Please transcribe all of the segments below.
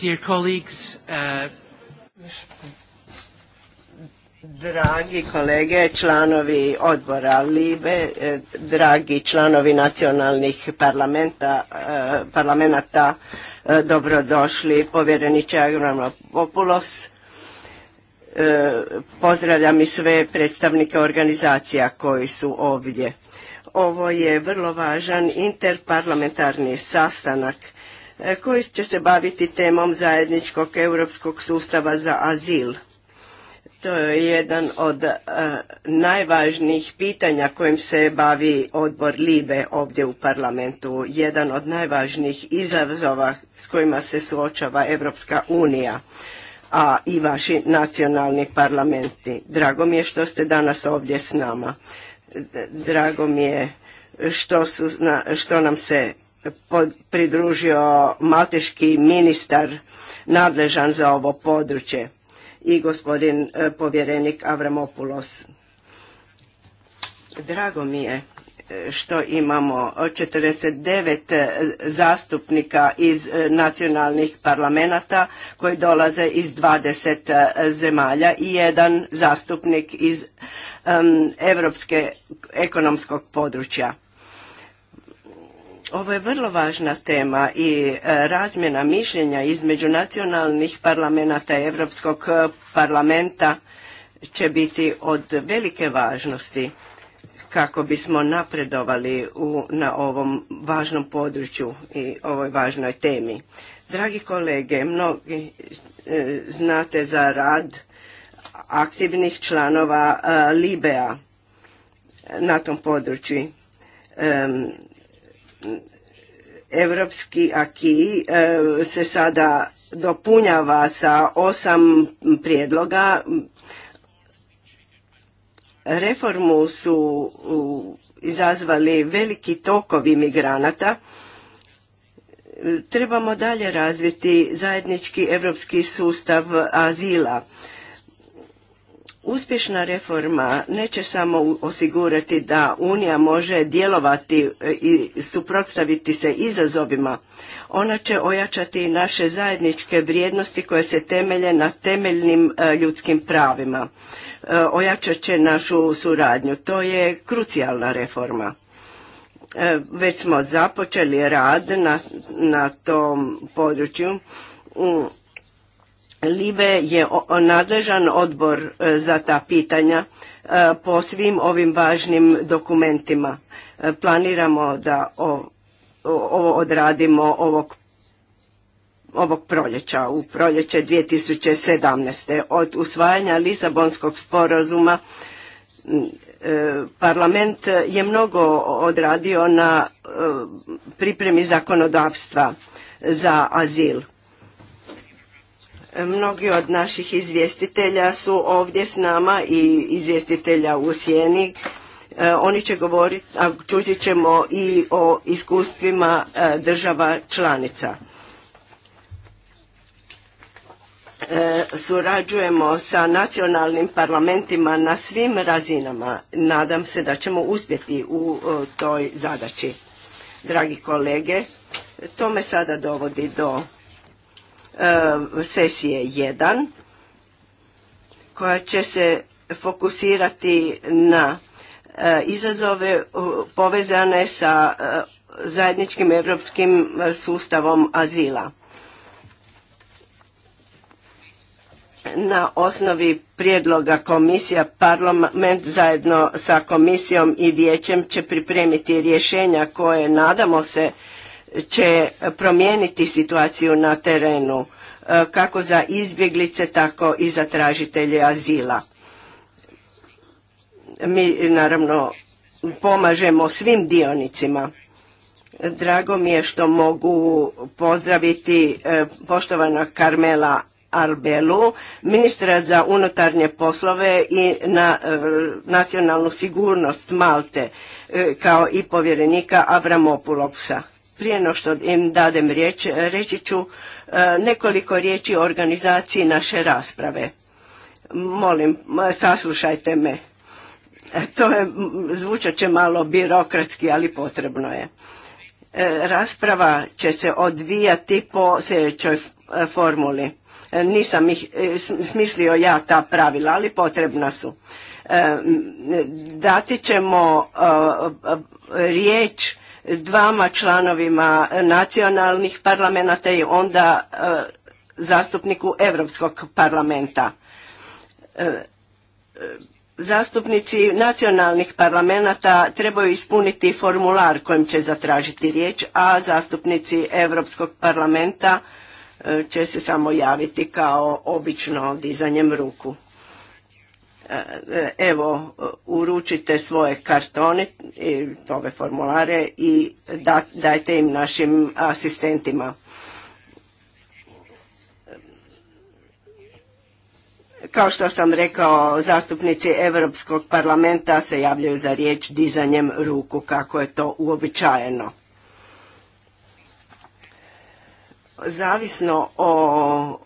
Dear colleagues, uh, Dragi kolege, članovi odbora LIBE, eh, dragi članovi nacionalnih parlamenta, eh, eh, dobrodošli, povjereniče Populos, pozdravljam i sve predstavnike organizacija koji su ovdje. Ovo je vrlo važan interparlamentarni sastanak E, koji će se baviti temom zajedničkog europskog sustava za azil. To je jedan od e, najvažnijih pitanja kojim se bavi odbor Libe ovdje u parlamentu. Jedan od najvažnijih izazova s kojima se suočava Europska unija a i vaši nacionalni parlamenti. Drago mi je što ste danas ovdje s nama. Drago mi je što, što nam se pridružio malteški ministar nadležan za ovo područje i gospodin e, povjerenik Avramopulos. Drago mi je e, što imamo 49 e, zastupnika iz nacionalnih parlamenata koji dolaze iz 20 zemalja i jedan zastupnik iz Europske ekonomskog područja. Ovo je vrlo važna tema i e, razmjena mišljenja između nacionalnih parlamenta i Europskog e, parlamenta će biti od velike važnosti kako bismo napredovali u, na ovom važnom području i ovoj važnoj temi. Dragi kolege, mnogi e, znate za rad aktivnih članova e, Libea na tom području. Evropski aki e, se sada dopunjava sa osam prijedloga. Reformu su izazvali veliki tokovi migranata. Trebamo dalje razviti zajednički evropski sustav azila Uspješna reforma neće samo osigurati da Unija može djelovati e, i suprotstaviti se izazovima. Ona će ojačati naše zajedničke vrijednosti koje se temelje na temeljnim e, ljudskim pravima. E, ojačat će našu suradnju. To je krucijalna reforma. Već smo započeli rad na, tom području mm, Libe je nadležan odbor e, za ta pitanja e, po svim ovim važnim dokumentima. E, planiramo da ovo odradimo ovog ovog proljeća, u proljeće 2017. Od usvajanja Lisabonskog sporazuma parlament je mnogo odradio na pripremi zakonodavstva za azil Mnogi od naših izvjestitelja su ovdje s nama i izvjestitelja u Sjeni. E, oni će govoriti, a čuti ćemo i o iskustvima e, država članica. E, surađujemo sa nacionalnim parlamentima na svim razinama. Nadam se da ćemo uspjeti u toj zadaći. Dragi kolege, to me sada dovodi do E, sesije 1 koja će se fokusirati na e, izazove povezane sa e, zajedničkim europskim sustavom azila. Na osnovi prijedloga komisija parlament zajedno sa komisijom i vijećem će pripremiti rješenja koje nadamo se će promijeniti situaciju na terenu e, kako za izbjeglice, tako i za tražitelje azila. Mi naravno pomažemo svim dionicima. Drago mi je što mogu pozdraviti e, poštovana Karmela Arbelu, ministra za unutarnje poslove i na e, nacionalnu sigurnost Malte, kao i povjerenika Avramopulopsa prije no što im dadem riječ, reći ću e, nekoliko riječi o organizaciji naše rasprave. Molim, e, saslušajte me. E, to je, zvučat će malo birokratski, ali potrebno je. Rasprava će se odvijati po sljedećoj formuli. Nisam ih smislio ja ta pravila, ali potrebna su. Dati ćemo riječ dvama članovima nacionalnih parlamenta i onda e, zastupniku Europskog parlamenta. E, e, zastupnici nacionalnih parlamenta trebaju ispuniti formular kojim će zatražiti riječ, a zastupnici Europskog parlamenta će se samo javiti kao obično dizanjem ruku. E, evo uručite svoje kartone i ove formulare i dajte im našim asistentima. Kao što sam rekao, zastupnici Europskog parlamenta se javljaju za riječ dizanjem ruku kako je to uobičajeno. Zavisno o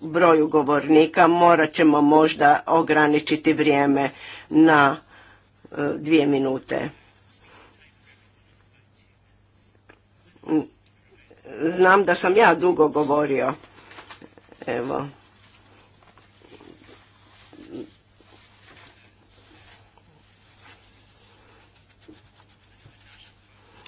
broju govornika morat ćemo možda ograničiti vrijeme na e, dvije minute. Znam da sam ja dugo govorio. Evo.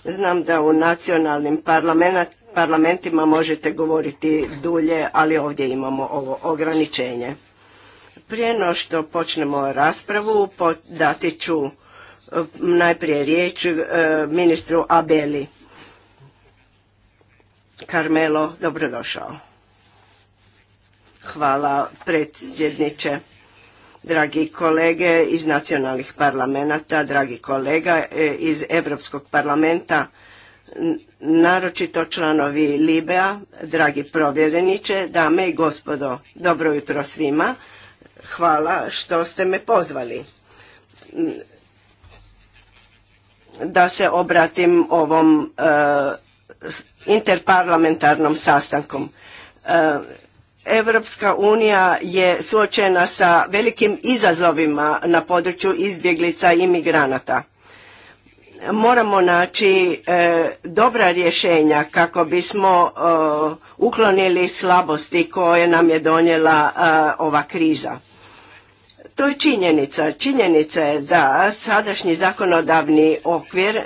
Znam da u nacionalnim parlamentu parlamentima možete govoriti dulje, ali ovdje imamo ovo ograničenje. Prije no što počnemo raspravu, dati ću e, najprije riječ e, ministru Abeli. Carmelo, dobrodošao. Hvala predsjedniče. Dragi kolege iz nacionalnih parlamenta, dragi kolega e, iz Europskog parlamenta, naročito članovi Libea, dragi provjereniče, dame i gospodo, dobro jutro svima. Hvala što ste me pozvali da se obratim ovom e, interparlamentarnom sastankom. Europska Evropska unija je suočena sa velikim izazovima na području izbjeglica i migranata moramo naći e, dobra rješenja kako bismo e, uklonili slabosti koje nam je donijela e, ova kriza. To je činjenica. Činjenica je da sadašnji zakonodavni okvir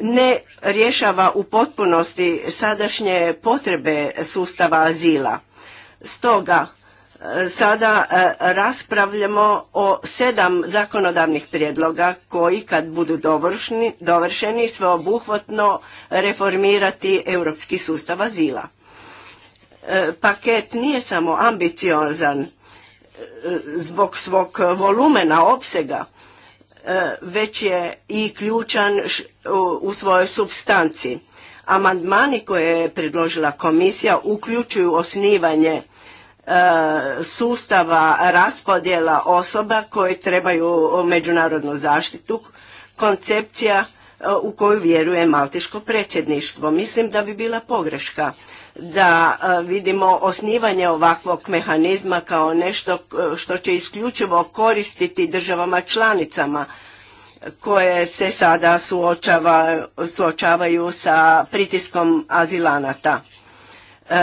ne rješava u potpunosti sadašnje potrebe sustava azila. Stoga sada e, raspravljamo o sedam zakonodavnih prijedloga koji kad budu dovršeni sveobuhvatno reformirati europski sustav azila. E, paket nije samo ambiciozan e, zbog svog volumena, opsega, već je i ključan u svojoj substanci. Amandmani koje je predložila komisija uključuju osnivanje sustava raspodjela osoba koje trebaju međunarodnu zaštitu, koncepcija e, u koju vjeruje Maltiško predsjedništvo. Mislim da bi bila pogreška da e, vidimo osnivanje ovakvog mehanizma kao nešto e, što će isključivo koristiti državama članicama koje se sada suočavaju sa pritiskom azilanata. E,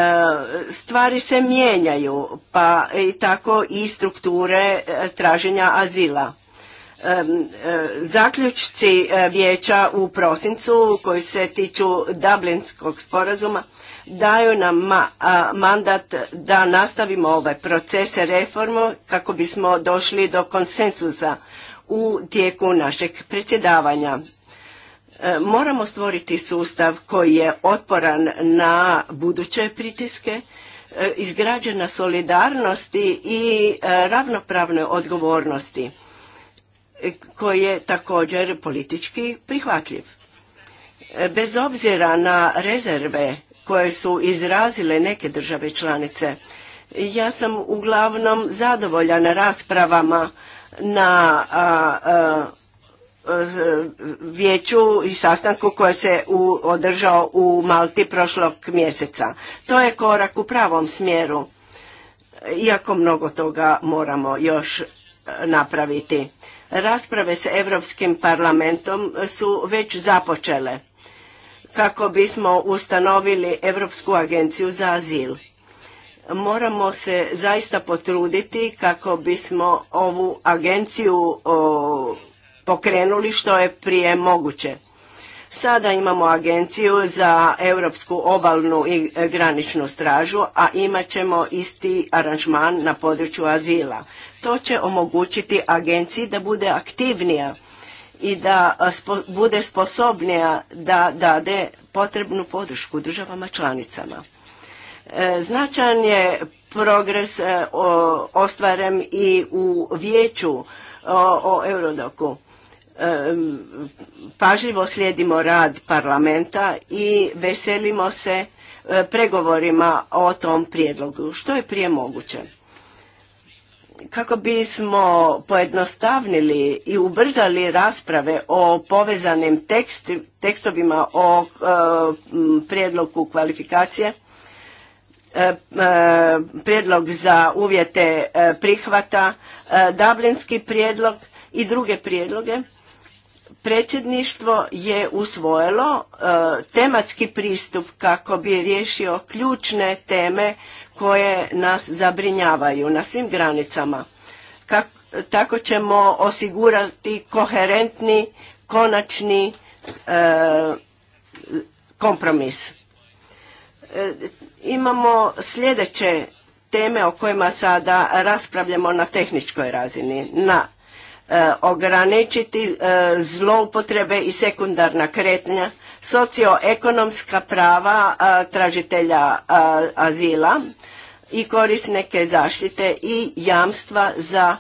stvari se mijenjaju, pa i tako i strukture e, traženja azila. E, zaključci vijeća u prosincu koji se tiču Dublinskog sporazuma daju nam mandat da nastavimo ove procese reformu kako bismo došli do konsensusa u tijeku našeg predsjedavanja E, moramo stvoriti sustav koji je otporan na buduće pritiske, e, izgrađena solidarnosti i e, ravnopravne odgovornosti koji je također politički prihvatljiv. Bez obzira na rezerve koje su izrazile neke države članice, ja sam uglavnom zadovoljan raspravama na E, vijeću i sastanku koji se održao u Malti prošlog mjeseca. To je korak u pravom smjeru, iako mnogo toga moramo još e, napraviti. Rasprave s Europskim parlamentom su već započele kako bismo ustanovili Europsku agenciju za azil. Moramo se zaista potruditi kako bismo ovu agenciju pokrenuli što je prije moguće. Sada imamo agenciju za europsku obalnu i graničnu stražu, a imat ćemo isti aranžman na području azila. To će omogućiti agenciji da bude aktivnija i da bude sposobnija da dade potrebnu podršku državama članicama. E, Značan je progres e, ostvarem ostvaren i u vijeću o Eurodoku pažljivo slijedimo rad parlamenta i veselimo se e, pregovorima o tom prijedlogu, što je prije moguće. Kako bismo pojednostavnili i ubrzali rasprave o povezanim tekstovima o e, prijedlogu kvalifikacije, e, prijedlog za uvjete prihvata, e, dablinski prijedlog i druge prijedloge, Predsjedništvo je usvojilo e, tematski pristup kako bi riješio ključne teme koje nas zabrinjavaju na svim granicama. tako ćemo osigurati koherentni, konačni e, kompromis. E, imamo sljedeće teme o kojima sada raspravljamo na tehničkoj razini. Na E, ograničiti e, zloupotrebe i sekundarna kretnja, socioekonomska prava e, tražitelja azila i korisnike zaštite i jamstva za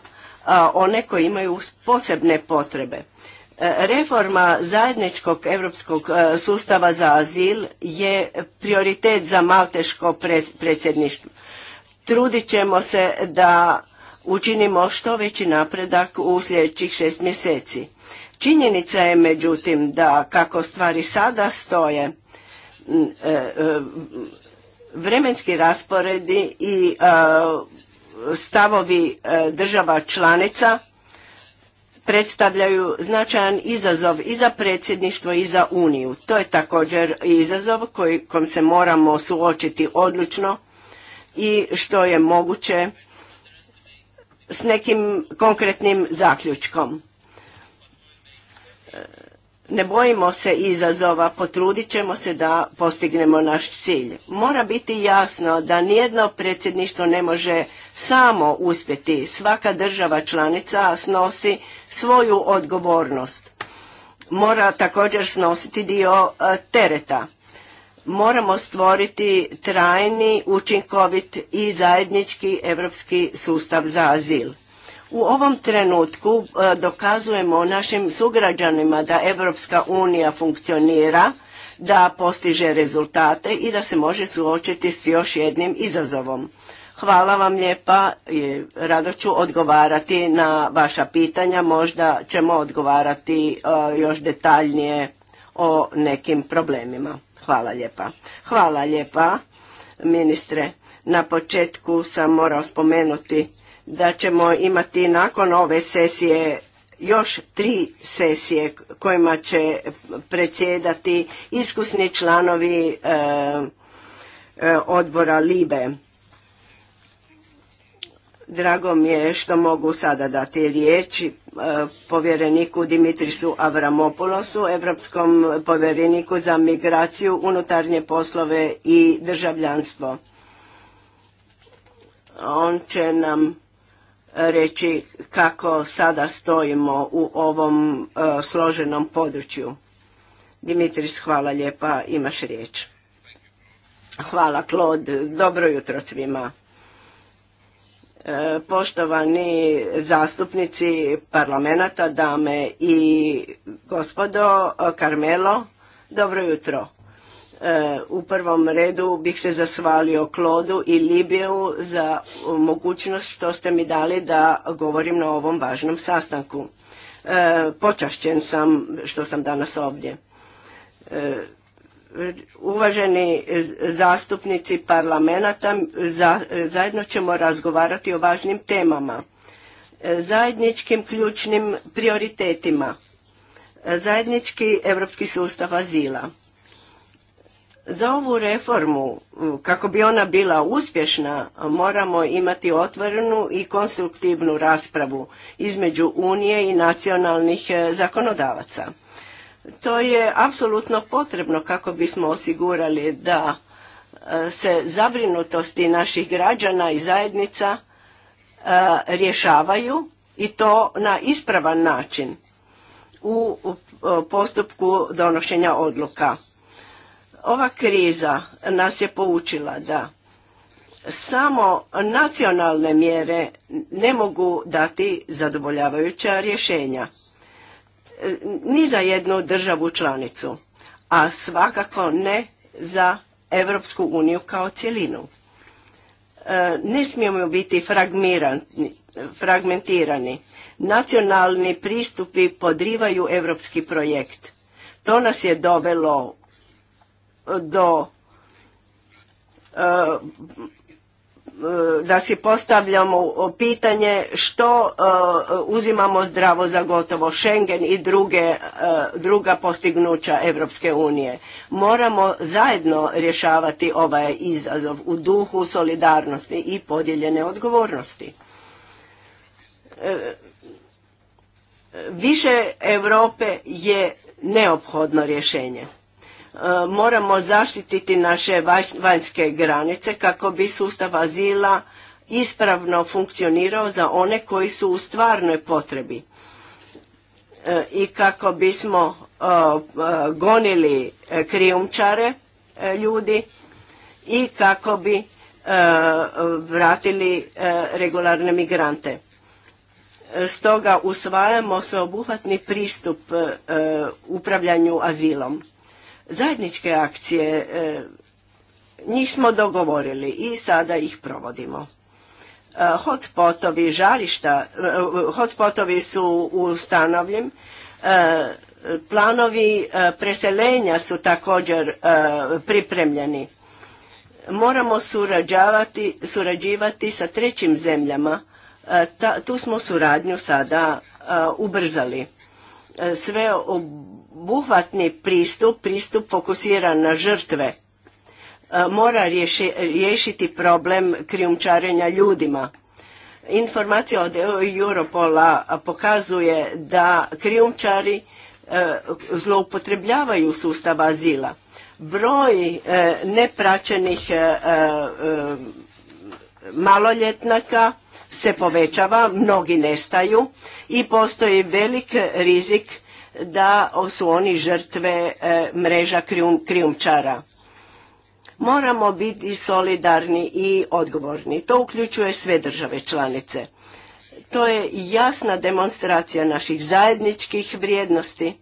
one koji imaju posebne potrebe. Reforma zajedničkog europskog sustava za azil je prioritet za malteško predsjedništvo. Trudit ćemo se da učinimo što veći napredak u sljedećih šest mjeseci. Činjenica je međutim da kako stvari sada stoje, e, e, vremenski rasporedi i e, stavovi država članica predstavljaju značajan izazov i za predsjedništvo i za Uniju. To je također izazov kojim se moramo suočiti odlučno i što je moguće s nekim konkretnim zaključkom. Ne bojimo se izazova, potrudit ćemo se da postignemo naš cilj. Mora biti jasno da nijedno predsjedništvo ne može samo uspjeti. Svaka država članica snosi svoju odgovornost. Mora također snositi dio e, tereta moramo stvoriti trajni, učinkovit i zajednički europski sustav za azil. U ovom trenutku e, dokazujemo našim sugrađanima da Europska unija funkcionira, da postiže rezultate i da se može suočiti s još jednim izazovom. Hvala vam lijepa, rado ću odgovarati na vaša pitanja, možda ćemo odgovarati e, još detaljnije o nekim problemima. Hvala lijepa. Hvala lijepa, ministre. Na početku sam morao spomenuti da ćemo imati nakon ove sesije još tri sesije kojima će predsjedati iskusni članovi e, e, odbora LIBE Drago mi je što mogu sada dati riječ e, povjereniku Dimitrisu Avramopulosu, evropskom povjereniku za migraciju, unutarnje poslove i državljanstvo. On će nam reći kako sada stojimo u ovom e, složenom području. Dimitris, hvala lijepa, imaš riječ. Hvala, Claude, Dobro jutro svima. E, poštovani zastupnici parlamenta, dame i gospodo, Carmelo, dobro jutro. E, u prvom redu bih se zasvalio Klodu i Libiju za mogućnost što ste mi dali da govorim na ovom važnom sastanku. E, počašćen sam što sam danas ovdje uvaženi zastupnici parlamenta, zajedno ćemo razgovarati o važnim temama, zajedničkim ključnim prioritetima, zajednički evropski sustav azila. Za ovu reformu, kako bi ona bila uspješna, moramo imati otvorenu i konstruktivnu raspravu između Unije i nacionalnih eh, zakonodavaca. To je apsolutno potrebno kako bismo osigurali da e, se zabrinutosti naših građana i zajednica e, rješavaju i to na ispravan način u e, postupku donošenja odluka. Ova kriza nas je poučila da samo nacionalne mjere ne mogu dati zadovoljavajuća rješenja ni za jednu državu članicu, a svakako ne za Europsku uniju kao cjelinu. E, ne smijemo biti fragmentirani. Nacionalni pristupi podrivaju europski projekt. To nas je dovelo do e, E, da si postavljamo pitanje što e, uzimamo zdravo za gotovo Schengen i druge, e, druga postignuća Europske unije. Moramo zajedno rješavati ovaj izazov u duhu solidarnosti i podijeljene odgovornosti. Više Europe je neophodno rješenje. E, moramo zaštititi naše vanjske granice kako bi sustav azila ispravno funkcionirao za one koji su u stvarnoj potrebi e, i kako bismo e, gonili krijumčare ljudi i kako bi vratili regularne migrante. Stoga usvajamo sveobuhvatni pristup upravljanju azilom. Zajedničke akcije, e, njih smo dogovorili i sada ih provodimo. E, hotspotovi žarišta, e, hotspotovi su ustanovljeni, planovi preselenja su također pripremljeni. Moramo surađivati sa trećim zemljama. tu smo suradnju sada ubrzali. E, sve obuhvatni pristup, pristup fokusiran na žrtve, e, mora riješiti problem krijumčarenja ljudima. Informacija od Europola pokazuje da krijumčari e, zloupotrebljavaju sustav azila. Broj nepraćenih maloljetnaka se povećava, mnogi nestaju i postoji velik rizik da su oni žrtve e, mreža krijumčara. Moramo biti solidarni i odgovorni. To uključuje sve države članice. To je jasna demonstracija naših zajedničkih vrijednosti.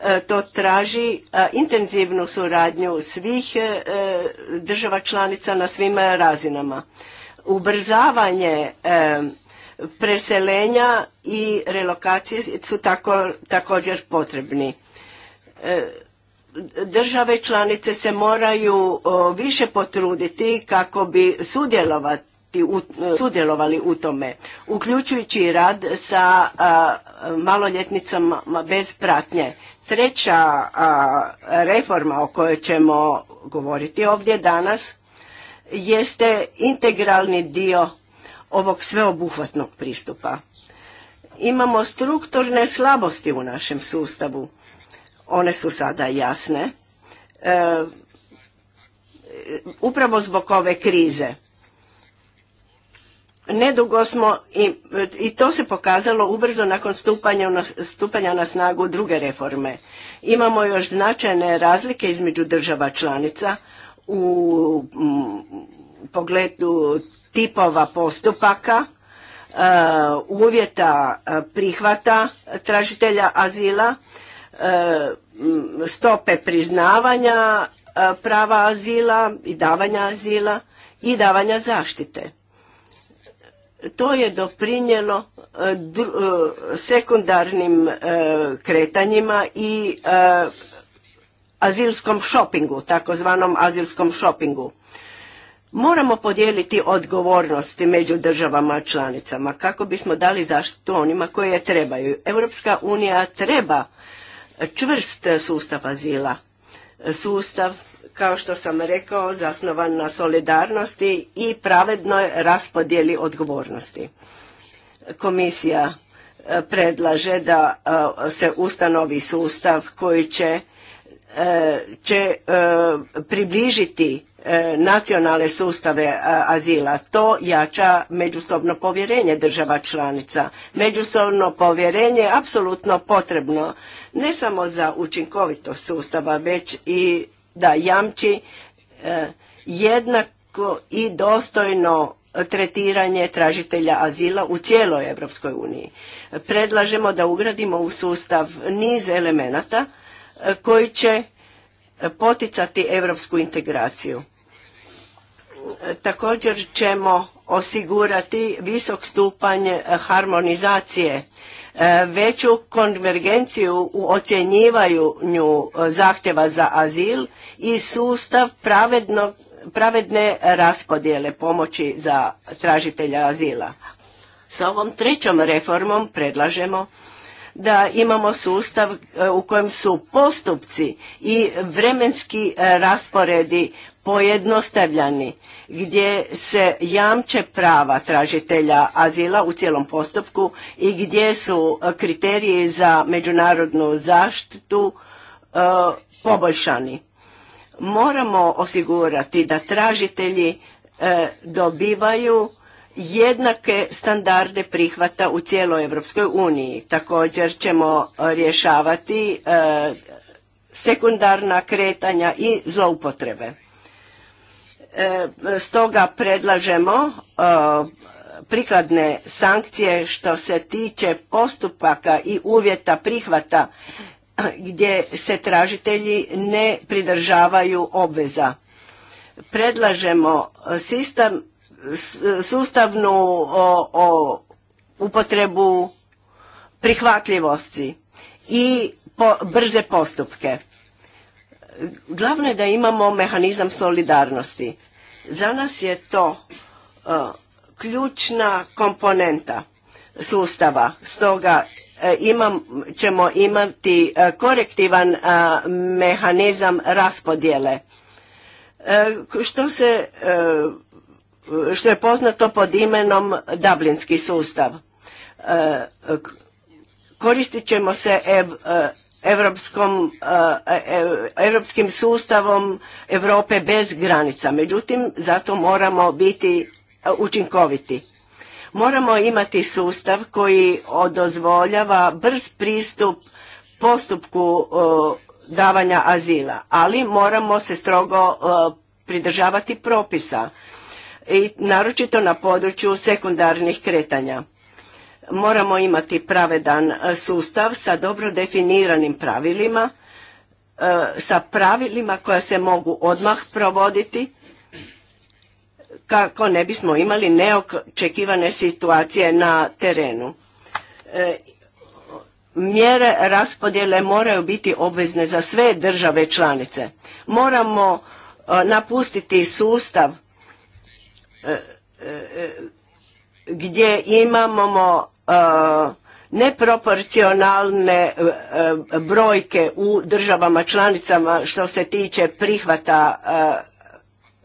E, to traži e, intenzivnu suradnju svih država članica na svim razinama ubrzavanje preselenja i relokacije su tako, također potrebni. Države članice se moraju više potruditi kako bi sudjelovati, sudjelovali u tome, uključujući rad sa maloljetnicama bez pratnje. Treća reforma o kojoj ćemo govoriti ovdje danas jeste integralni dio ovog sveobuhvatnog pristupa. Imamo strukturne slabosti u našem sustavu. One su sada jasne. E, upravo zbog ove krize. Nedugo smo i, i to se pokazalo ubrzo nakon stupanja na, stupanja na snagu druge reforme. Imamo još značajne razlike između država članica, u mm, pogledu tipova postupaka, e, uvjeta e, prihvata tražitelja azila, e, mm, stope priznavanja prava azila i davanja azila i davanja zaštite. To je doprinjelo sekundarnim kretanjima i azilskom šopingu, takozvanom azilskom šopingu. Moramo podijeliti odgovornosti među državama članicama kako bismo dali zaštitu onima koje je trebaju. Europska unija treba čvrst sustav azila. Sustav, kao što sam rekao, zasnovan na solidarnosti i pravednoj raspodjeli odgovornosti. Komisija e, predlaže da e, se ustanovi sustav koji će će e, približiti e, nacionalne sustave e, azila. To jača međusobno povjerenje država članica. Međusobno povjerenje je apsolutno potrebno ne samo za učinkovitost sustava, već i da jamči jednako i dostojno tretiranje tražitelja azila u cijeloj Europskoj uniji. Predlažemo da ugradimo u sustav niz elemenata koji će poticati europsku integraciju. Također ćemo osigurati visok stupanj e, harmonizacije, e, veću konvergenciju u ocjenjivanju e, zahtjeva za azil i sustav pravednog, pravedne raspodjele pomoći za tražitelja azila. S ovom trećom reformom predlažemo da imamo sustav e, u kojem su postupci i vremenski e, rasporedi pojednostavljani gdje se jamče prava tražitelja azila u cijelom postupku i gdje su e, kriteriji za međunarodnu zaštitu poboljšani. Moramo osigurati da tražitelji dobivaju jednake standarde prihvata u cijeloj Europskoj uniji. Također ćemo e, rješavati e, sekundarna kretanja i zloupotrebe. E, stoga predlažemo prikladne sankcije što se tiče postupaka i uvjeta prihvata gdje se tražitelji ne pridržavaju obveza. Predlažemo sistem sustavnu o, o upotrebu prihvatljivosti i brze postupke. Glavno je da imamo mehanizam solidarnosti. Za nas je to e, ključna komponenta sustava. Stoga e, imam, ćemo imati e, korektivan korektivan mehanizam raspodjele. Što se što je poznato pod imenom Dublinski sustav. E, koristit ćemo se e, e, evropskim sustavom Europe bez granica. Međutim, zato moramo biti učinkoviti. Moramo imati sustav koji odozvoljava brz pristup postupku davanja azila, ali moramo se strogo pridržavati propisa i naročito na području sekundarnih kretanja. Moramo imati pravedan e, sustav sa dobro definiranim pravilima, e, sa pravilima koja se mogu odmah provoditi kako ne bismo imali neočekivane situacije na terenu. E, mjere raspodjele moraju biti obvezne za sve države članice. Moramo napustiti sustav gdje imamo e, neproporcionalne e, brojke u državama članicama što se tiče prihvata e,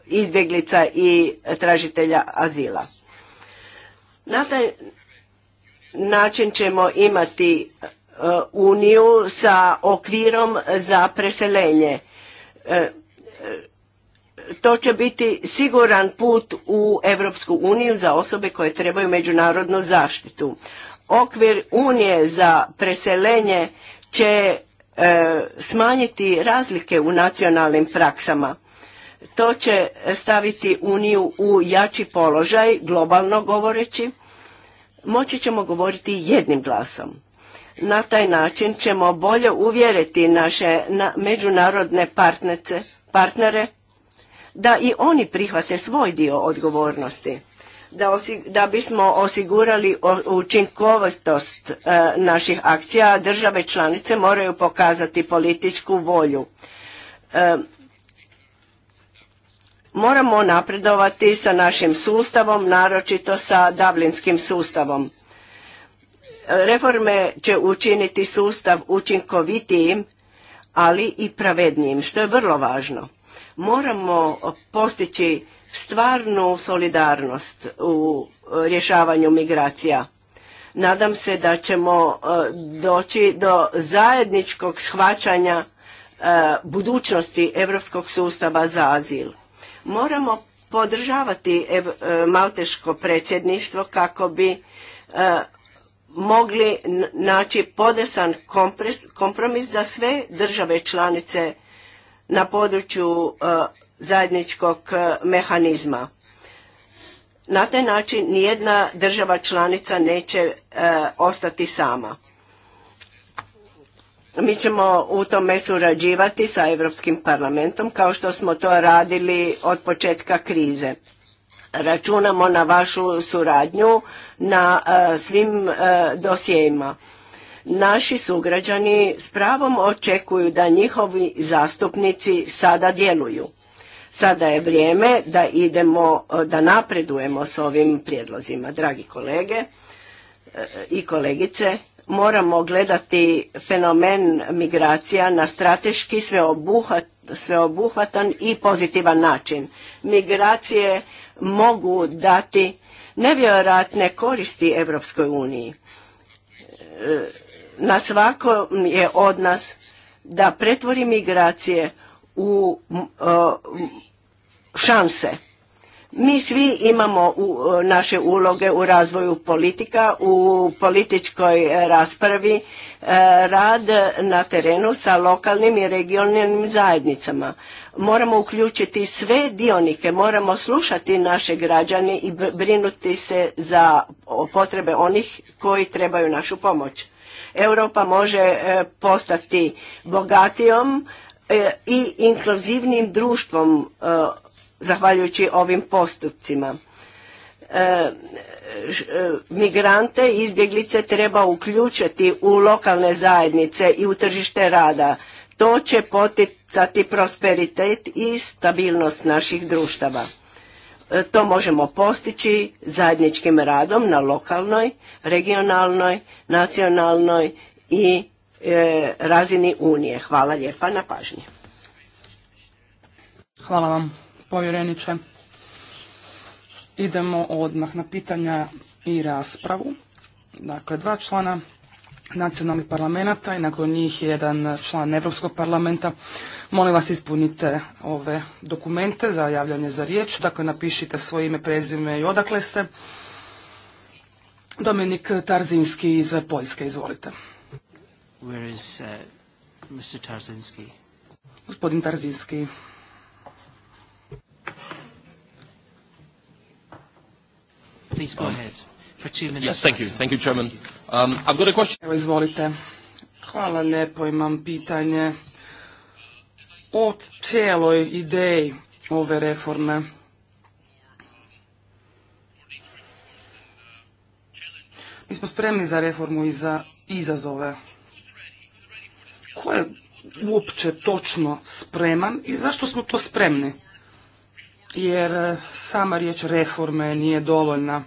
izbjeglica i tražitelja azila. Na taj način ćemo imati uniju sa okvirom za preseljenje to će biti siguran put u Europsku uniju za osobe koje trebaju međunarodnu zaštitu. Okvir Unije za preselenje će e, smanjiti razlike u nacionalnim praksama. To će staviti Uniju u jači položaj, globalno govoreći. Moći ćemo govoriti jednim glasom. Na taj način ćemo bolje uvjeriti naše međunarodne partnere, partnere da i oni prihvate svoj dio odgovornosti da, bismo osigurali učinkovitost e, naših akcija države članice moraju pokazati političku volju e, moramo napredovati sa našim sustavom naročito sa dublinskim sustavom reforme će učiniti sustav učinkovitijim ali i pravednijim što je vrlo važno Moramo postići stvarnu solidarnost u rješavanju migracija. Nadam se da ćemo e, doći do zajedničkog shvaćanja e, budućnosti europskog sustava za azil. Moramo podržavati e, malteško predsjedništvo kako bi mogli naći podesan kompromis za sve države članice na području e, zajedničkog e, mehanizma. Na taj način nijedna država članica neće e, ostati sama. Mi ćemo u tome surađivati sa Europskim parlamentom kao što smo to radili od početka krize. Računamo na vašu suradnju na svim dosjeima Naši sugrađani s pravom očekuju da njihovi zastupnici sada djeluju. Sada je vrijeme da idemo, da napredujemo s ovim prijedlozima. Dragi kolege e, i kolegice, moramo gledati fenomen migracija na strateški sveobuhvatan i pozitivan način. Migracije mogu dati nevjerojatne koristi Europskoj uniji. E, na svako je od nas da pretvori migracije u e, šanse. Mi svi imamo e, naše uloge u razvoju politika, u političkoj raspravi, e, rad na terenu sa lokalnim i regionalnim zajednicama. Moramo uključiti sve dionike, moramo slušati naše građane i brinuti se za potrebe onih koji trebaju našu pomoć. Europa može e, postati bogatijom e, i inkluzivnim društvom e, zahvaljujući ovim postupcima. Migrante i izbjeglice treba uključiti u lokalne zajednice i u tržište rada. To će poticati prosperitet i stabilnost naših društava. E, to možemo postići zajedničkim radom na lokalnoj, regionalnoj, nacionalnoj i e, razini Unije. Hvala lijepa na pažnji. Hvala vam, povjereniče. Idemo odmah na pitanja i raspravu. Dakle, dva člana nacionalnih parlamenta i nakon njih jedan član Europskog parlamenta. Molim vas ispunite ove dokumente za javljanje za riječ. Dakle, napišite svoje ime, prezime i odakle ste. Dominik Tarzinski iz Poljske, izvolite. Where is, uh, Mr. Tarzinski? Gospodin Tarzinski. Please go um, ahead. For minutes. Yes, thank you. Thank you, Chairman. Um, a Evo, izvolite. Hvala lijepo, imam pitanje o cijeloj ideji ove reforme. Mi smo spremni za reformu i za izazove. Ko je uopće točno spreman i zašto smo to spremni? Jer eh, sama riječ reforme nije dovoljna.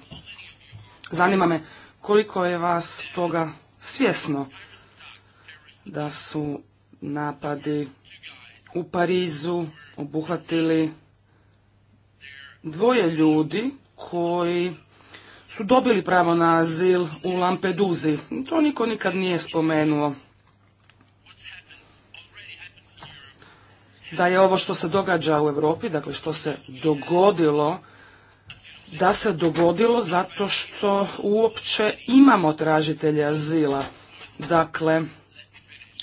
Zanima me koliko je vas toga svjesno da su napadi u Parizu obuhvatili dvoje ljudi koji su dobili pravo na azil u Lampeduzi. To niko nikad nije spomenuo. Da je ovo što se događa u Europi, dakle što se dogodilo da se dogodilo zato što uopće imamo tražitelje azila. Dakle,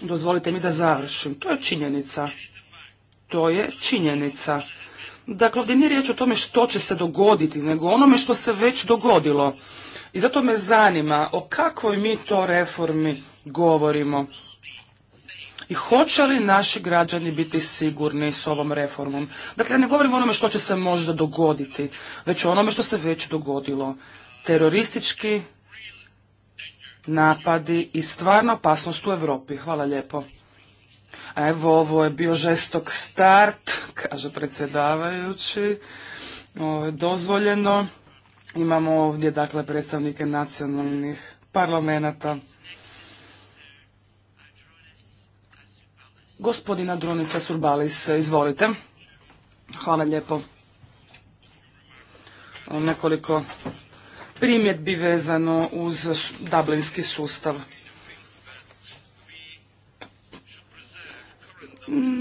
dozvolite mi da završim. To je činjenica. To je činjenica. Dakle, ovdje nije riječ o tome što će se dogoditi, nego onome što se već dogodilo. I zato me zanima o kakvoj mi to reformi govorimo i hoće li naši građani biti sigurni s ovom reformom. Dakle, ne govorimo o onome što će se možda dogoditi, već o onome što se već dogodilo. Teroristički napadi i stvarna opasnost u Europi. Hvala lijepo. Evo, ovo je bio žestok start, kaže predsjedavajući. Ovo je dozvoljeno. Imamo ovdje, dakle, predstavnike nacionalnih parlamenta. Gospodina Drunisa Surbalis, izvolite. Hvala lijepo. E, nekoliko primjedbi vezano uz dublinski sustav.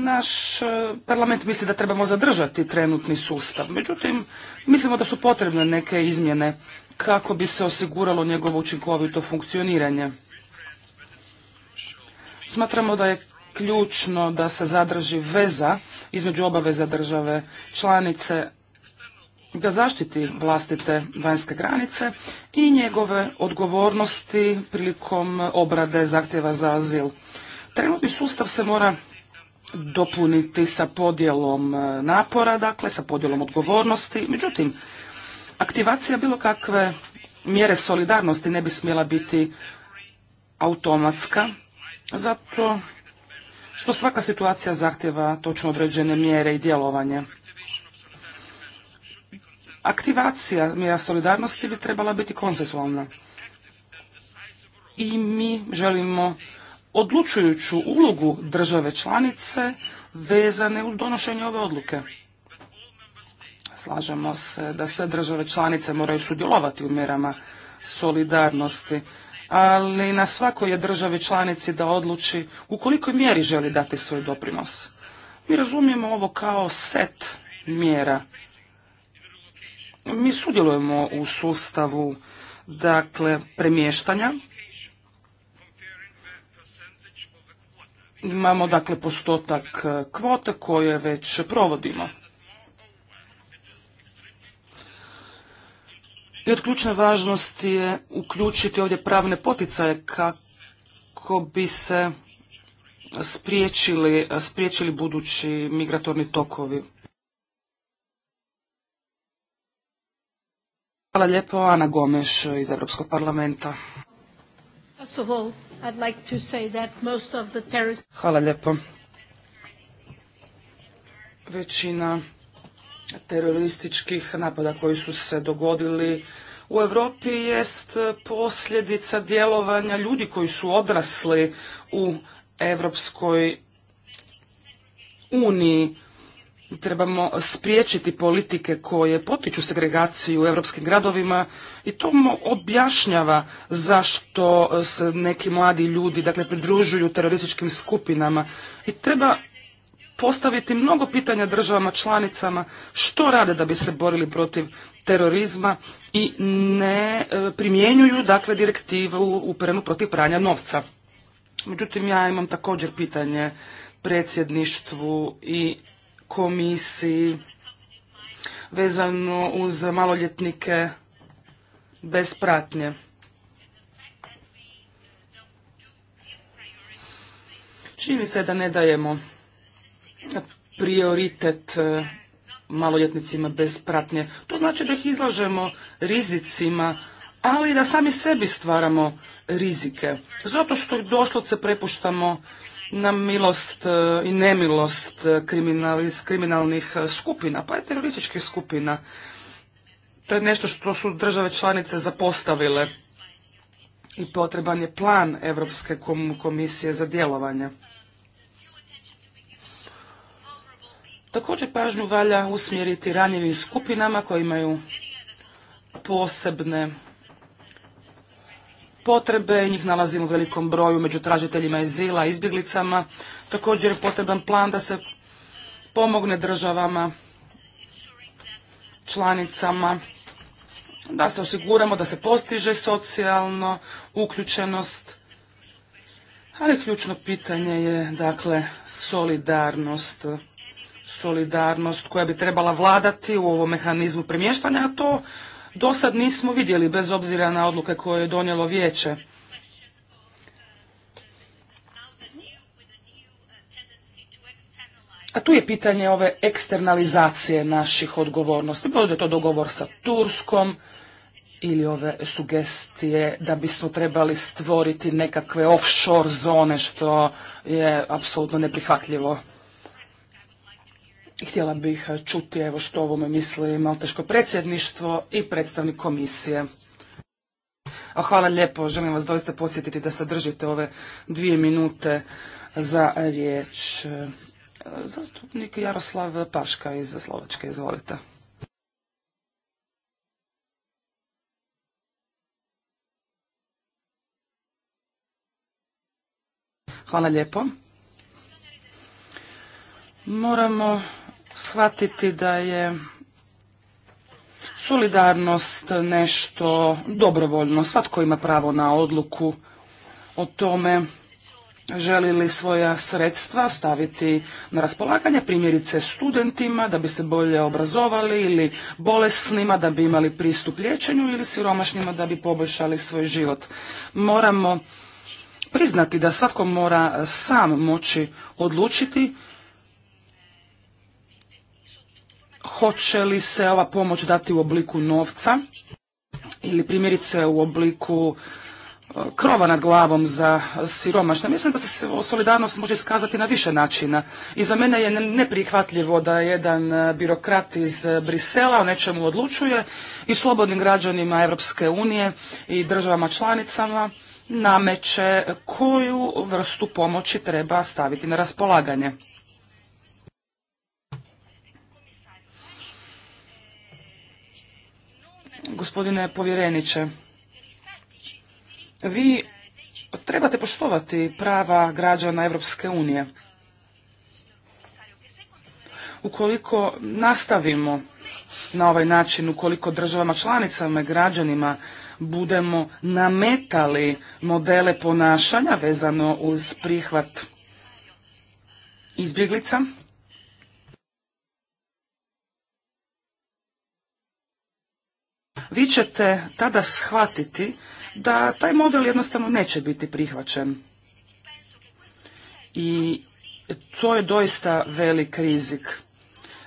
Naš e, parlament misli da trebamo zadržati trenutni sustav. Međutim, mislimo da su potrebne neke izmjene kako bi se osiguralo njegovo učinkovito funkcioniranje. Smatramo da je ključno da se zadrži veza između obaveza države članice da zaštiti vlastite vanjske granice i njegove odgovornosti prilikom obrade zahtjeva za azil. Trenutni sustav se mora dopuniti sa podjelom e, napora, dakle sa podjelom odgovornosti. Međutim, aktivacija bilo kakve mjere solidarnosti ne bi smjela biti automatska, zato što svaka situacija zahtjeva točno određene mjere i djelovanje. Aktivacija mjera solidarnosti bi trebala biti konsensualna. I mi želimo odlučujuću ulogu države članice vezane uz donošenje ove odluke. Slažemo se da sve države članice moraju sudjelovati u mjerama solidarnosti ali na svakoj je državi članici da odluči u kolikoj mjeri želi dati svoj doprinos. Mi razumijemo ovo kao set mjera. Mi sudjelujemo u sustavu dakle premještanja. Imamo dakle postotak eh, kvote koje već provodimo. I od ključne važnosti je uključiti ovdje pravne poticaje kako bi se spriječili, spriječili budući migratorni tokovi. Hvala lijepo, Ana Gomeš iz Europskog parlamenta. Hvala lijepo. Većina terorističkih napada koji su se dogodili u Europi jest posljedica djelovanja ljudi koji su odrasli u Europskoj uniji. Trebamo spriječiti politike koje potiču segregaciju u europskim gradovima i to objašnjava zašto se neki mladi ljudi dakle, pridružuju terorističkim skupinama. I treba postaviti mnogo pitanja državama članicama što rade da bi se borili protiv terorizma i ne e, primjenjuju dakle direktivu uperenu protiv pranja novca. Međutim, ja imam također pitanje predsjedništvu i komisiji vezano uz maloljetnike bez pratnje. Činjenica je da ne dajemo prioritet e, maloljetnicima bez pratnje. To znači da ih izlažemo rizicima, ali da sami sebi stvaramo rizike. Zato što doslovce prepuštamo na milost e, i nemilost e, kriminalnih skupina, pa i terorističkih skupina. To je nešto što su države članice zapostavile i potreban je plan Europske komisije za djelovanje. Također pažnju valja usmjeriti ranjivim skupinama koje imaju posebne potrebe, njih nalazimo u velikom broju među tražiteljima azila, izbjeglicama. Također je potreban plan da se pomogne državama, članicama, da se osiguramo da se postiže socijalno uključenost, ali ključno pitanje je dakle solidarnost solidarnost koja bi trebala vladati u ovom mehanizmu premještanja, a to do sad nismo vidjeli bez obzira na odluke koje je donijelo vijeće. A tu je pitanje ove eksternalizacije naših odgovornosti. Bilo da je to dogovor sa Turskom ili ove sugestije da bismo trebali stvoriti nekakve offshore zone što je apsolutno neprihvatljivo. Htjela bih e, čuti evo što ovome misli Malteško predsjedništvo i predstavnik komisije. hvala lijepo, želim vas doista podsjetiti da sadržite ove dvije minute za riječ. E, zastupnik Jaroslav Paška iz Slovačke, izvolite. Hvala lijepo. Moramo shvatiti da je solidarnost nešto dobrovoljno. Svatko ima pravo na odluku o tome želi li svoja sredstva staviti na raspolaganje, primjerice studentima da bi se bolje obrazovali ili bolesnima da bi imali pristup liječenju ili siromašnima da bi poboljšali svoj život. Moramo priznati da svatko mora sam moći odlučiti hoće li se ova pomoć dati u obliku novca ili primjerice u obliku e, krova nad glavom za siromašne. Mislim da se solidarnost može iskazati na više načina. I za mene je neprihvatljivo da jedan e, birokrat iz e, Brisela o nečemu odlučuje i slobodnim građanima Europske unije i državama članicama nameće koju vrstu pomoći treba staviti na raspolaganje. Gospodine povjereniče, vi trebate poštovati prava građana Europske unije. Ukoliko nastavimo na ovaj način, ukoliko državama članicama i građanima budemo nametali modele ponašanja vezano uz prihvat izbjeglica, vi ćete tada shvatiti da taj model jednostavno neće biti prihvaćen. I to je doista velik rizik.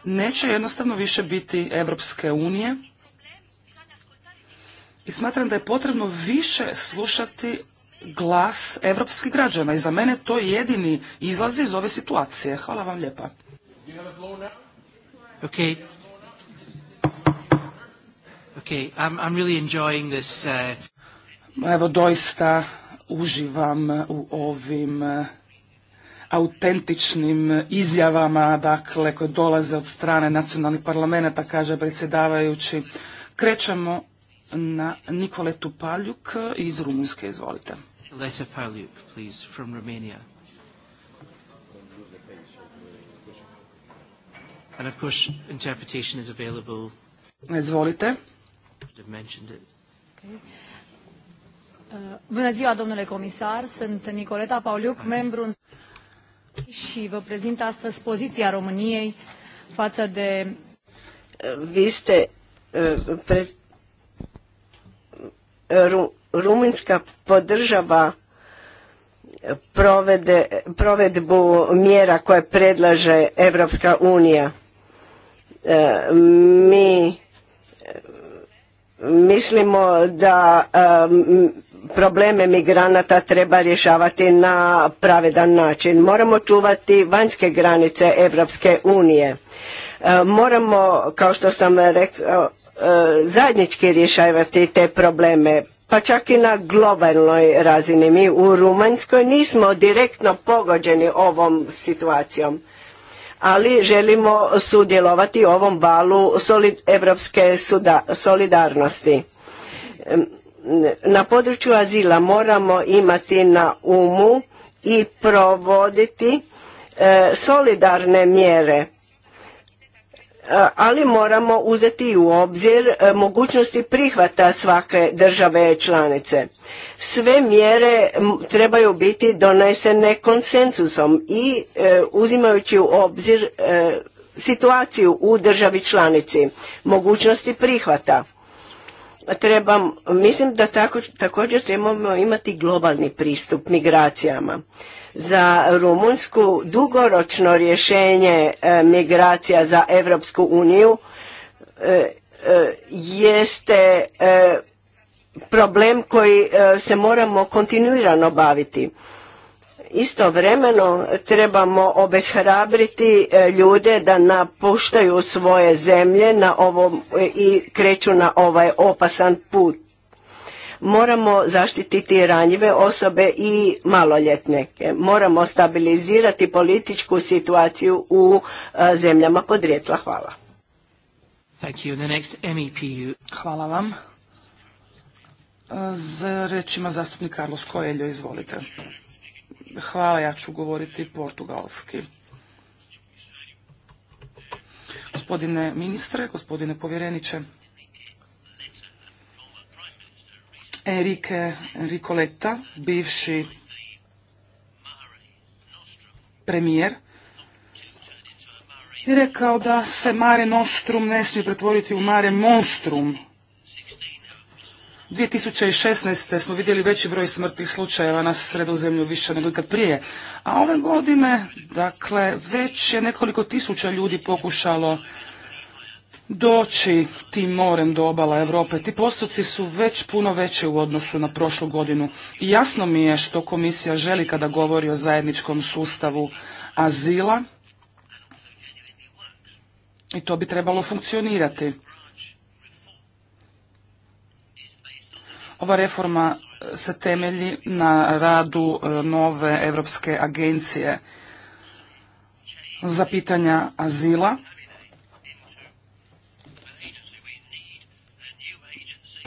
Neće jednostavno više biti Evropske unije i smatram da je potrebno više slušati glas evropskih građana i za mene to je jedini izlaz iz ove situacije. Hvala vam lijepa. Okay. I'm, I'm uh, Evo doista uživam u ovim uh, autentičnim izjavama, dakle, koje dolaze od strane nacionalnih parlamenta, kaže predsjedavajući. Krećemo na Nikoletu Paljuk iz Rumunjske, izvolite. Paljuk, please, from Izvolite. Uh, bună ziua, domnule comisar. Sunt Nicoleta Pauliuc, membru și vă prezint astăzi poziția României față de... Vi ste uh, Rumunjska podržava provedbu mjera koje predlaže Evropska unija. Uh, mi mislimo da probleme migranata treba rješavati na pravedan način. Moramo čuvati vanjske granice Europske unije. Moramo, kao što sam rekao, zajednički rješavati te probleme. Pa čak i na globalnoj razini. Mi u Rumanjskoj nismo direktno pogođeni ovom situacijom ali želimo sudjelovati u ovom balu solid, evropske suda, solidarnosti. Na području azila moramo imati na umu i provoditi e, solidarne mjere E, ali moramo uzeti u obzir e, mogućnosti prihvata svake države članice. Sve mjere trebaju biti donesene konsensusom i e, uzimajući u obzir situaciju u državi članici, mogućnosti prihvata mislim da također trebamo imati globalni pristup migracijama. Za Rumunsku dugoročno rješenje e, migracija za Europsku uniju e, e, jeste problem koji se moramo kontinuirano baviti. Istovremeno trebamo obeshrabriti e, ljude da napuštaju svoje zemlje na ovom, e, i kreću na ovaj opasan put. Moramo zaštititi ranjive osobe i maloljetnike. Moramo stabilizirati političku situaciju u e, zemljama podrijetla. Hvala. Hvala vam. Za rečima zastupnik Carlos Coelho, izvolite. Hvala, ja ću govoriti portugalski. Gospodine ministre, gospodine povjereniče, Enrique Ricoleta, bivši premijer, je rekao da se Mare Nostrum ne smije pretvoriti u Mare Monstrum, 2016. smo vidjeli veći broj smrtnih slučajeva na sredozemlju više nego ikad prije. A ove godine, dakle, već je nekoliko tisuća ljudi pokušalo doći tim morem do obala Europe. Ti postoci su već puno veći u odnosu na prošlu godinu. I jasno mi je što komisija želi kada govori o zajedničkom sustavu azila. I to bi trebalo funkcionirati. Ova reforma e, se temelji na radu e, nove Europske agencije za pitanja azila.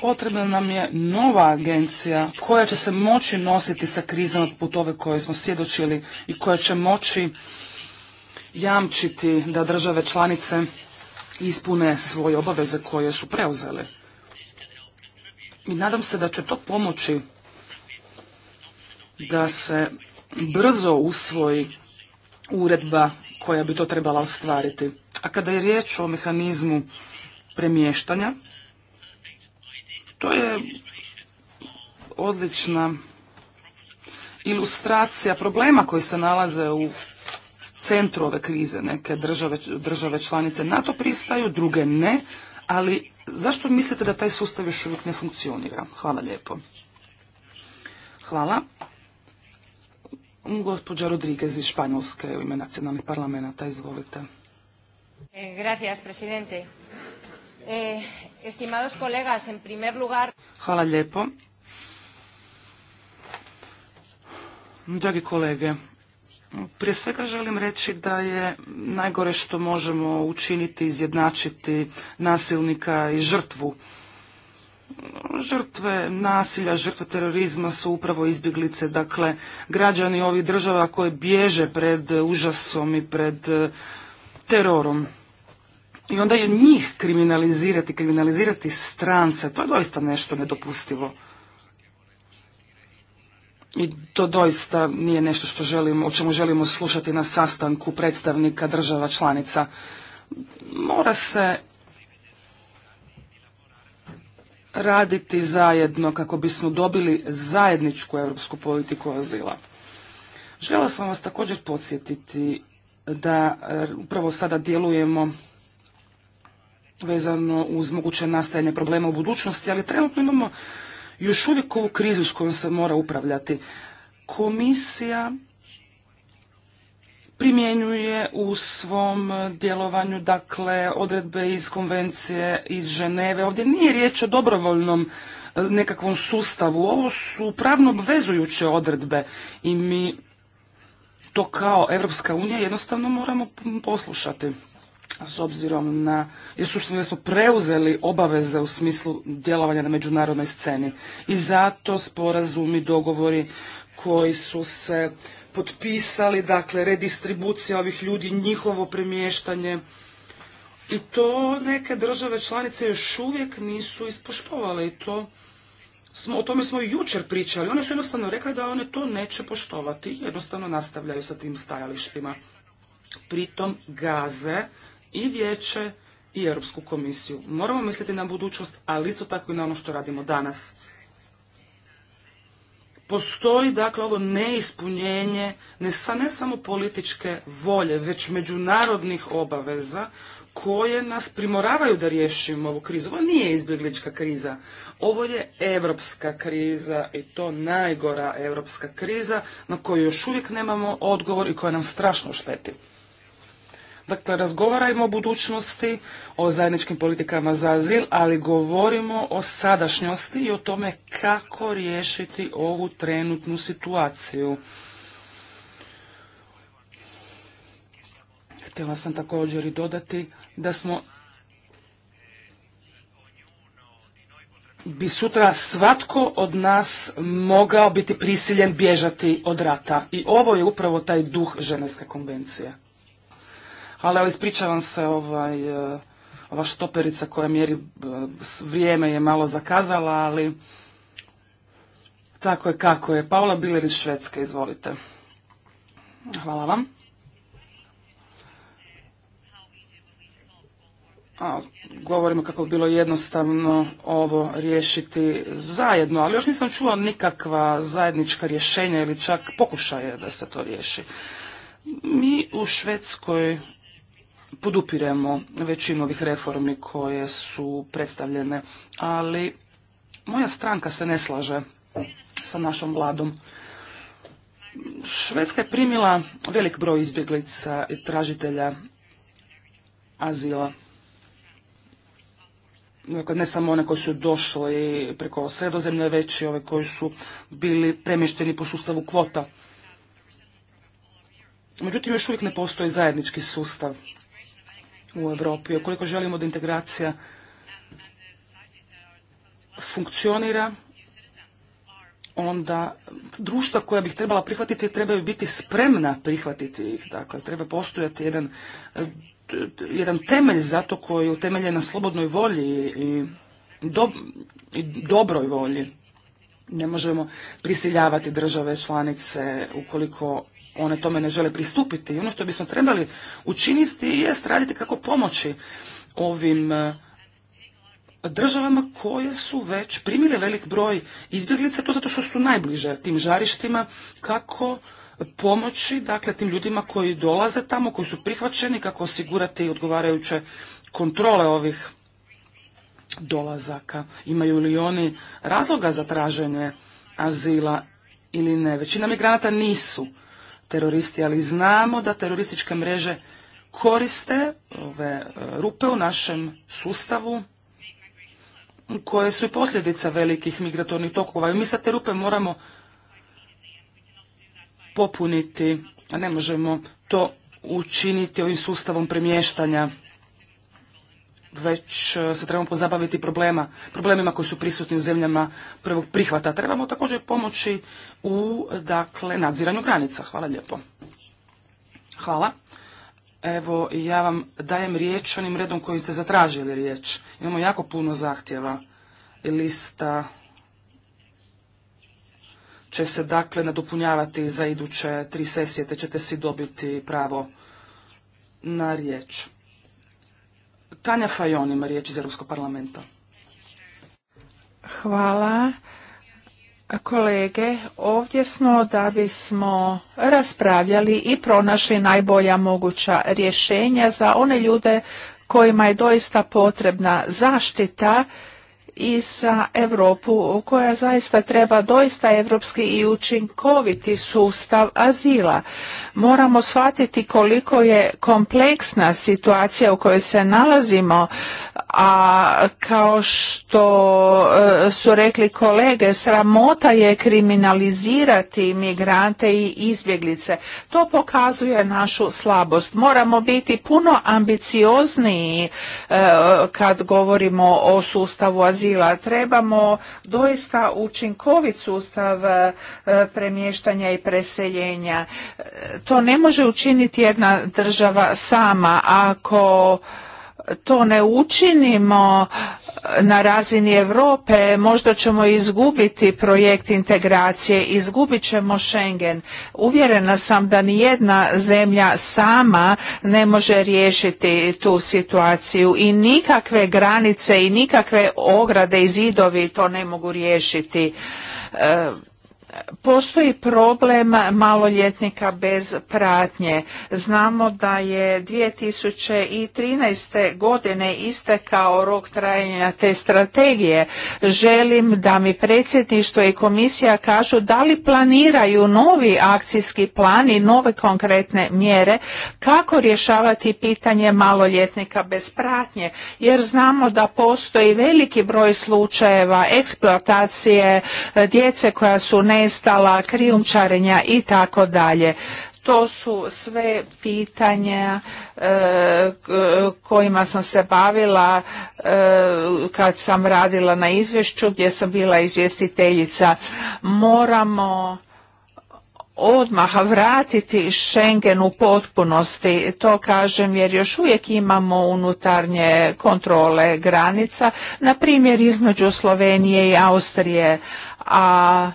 Potrebna nam je nova agencija koja će se moći nositi sa krizom poput ove koje smo svjedočili i koja će moći jamčiti da države članice ispune svoje obaveze koje su preuzele. I nadam se da će to pomoći da se brzo usvoji uredba koja bi to trebala ostvariti. A kada je riječ o mehanizmu premještanja, to je odlična ilustracija problema koji se nalaze u centru ove krize. Neke države, države članice NATO pristaju, druge ne, ali zašto mislite da taj sustav još uvijek ne funkcionira? Hvala lijepo. Hvala. Gospođa Rodriguez iz Španjolske u ime nacionalnih parlamenta, izvolite. Eh, gracias, presidente. Eh, estimados colegas, en primer lugar... Hvala lijepo. Dragi kolege, prije svega želim reći da je najgore što možemo učiniti izjednačiti nasilnika i žrtvu. Žrtve nasilja, žrtve terorizma su upravo izbjeglice, dakle građani ovih država koje bježe pred užasom i pred e, terorom. I onda je njih kriminalizirati, kriminalizirati strance, to je doista nešto nedopustivo. I to doista nije nešto što želimo, o čemu želimo slušati na sastanku predstavnika država članica. Mora se raditi zajedno kako bismo dobili zajedničku europsku politiku azila. Žela sam vas također podsjetiti da e, upravo sada djelujemo vezano uz moguće nastajanje problema u budućnosti, ali trenutno imamo još uvijek ovu krizu s kojom se mora upravljati. Komisija primjenjuje u svom djelovanju dakle odredbe iz konvencije iz Ženeve. Ovdje nije riječ o dobrovoljnom e, nekakvom sustavu. Ovo su pravno obvezujuće odredbe i mi to kao Europska unija jednostavno moramo poslušati s obzirom na, jer smo preuzeli obaveze u smislu djelovanja na međunarodnoj sceni. I zato sporazumi, dogovori koji su se potpisali, dakle redistribucija ovih ljudi, njihovo premještanje, i to neke države članice još uvijek nisu ispoštovale i to smo, o tome smo i jučer pričali. One su jednostavno rekli da one to neće poštovati i jednostavno nastavljaju sa tim stajalištima. Pritom gaze i vijeće i Europsku komisiju. Moramo misliti na budućnost, ali isto tako i na ono što radimo danas. Postoji dakle ovo neispunjenje ne, sa, ne samo političke volje, već međunarodnih obaveza koje nas primoravaju da riješimo ovu krizu. Ovo nije izbjeglička kriza, ovo je europska kriza i to najgora europska kriza na koju još uvijek nemamo odgovor i koja nam strašno šteti. Dakle, razgovarajmo o budućnosti, o zajedničkim politikama za azil, ali govorimo o sadašnjosti i o tome kako riješiti ovu trenutnu situaciju. Htjela sam također i dodati da smo bi sutra svatko od nas mogao biti prisiljen bježati od rata. I ovo je upravo taj duh ženevske konvencije ali ispričavam se ovaj, e, ova štoperica koja mjeri e, vrijeme je malo zakazala, ali tako je kako je. Paula Biler iz Švedske, izvolite. Hvala vam. A, govorimo kako bi bilo jednostavno ovo riješiti zajedno, ali još nisam čula nikakva zajednička rješenja ili čak pokušaje da se to riješi. Mi u Švedskoj podupiremo većinu ovih reformi koje su predstavljene, ali moja stranka se ne slaže sa našom vladom. Švedska je primila velik broj izbjeglica i tražitelja azila. Dakle, ne samo one koji su došli preko sredozemlje, već i ove koji su bili premješteni po sustavu kvota. Međutim, još uvijek ne postoji zajednički sustav u Europi. Ukoliko želimo da integracija funkcionira, onda društva koja bih trebala prihvatiti trebaju biti spremna prihvatiti ih. Dakle, treba postojati jedan, jedan temelj za to koji je utemeljen na slobodnoj volji i, i dobroj volji. Ne možemo prisiljavati države članice ukoliko one tome ne žele pristupiti. I ono što bismo trebali učiniti je raditi kako pomoći ovim e, državama koje su već primile velik broj izbjeglica, to zato što su najbliže tim žarištima, kako pomoći dakle, tim ljudima koji dolaze tamo, koji su prihvaćeni, kako osigurati odgovarajuće kontrole ovih dolazaka. Imaju li oni razloga za traženje azila ili ne? Većina migranata nisu teroristi, ali znamo da terorističke mreže koriste ove e, rupe u našem sustavu koje su i posljedica velikih migratornih tokova. I mi sad te rupe moramo popuniti, a ne možemo to učiniti ovim sustavom premještanja već e, se trebamo pozabaviti problema, problemima koji su prisutni u zemljama prvog prihvata. Trebamo također pomoći u dakle, nadziranju granica. Hvala lijepo. Hvala. Evo, ja vam dajem riječ onim redom koji ste zatražili riječ. Imamo jako puno zahtjeva. i Lista će se dakle nadopunjavati za iduće tri sesije, te ćete svi dobiti pravo na riječ. Tanja Fajon ima riječ iz Europskog parlamenta. Hvala. Kolege, ovdje smo da bismo raspravljali i pronašli najbolja moguća rješenja za one ljude kojima je doista potrebna zaštita i za Europu koja zaista treba doista europski i učinkoviti sustav azila. Moramo shvatiti koliko je kompleksna situacija u kojoj se nalazimo, a kao što e, su rekli kolege, sramota je kriminalizirati migrante i izbjeglice. To pokazuje našu slabost. Moramo biti puno ambiciozniji e, kad govorimo o sustavu azila azila. Trebamo doista učinkovit sustav e, premještanja i preseljenja. E, to ne može učiniti jedna država sama ako to ne učinimo eh, na razini Europe, možda ćemo izgubiti projekt integracije, izgubit ćemo Schengen. Uvjerena sam da ni jedna zemlja sama ne može riješiti tu situaciju i nikakve granice i nikakve ograde i zidovi to ne mogu riješiti. Eh, Postoji problem maloljetnika bez pratnje. Znamo da je 2013. godine istekao rok trajanja te strategije. Želim da mi predsjedništvo i komisija kažu da li planiraju novi akcijski plan i nove konkretne mjere kako rješavati pitanje maloljetnika bez pratnje. Jer znamo da postoji veliki broj slučajeva eksploatacije djece koja su ne nestala, krijumčarenja i tako dalje. To su sve pitanja e, kojima sam se bavila e, kad sam radila na izvješću gdje sam bila izvjestiteljica. Moramo odmah vratiti Schengen u potpunosti, to kažem jer još uvijek imamo unutarnje kontrole granica, na primjer između Slovenije i Austrije, a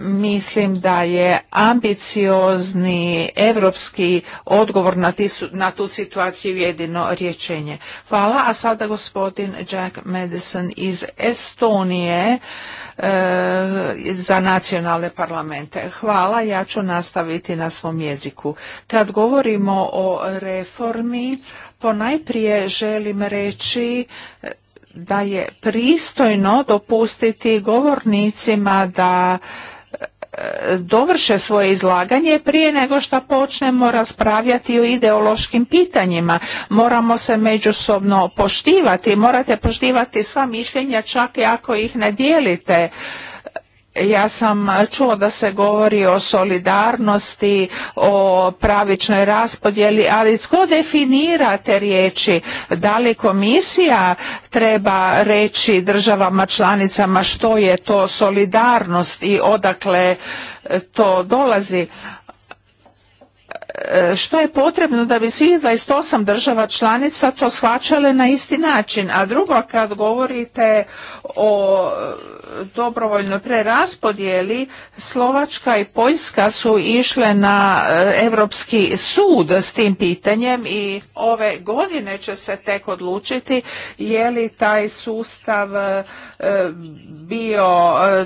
mislim da je ambiciozni europski odgovor na, na tu situaciju jedino rješenje. Hvala, a sada gospodin Jack Madison iz Estonije e, za nacionalne parlamente. Hvala, ja ću nastaviti na svom jeziku. Kad govorimo o reformi, ponajprije želim reći e, da je pristojno dopustiti govornicima da dovrše svoje izlaganje prije nego što počnemo raspravljati o ideološkim pitanjima. Moramo se međusobno poštivati, morate poštivati sva mišljenja čak i ako ih ne dijelite ja sam čula da se govori o solidarnosti, o pravičnoj raspodjeli, ali tko definira te riječi? Da li komisija treba reći državama članicama što je to solidarnost i odakle to dolazi? E, što je potrebno da bi svih 28 država članica to shvaćale na isti način. A drugo, kad govorite o dobrovoljnoj preraspodjeli, Slovačka i Poljska su išle na e, Europski sud s tim pitanjem i ove godine će se tek odlučiti je li taj sustav e, bio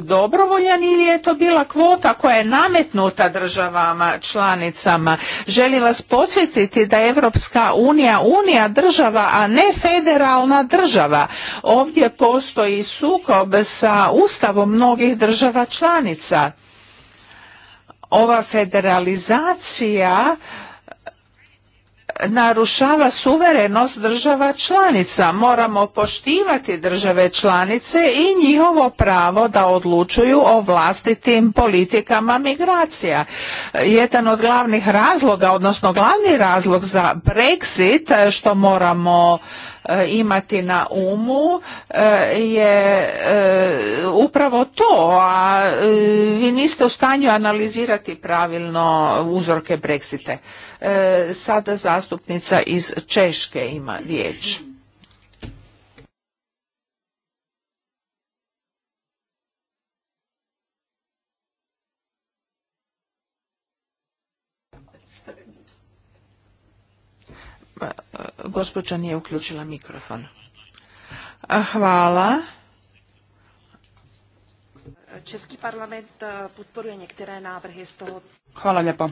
dobrovoljan ili je to bila kvota koja je nametnuta državama članicama Želim vas podsjetiti da je Evropska unija unija država, a ne federalna država. Ovdje postoji sukob sa ustavom mnogih država članica. Ova federalizacija narušava suverenost država članica. Moramo poštivati države članice i njihovo pravo da odlučuju o vlastitim politikama migracija. Jedan od glavnih razloga, odnosno glavni razlog za Brexit što moramo E, imati na umu e, je e, upravo to, a vi niste u stanju analizirati pravilno uzorke Brexite. Sada zastupnica iz Češke ima riječ. Gospođa nije uključila mikrofon. Hvala. Český parlament e, podporuje některé návrhy z toho. Hvala lijepo.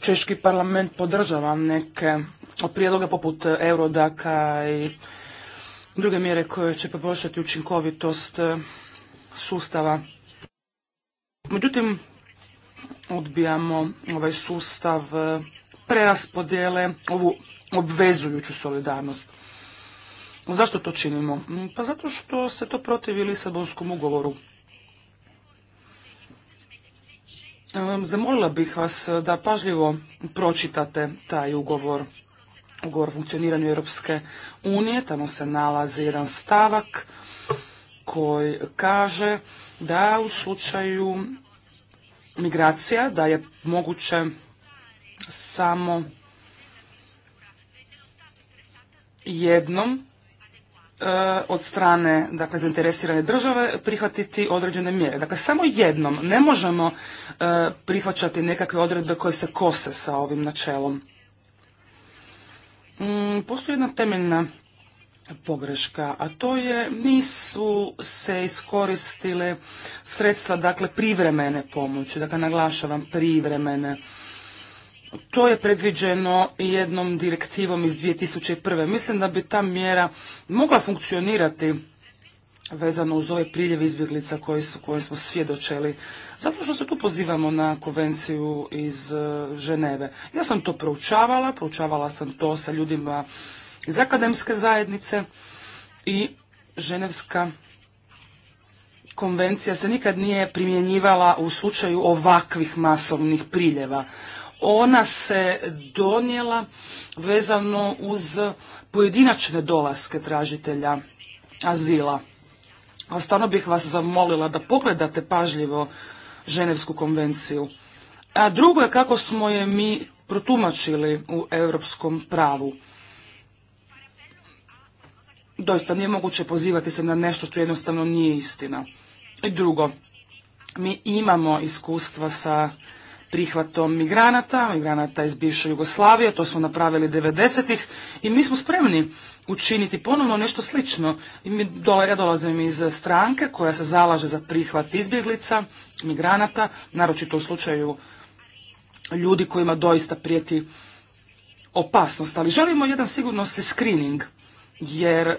Češki parlament podržava neke od prijedloga poput Eurodaka i druge mjere koje će poboljšati učinkovitost e, sustava. Međutim, odbijamo ovaj sustav e, preraspodijele ovu obvezujuću solidarnost. Zašto to činimo? Pa zato što se to protivi Lisabonskom ugovoru. Ehm, zamolila bih vas da pažljivo pročitate taj ugovor, ugovor o funkcioniranju Europske unije. Tamo se nalazi jedan stavak koji kaže da u slučaju migracija da je moguće samo jednom e, od strane dakle, zainteresirane države prihvatiti određene mjere. Dakle, samo jednom ne možemo e, prihvaćati nekakve odredbe koje se kose sa ovim načelom. Mm, postoji jedna temeljna pogreška, a to je nisu se iskoristile sredstva, dakle, privremene pomoći, dakle, naglašavam, privremene to je predviđeno jednom direktivom iz 2001. Mislim da bi ta mjera mogla funkcionirati vezano uz ove priljeve izbjeglica koje, su, koje smo svjedočeli. Zato što se tu pozivamo na konvenciju iz e, Ženeve. Ja sam to proučavala, proučavala sam to sa ljudima iz akademske zajednice i Ženevska konvencija se nikad nije primjenjivala u slučaju ovakvih masovnih priljeva ona se donijela vezano uz pojedinačne dolaske tražitelja azila. stvarno bih vas zamolila da pogledate pažljivo Ženevsku konvenciju. A drugo je kako smo je mi protumačili u europskom pravu. Doista nije moguće pozivati se na nešto što jednostavno nije istina. I drugo, mi imamo iskustva sa prihvatom migranata, migranata iz bivše Jugoslavije, to smo napravili 90-ih i mi smo spremni učiniti ponovno nešto slično. Ja dolazim iz stranke koja se zalaže za prihvat izbjeglica, migranata, naročito u slučaju ljudi kojima doista prijeti opasnost. Ali želimo jedan sigurnosni screening, jer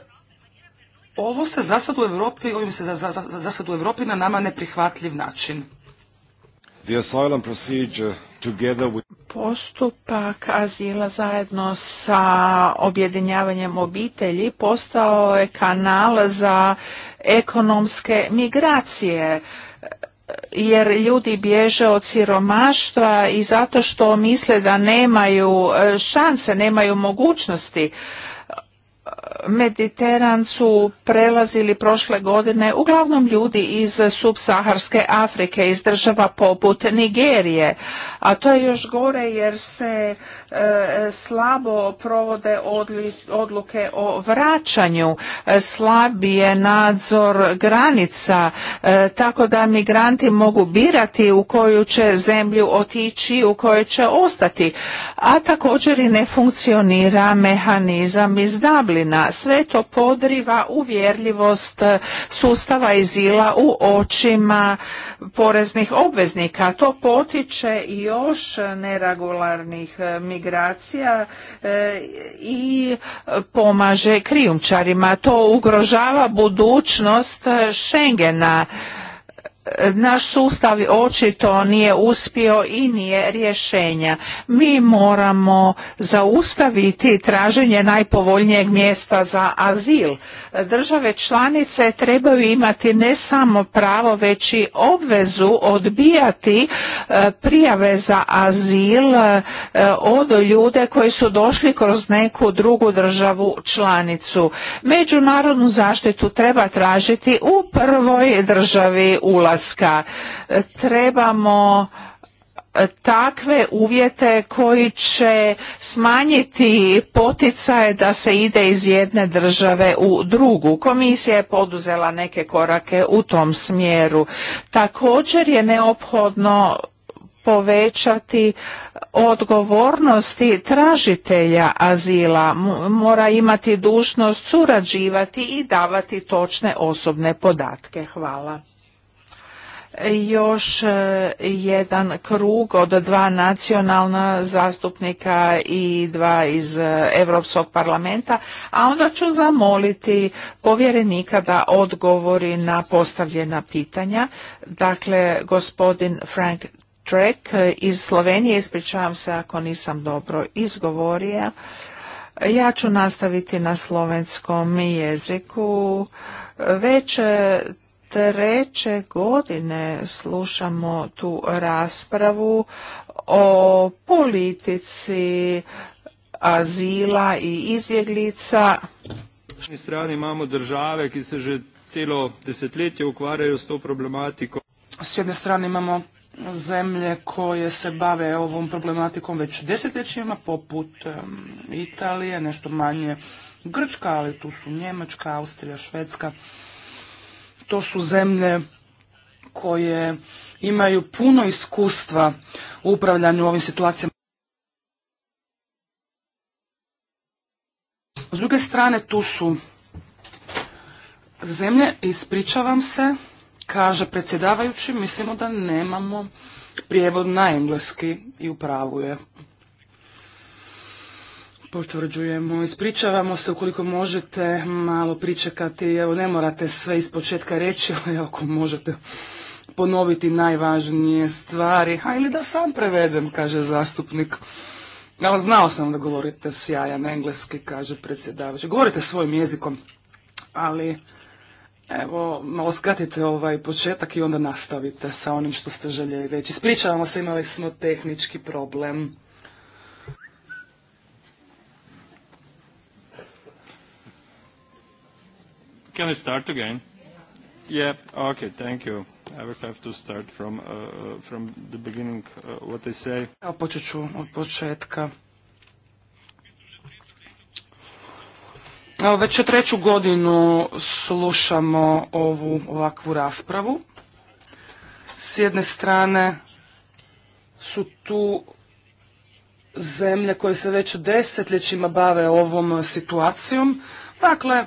ovo se zasad u Europi, ovim se za, za, u Europi na nama neprihvatljiv način. The asylum Postupak azila zajedno sa objedinjavanjem obitelji postao je kanal za ekonomske migracije jer ljudi bježe od siromaštva i zato što misle da nemaju e, šanse, nemaju mogućnosti. Mediteran su prelazili prošle godine uglavnom ljudi iz subsaharske Afrike, iz država poput Nigerije. A to je još gore jer se E, slabo provode odluke o vraćanju, e, slabije nadzor granica, e, tako da migranti mogu birati u koju će zemlju otići, u kojoj će ostati, a također i ne funkcionira mehanizam iz Dublina. Sve to podriva uvjerljivost sustava izila u očima poreznih obveznika. To potiče još neregularnih migranta migracija e, i pomaže krijumčarima. To ugrožava budućnost Schengena naš sustav očito nije uspio i nije rješenja. Mi moramo zaustaviti traženje najpovoljnijeg mjesta za azil. Države članice trebaju imati ne samo pravo, već i obvezu odbijati e, prijave za azil e, od ljude koji su došli kroz neku drugu državu članicu. Međunarodnu zaštitu treba tražiti u prvoj državi u Hrvatska. Trebamo e, takve uvjete koji će smanjiti poticaje da se ide iz jedne države u drugu. Komisija je poduzela neke korake u tom smjeru. Također je neophodno povećati odgovornosti tražitelja azila, mora imati dužnost surađivati i davati točne osobne podatke. Hvala još e, jedan krug od dva nacionalna zastupnika i dva iz e, Europskog parlamenta, a onda ću zamoliti povjerenika da odgovori na postavljena pitanja. Dakle, gospodin Frank Trek iz Slovenije, ispričavam se ako nisam dobro izgovorio. Ja ću nastaviti na slovenskom jeziku. Već e, treće godine slušamo tu raspravu o politici azila i izbjeglica. Na strani imamo države, koje se že celo desetletje s to problematikom. S jedne strane imamo zemlje koje se bave ovom problematikom već desetljećima, poput Italije, nešto manje Grčka, ali tu su Njemačka, Austrija, Švedska. To su zemlje koje imaju puno iskustva u upravljanju ovim situacijama. S druge strane tu su zemlje, ispričavam se, kaže predsjedavajući, mislimo da nemamo prijevod na engleski i upravuje Potvrđujemo. Ispričavamo se ukoliko možete malo pričekati. Evo, ne morate sve iz početka reći, ali ako možete ponoviti najvažnije stvari. A ili da sam prevedem, kaže zastupnik. Ja znao sam da govorite sjajan engleski, kaže predsjedavajući. Govorite svojim jezikom, ali evo, malo skratite ovaj početak i onda nastavite sa onim što ste željeli reći. Ispričavamo se, imali smo tehnički problem. Can I start again? Yeah. Okay. Thank you. I will have to start from, uh, uh, from the beginning uh, what I say. Ja počet ću od početka. Evo, već treću godinu slušamo ovu ovakvu raspravu. S jedne strane su tu zemlje koje se već desetljećima bave ovom situacijom. Dakle,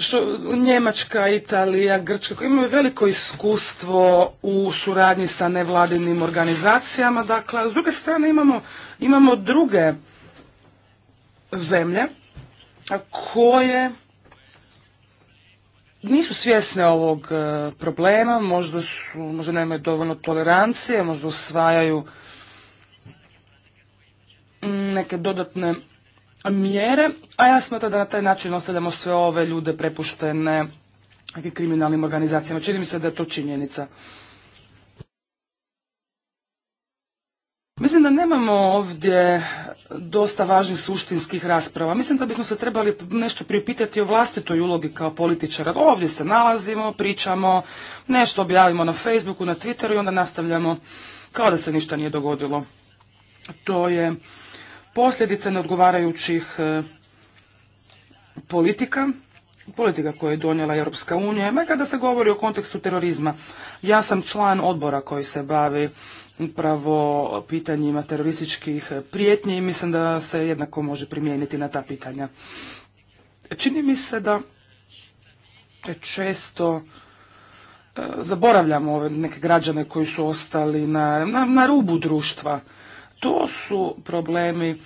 što, Njemačka, Italija, Grčka, koji imaju veliko iskustvo u suradnji sa nevladinim organizacijama. Dakle, s druge strane imamo, imamo druge zemlje koje nisu svjesne ovog e, problema, možda, su, možda nemaju dovoljno tolerancije, možda usvajaju neke dodatne mjere, a ja smatram da na taj način ostavljamo sve ove ljude prepuštene kriminalnim organizacijama. Čini mi se da je to činjenica. Mislim da nemamo ovdje dosta važnih suštinskih rasprava. Mislim da bismo se trebali nešto pripitati o vlastitoj ulogi kao političara. Ovdje se nalazimo, pričamo, nešto objavimo na Facebooku, na Twitteru i onda nastavljamo kao da se ništa nije dogodilo. To je posljedice neodgovarajućih e, politika, politika koje je donijela Europska unija, ima kada se govori o kontekstu terorizma. Ja sam član odbora koji se bavi upravo pitanjima terorističkih prijetnji i mislim da se jednako može primijeniti na ta pitanja. Čini mi se da često e, zaboravljamo ove neke građane koji su ostali na, na rubu društva to su problemi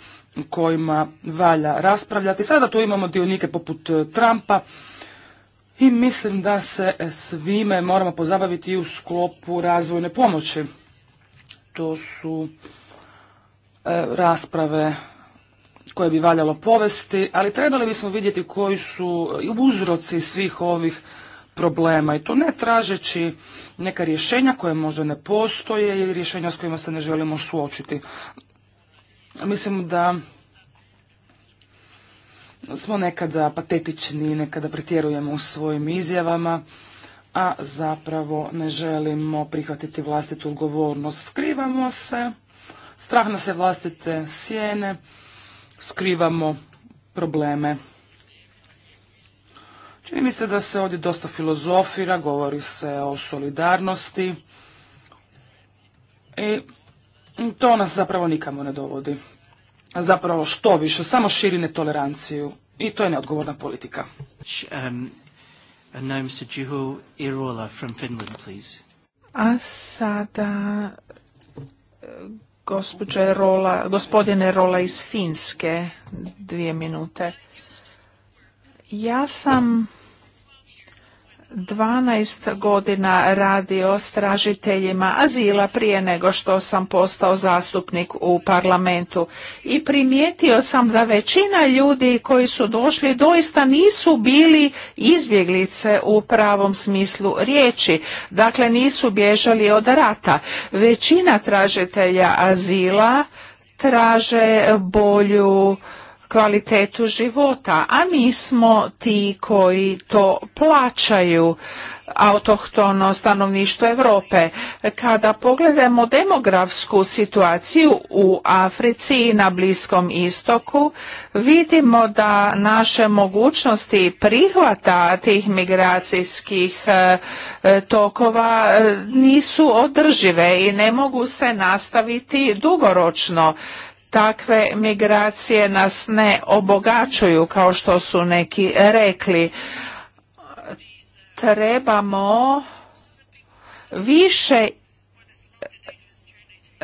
kojima valja raspravljati. Sada tu imamo dionike poput e, Trumpa i mislim da se svime moramo pozabaviti i u sklopu razvojne pomoći. To su e, rasprave koje bi valjalo povesti, ali trebali bismo vidjeti koji su uzroci svih ovih problema i to ne tražeći neka rješenja koje možda ne postoje ili rješenja s kojima se ne želimo suočiti. Mislim da smo nekada patetični, nekada pretjerujemo u svojim izjavama, a zapravo ne želimo prihvatiti vlastitu odgovornost. Skrivamo se, strah nas se vlastite sjene, skrivamo probleme. Čini mi se da se ovdje dosta filozofira, govori se o solidarnosti i to nas zapravo nikamo ne dovodi. Zapravo što više, samo širi netoleranciju i to je neodgovorna politika. Um, A sada gospođa gospodine Rola iz Finske, dvije minute. Ja sam 12 godina radio s tražiteljima azila prije nego što sam postao zastupnik u parlamentu i primijetio sam da većina ljudi koji su došli doista nisu bili izbjeglice u pravom smislu riječi, dakle nisu bježali od rata. Većina tražitelja azila traže bolju kvalitetu života, a mi smo ti koji to plaćaju autohtono stanovništvo Europe. Kada pogledamo demografsku situaciju u Africi i na Bliskom istoku, vidimo da naše mogućnosti prihvata tih migracijskih e, e, tokova e, nisu održive i ne mogu se nastaviti dugoročno takve migracije nas ne obogaćuju kao što su neki rekli. Trebamo više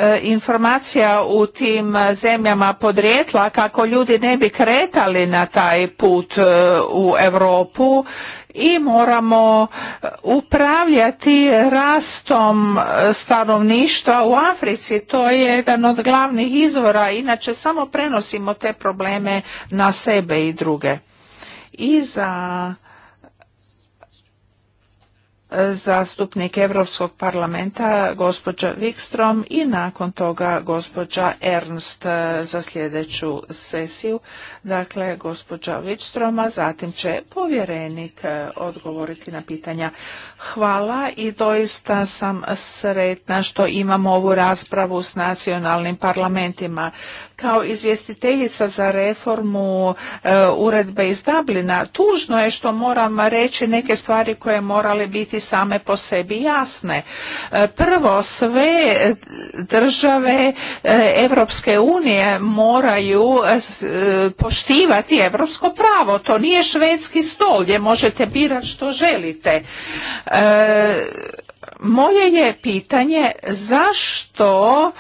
E, informacija u tim e, zemljama podrijetla kako ljudi ne bi kretali na taj put e, u Europu i moramo upravljati rastom stanovništva u Africi. To je jedan od glavnih izvora, inače samo prenosimo te probleme na sebe i druge. I za zastupnik Europskog parlamenta gospođa Wikstrom i nakon toga gospođa Ernst e, za sljedeću sesiju. Dakle, gospođa Wikstrom, a zatim će povjerenik e, odgovoriti na pitanja. Hvala i doista sam sretna što imamo ovu raspravu s nacionalnim parlamentima kao izvjestiteljica za reformu e, uredbe iz Dublina, tužno je što moram reći neke stvari koje morale biti same po sebi jasne. E, prvo, sve države Europske unije moraju e, poštivati europsko pravo. To nije švedski stol gdje možete birati što želite. moje je pitanje zašto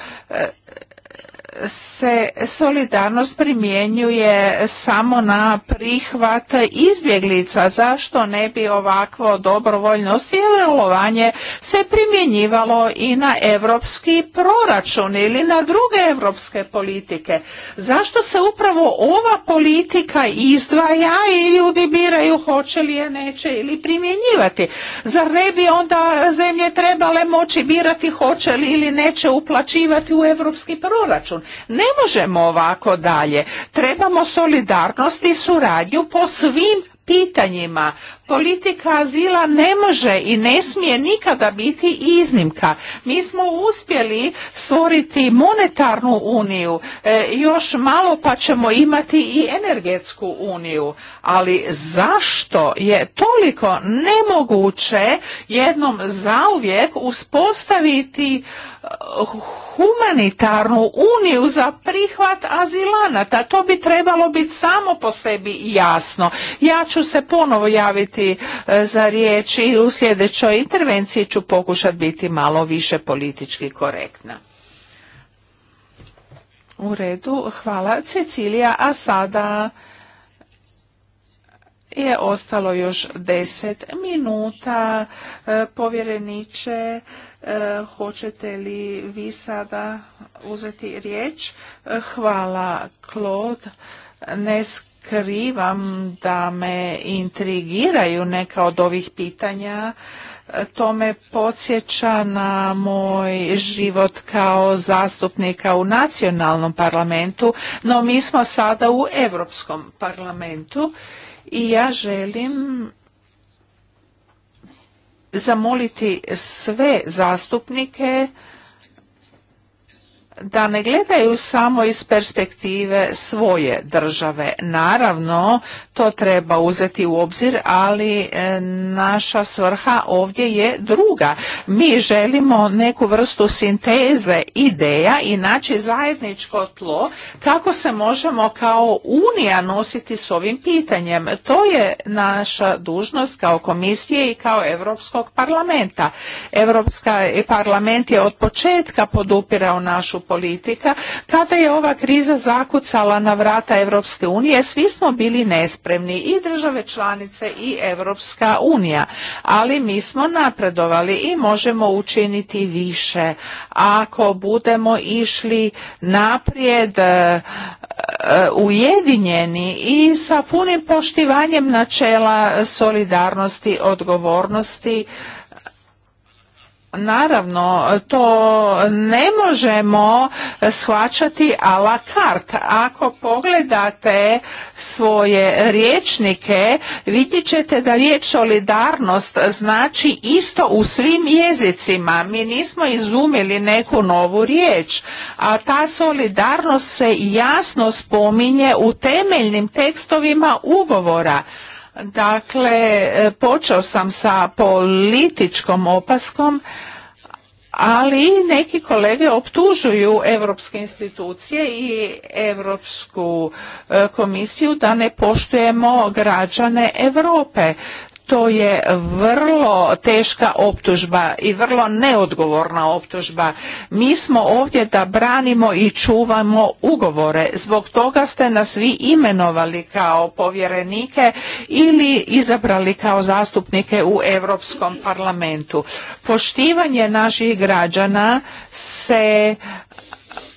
se solidarnost primjenjuje samo na prihvat izbjeglica. Zašto ne bi ovakvo dobrovoljno sjelovanje se primjenjivalo i na europski proračun ili na druge europske politike? Zašto se upravo ova politika izdvaja i ljudi biraju hoće li je neće ili primjenjivati? Zar ne bi onda zemlje trebale moći birati hoće li ili neće uplaćivati u europski proračun? Ne možemo ovako dalje. Trebamo solidarnost i suradnju po svim pitanjima. Politika azila ne može i ne smije nikada biti iznimka. Mi smo uspjeli stvoriti monetarnu uniju, e, još malo pa ćemo imati i energetsku uniju. Ali zašto je toliko nemoguće jednom zauvijek uspostaviti humanitarnu uniju za prihvat azilanata. To bi trebalo biti samo po sebi jasno. Ja ću se ponovo javiti e, za riječ i u sljedećoj intervenciji ću pokušati biti malo više politički korektna. U redu, hvala Cecilija, a sada je ostalo još deset minuta e, povjereniče E, hoćete li vi sada uzeti riječ? E, hvala, Claude. Ne skrivam da me intrigiraju neka od ovih pitanja. E, to me podsjeća na moj život kao zastupnika u nacionalnom parlamentu, no mi smo sada u Europskom parlamentu i ja želim zamoliti sve zastupnike da ne gledaju samo iz perspektive svoje države. Naravno, to treba uzeti u obzir, ali e, naša svrha ovdje je druga. Mi želimo neku vrstu sinteze ideja i naći zajedničko tlo kako se možemo kao Unija nositi s ovim pitanjem. To je naša dužnost kao komisije i kao Europskog parlamenta. Europski parlament je od početka podupirao našu politika, kada je ova kriza zakucala na vrata Europske unije, svi smo bili nespremni i države članice i Europska unija, ali mi smo napredovali i možemo učiniti više. Ako budemo išli naprijed e, e, ujedinjeni i sa punim poštivanjem načela solidarnosti, odgovornosti, Naravno, to ne možemo shvaćati a la carte. Ako pogledate svoje riječnike, vidjet ćete da riječ solidarnost znači isto u svim jezicima. Mi nismo izumili neku novu riječ, a ta solidarnost se jasno spominje u temeljnim tekstovima ugovora. Dakle, e, počeo sam sa političkom opaskom, ali neki kolege optužuju europske institucije i europsku e, komisiju da ne poštujemo građane Europe to je vrlo teška optužba i vrlo neodgovorna optužba. Mi smo ovdje da branimo i čuvamo ugovore. Zbog toga ste nas vi imenovali kao povjerenike ili izabrali kao zastupnike u Europskom parlamentu. Poštivanje naših građana se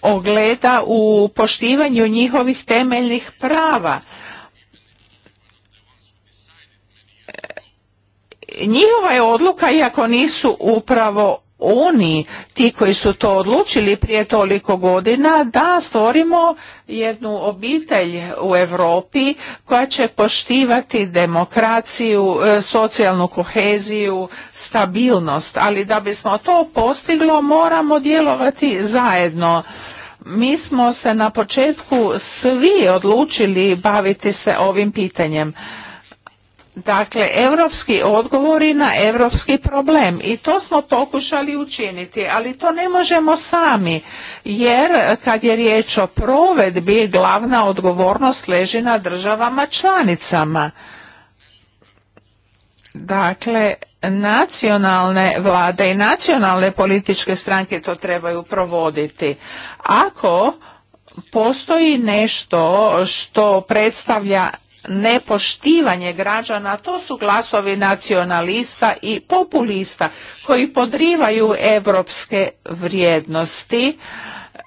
ogleda u poštivanju njihovih temeljnih prava njihova je odluka iako nisu upravo oni ti koji su to odlučili prije toliko godina da stvorimo jednu obitelj u Europi koja će poštivati demokraciju, e, socijalnu koheziju, stabilnost, ali da bismo to postiglo moramo djelovati zajedno. Mi smo se na početku svi odlučili baviti se ovim pitanjem. Dakle, europski odgovori na europski problem i to smo pokušali učiniti, ali to ne možemo sami, jer kad je riječ o provedbi, glavna odgovornost leži na državama članicama. Dakle, nacionalne vlade i nacionalne političke stranke to trebaju provoditi. Ako postoji nešto što predstavlja nepoštivanje građana, to su glasovi nacionalista i populista koji podrivaju europske vrijednosti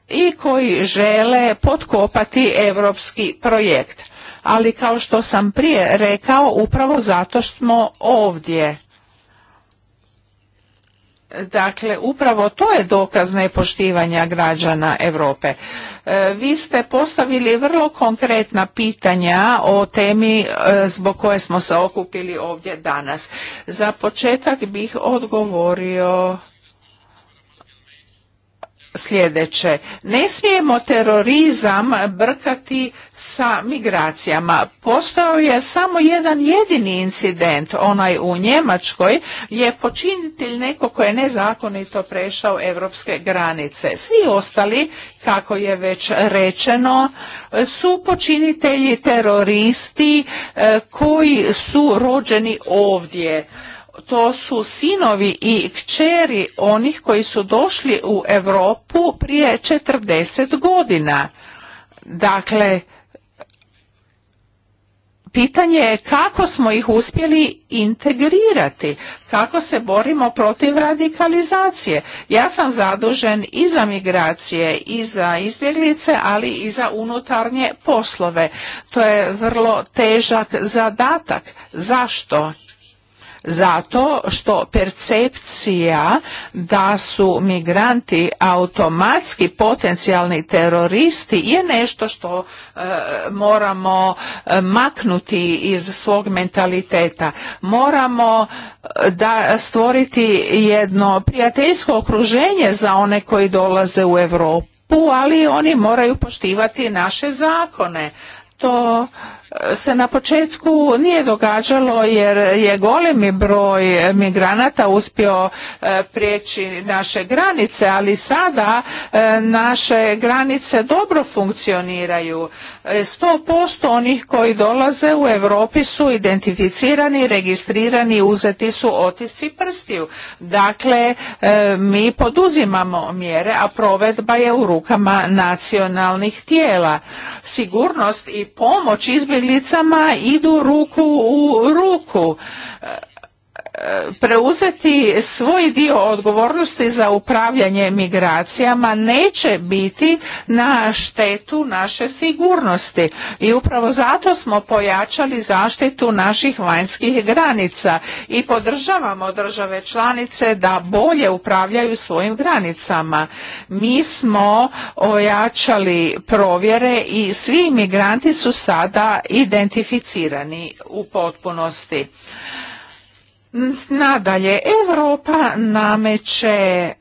i koji žele potkopati europski projekt. Ali kao što sam prije rekao, upravo zato što smo ovdje. Dakle, upravo to je dokaz nepoštivanja građana Europe. E, vi ste postavili vrlo konkretna pitanja o temi e, zbog koje smo se okupili ovdje danas. Za početak bih odgovorio sljedeće. Ne smijemo terorizam brkati sa migracijama. Postojao je samo jedan jedini incident, onaj u Njemačkoj, je počinitelj neko koje je nezakonito prešao evropske granice. Svi ostali, kako je već rečeno, su počinitelji teroristi eh, koji su rođeni ovdje to su sinovi i kćeri onih koji su došli u Europu prije 40 godina. Dakle, pitanje je kako smo ih uspjeli integrirati, kako se borimo protiv radikalizacije. Ja sam zadužen i za migracije, i za izbjeglice, ali i za unutarnje poslove. To je vrlo težak zadatak. Zašto? Zato što percepcija da su migranti automatski potencijalni teroristi je nešto što e, moramo e, maknuti iz svog mentaliteta. Moramo e, da stvoriti jedno prijateljsko okruženje za one koji dolaze u Europu, ali oni moraju poštivati naše zakone. To se na početku nije događalo jer je golemi broj migranata uspio e, prijeći naše granice, ali sada e, naše granice dobro funkcioniraju. 100% e, onih koji dolaze u Europi su identificirani, registrirani, uzeti su otisci prstiju. Dakle, mi poduzimamo mjere, a provedba je u rukama nacionalnih tijela. Sigurnost i pomoć izbjeglica izbjeglicama idu ruku u ruku preuzeti svoj dio odgovornosti za upravljanje migracijama neće biti na štetu naše sigurnosti i upravo zato smo pojačali zaštitu naših vanjskih granica i podržavamo države članice da bolje upravljaju svojim granicama. Mi smo ojačali provjere i svi migranti su sada identificirani u potpunosti. Nadalje, Europa nameće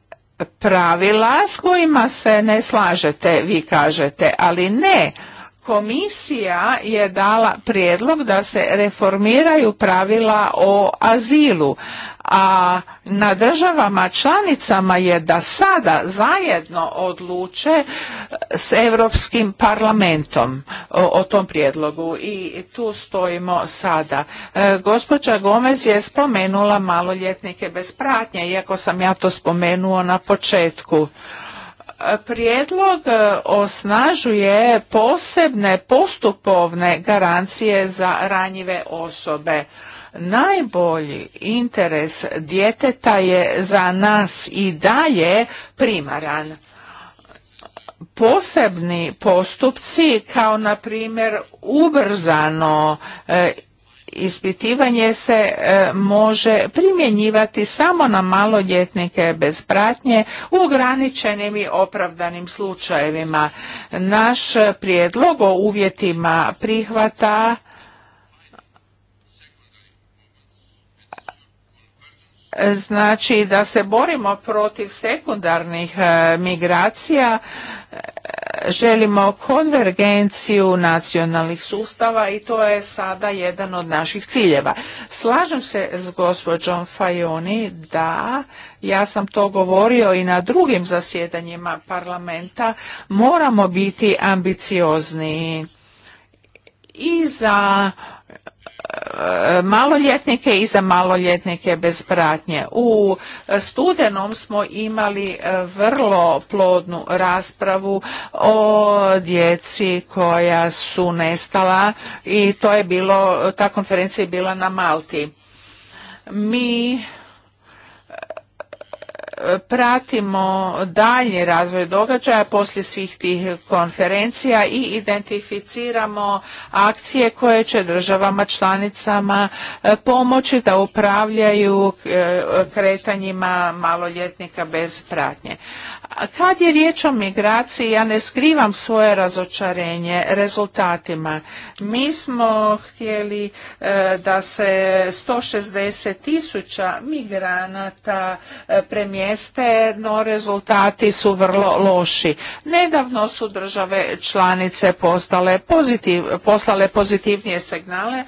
pravila s kojima se ne slažete, vi kažete, ali ne, Komisija je dala prijedlog da se reformiraju pravila o azilu, a na državama članicama je da sada zajedno odluče s Europskim parlamentom o, tom prijedlogu i tu stojimo sada. E, gospođa Gomez je spomenula maloljetnike bez pratnje, iako sam ja to spomenuo na početku prijedlog e, osnažuje posebne postupovne garancije za ranjive osobe. Najbolji interes djeteta je za nas i dalje primaran. Posebni postupci kao na primjer ubrzano e, ispitivanje se e, može primjenjivati samo na maloljetnike bez pratnje u ograničenim i opravdanim slučajevima. Naš prijedlog o uvjetima prihvata znači da se borimo protiv sekundarnih e, migracija e, želimo konvergenciju nacionalnih sustava i to je sada jedan od naših ciljeva. Slažem se s gospođom Fajoni da ja sam to govorio i na drugim zasjedanjima parlamenta moramo biti ambiciozni i za maloljetnike i za maloljetnike bez pratnje. U studenom smo imali e, vrlo plodnu raspravu o djeci koja su nestala i to je bilo, ta konferencija je bila na Malti. Mi pratimo daljnji razvoj događaja poslije svih tih konferencija i identificiramo akcije koje će državama članicama e, pomoći da upravljaju e, kretanjima maloljetnika bez pratnje. Kad je riječ o migraciji, ja ne skrivam svoje razočarenje rezultatima. Mi smo htjeli e, da se 160 tisuća migranata e, premjeste, no rezultati su vrlo loši. Nedavno su države članice postale pozitiv, poslale pozitivnije signale,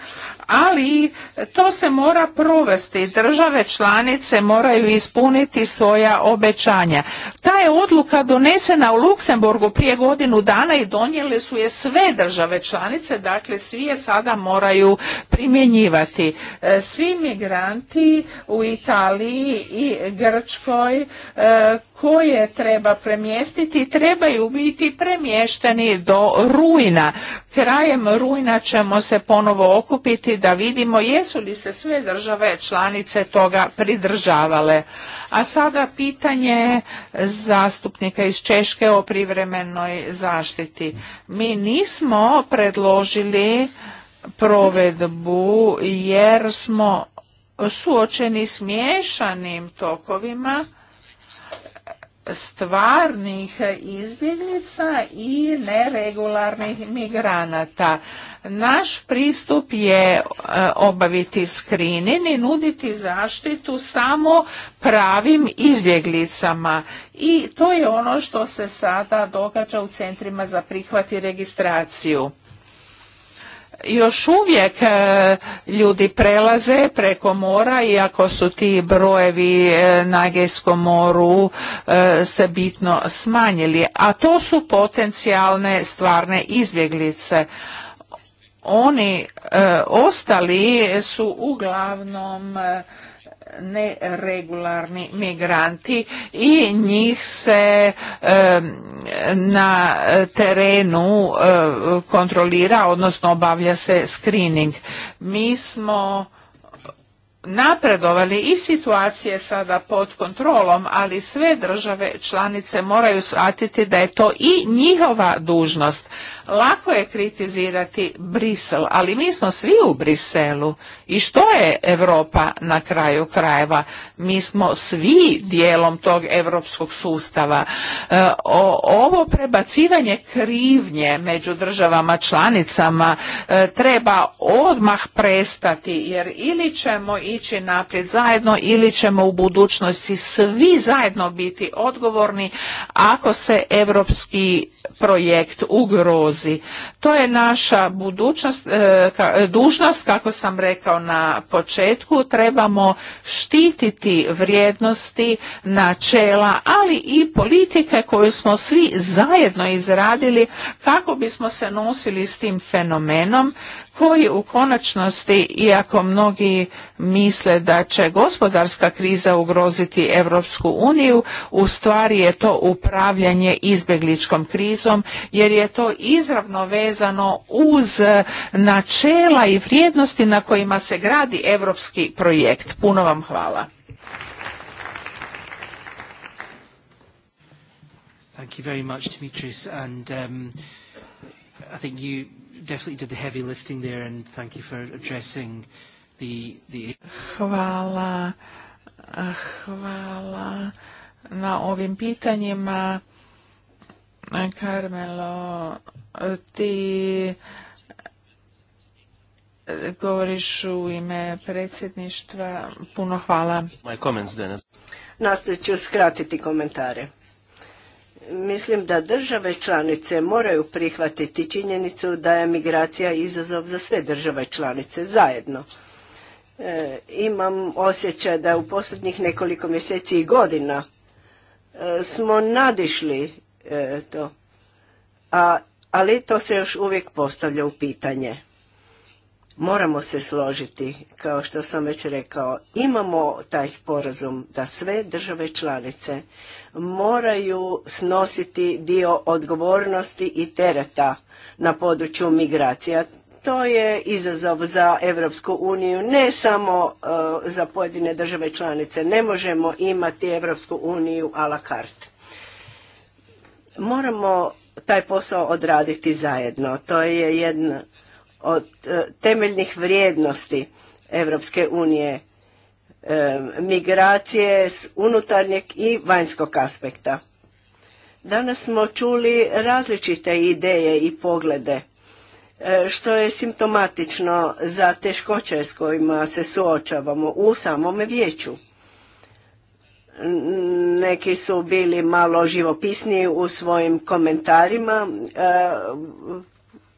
ali to se mora provesti. Države članice moraju ispuniti svoja obećanja. Taj odluka donesena u Luksemburgu prije godinu dana i donijele su je sve države članice, dakle svi je sada moraju primjenjivati. E, svi migranti u Italiji i Grčkoj e, koje treba premjestiti trebaju biti premješteni do rujna. Krajem rujna ćemo se ponovo okupiti da vidimo jesu li se sve države članice toga pridržavale. A sada pitanje zastupnika iz Češke o privremenoj zaštiti. Mi nismo predložili provedbu jer smo suočeni s miješanim tokovima stvarnih izbjeglica i neregularnih migranata. Naš pristup je e, obaviti skrinin i nuditi zaštitu samo pravim izbjeglicama. I to je ono što se sada događa u centrima za prihvat i registraciju još uvijek e, ljudi prelaze preko mora iako su ti brojevi e, na Egejskom moru e, se bitno smanjili a to su potencijalne stvarne izbjeglice oni ostali su uglavnom neregularni migranti i njih se na terenu kontrolira, odnosno obavlja se screening. Mi smo napredovali i situacije sada pod kontrolom, ali sve države članice moraju shvatiti da je to i njihova dužnost. Lako je kritizirati Brisel, ali mi smo svi u Briselu. I što je Europa na kraju krajeva? Mi smo svi dijelom tog europskog sustava. E, ovo prebacivanje krivnje među državama članicama e, treba odmah prestati, jer ili ćemo i ići naprijed zajedno ili ćemo u budućnosti svi zajedno biti odgovorni ako se europski projekt ugrozi. To je naša budućnost, e, e, dužnost, kako sam rekao na početku, trebamo štititi vrijednosti, načela, ali i politike koju smo svi zajedno izradili kako bismo se nosili s tim fenomenom koji u konačnosti, iako mnogi misle da će gospodarska kriza ugroziti Europsku uniju, u stvari je to upravljanje izbjegličkom krizom krizom jer je to izravno vezano uz e, načela i vrijednosti na kojima se gradi europski projekt. Puno vam hvala. Thank you very much, Dimitris. And um, I think you definitely did the heavy lifting there, and thank you for addressing the... the... Hvala. Hvala na ovim pitanjima. Karmelo, eh, ti eh, govoriš u ime predsjedništva. Puno hvala. Nastavit ću skratiti komentare. Mislim da države članice moraju prihvatiti činjenicu da je migracija izazov za sve države članice zajedno. E, imam osjećaj da u posljednjih nekoliko mjeseci i godina e, smo nadišli E, a, ali to se još uvijek postavlja u pitanje. Moramo se složiti, kao što sam već rekao, imamo taj sporazum da sve države članice moraju snositi dio odgovornosti i tereta na području migracija. To je izazov za Europsku uniju, ne samo e, za pojedine države članice. Ne možemo imati Europsku uniju a la carte. Moramo taj posao odraditi zajedno. To je jedna od e, temeljnih vrijednosti Europske unije e, migracije s unutarnjeg i vanjskog aspekta. Danas smo čuli različite ideje i poglede, e, što je simptomatično za teškoće s kojima se suočavamo u samome vijeću neki su bili malo živopisniji u svojim komentarima. E,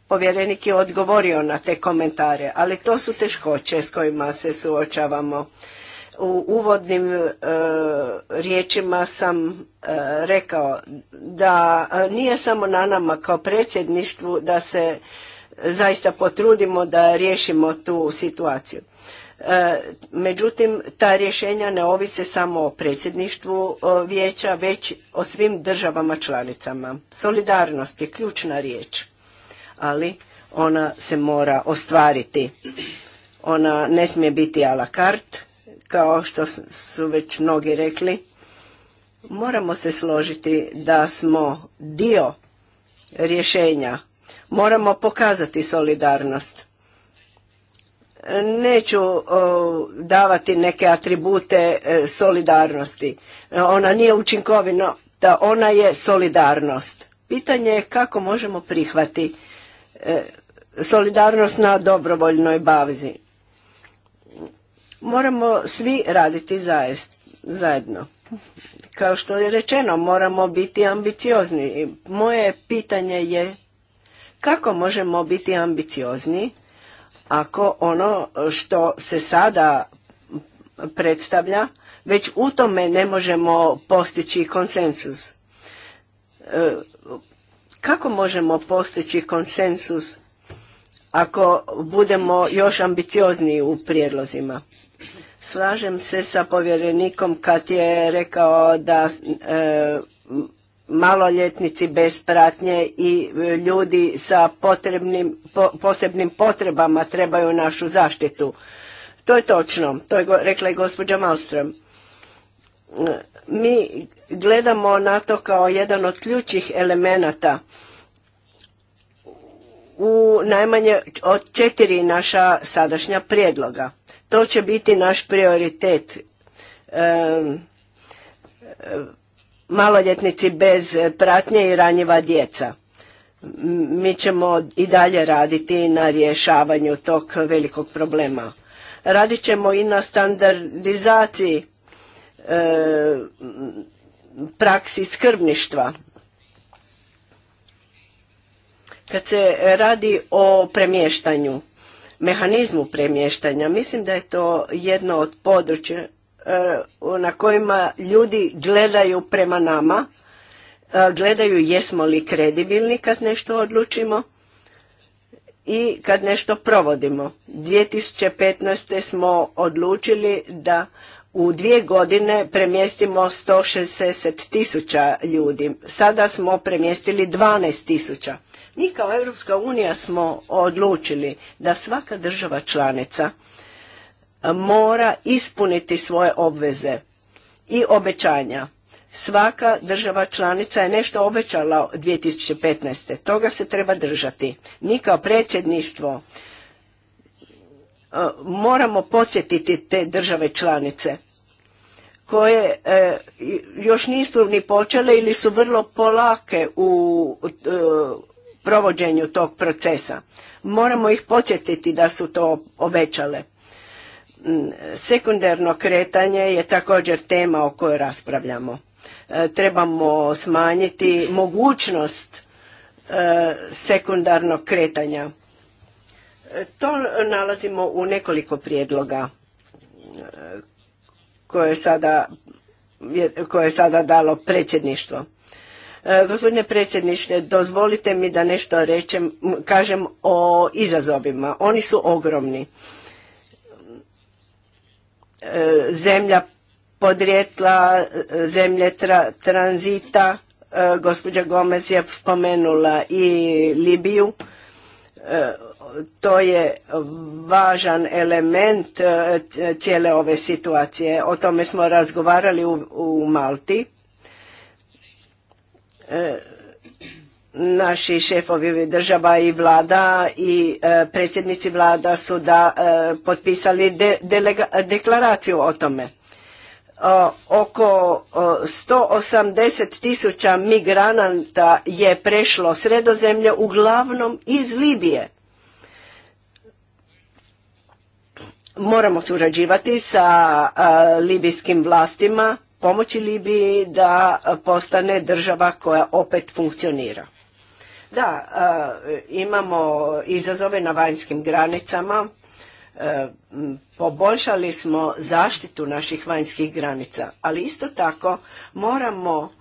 povjerenik je odgovorio na te komentare, ali to su teškoće s kojima se suočavamo. U uvodnim e, riječima sam e, rekao da nije samo na nama kao predsjedništvu da se zaista potrudimo da riješimo tu situaciju. E, međutim, ta rješenja ne ovise samo o predsjedništvu e, vijeća, već o svim državama članicama. Solidarnost je ključna riječ, ali ona se mora ostvariti. Ona ne smije biti a la carte, kao što su već mnogi rekli. Moramo se složiti da smo dio rješenja. Moramo pokazati solidarnost Neću davati neke atribute e, solidarnosti. Ona nije učinkovina, da ona je solidarnost. Pitanje je kako možemo prihvati e, solidarnost na dobrovoljnoj bazi. Moramo svi raditi zajedno. Kao što je rečeno, moramo biti ambiciozni. Moje pitanje je kako možemo biti ambiciozni ako ono što se sada predstavlja, već u tome ne možemo postići konsensus. E, kako možemo postići konsensus ako budemo još ambiciozniji u prijedlozima? Slažem se sa povjerenikom kad je rekao da e, maloljetnici bez pratnje i e, ljudi sa posebnim potrebama trebaju našu zaštitu. To je točno, to je rekla i gospođa Malström. Mi gledamo na to kao jedan od ključih elemenata u najmanje od četiri naša sadašnja prijedloga. To će biti naš prioritet maloljetnici bez pratnje i ranjiva djeca. Mi ćemo i dalje raditi na rješavanju tog velikog problema. Radit ćemo i na standardizaciji e, praksi skrbništva. Kad se radi o premještanju, mehanizmu premještanja, mislim da je to jedno od područja E, na kojima ljudi gledaju prema nama, e, gledaju jesmo li kredibilni kad nešto odlučimo i kad nešto provodimo. 2015. smo odlučili da u dvije godine premjestimo 160 tisuća ljudi. Sada smo premjestili 12 tisuća. Mi kao Europska unija smo odlučili da svaka država članica mora ispuniti svoje obveze i obećanja. Svaka država članica je nešto obećala 2015. Toga se treba držati. Mi kao predsjedništvo e, moramo podsjetiti te države članice koje e, još nisu ni počele ili su vrlo polake u e, provođenju tog procesa. Moramo ih podsjetiti da su to obećale. Mm, sekundarno kretanje je također tema o kojoj raspravljamo. E, trebamo smanjiti mogućnost e, sekundarnog kretanja. E, to nalazimo u nekoliko prijedloga koje sada, je, sada dalo predsjedništvo. Gospodine predsjedniče, dozvolite mi da nešto rečem, kažem o izazovima. Oni su ogromni E, zemlja podrijetla, e, zemlje tranzita, e, gospođa Gomez je spomenula i Libiju, to je važan element cijele ove situacije. O tome smo razgovarali u Malti naši šefovi država i vlada i e, predsjednici vlada su da e, potpisali deklaraciju o tome. oko 180 tisuća migranata je prešlo sredozemlje uglavnom iz Libije. Moramo surađivati sa libijskim vlastima, pomoći Libiji da postane država koja opet funkcionira. Da, imamo izazove na vanjskim granicama, e, poboljšali smo zaštitu naših vanjskih granica, ali isto tako moramo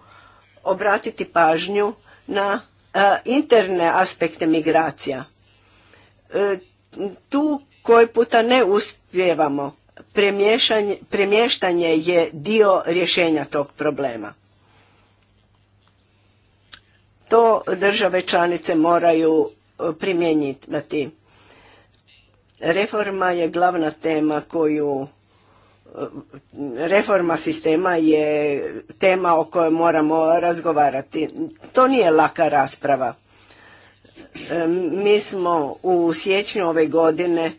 obratiti pažnju na e, interne aspekte migracija. E, tu koji puta ne uspjevamo, premještanje je dio rješenja tog problema. To države članice moraju e, primjenjivati. Reforma je glavna tema koju e, reforma sistema je tema o kojoj moramo razgovarati. To nije laka rasprava. E, mi smo u siječnju ove godine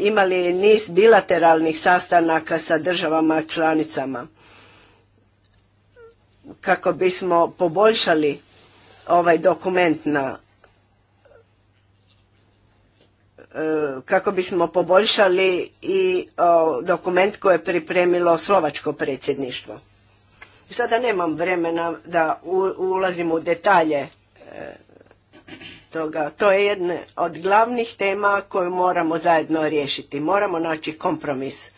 imali niz bilateralnih sastanaka sa državama članicama kako bismo poboljšali ovaj dokument na e, kako bismo poboljšali i dokument koji je pripremilo slovačko predsjedništvo. Sada nemam vremena da ulazim u detalje e, toga. To je jedna od glavnih tema koju moramo zajedno riješiti. Moramo naći kompromis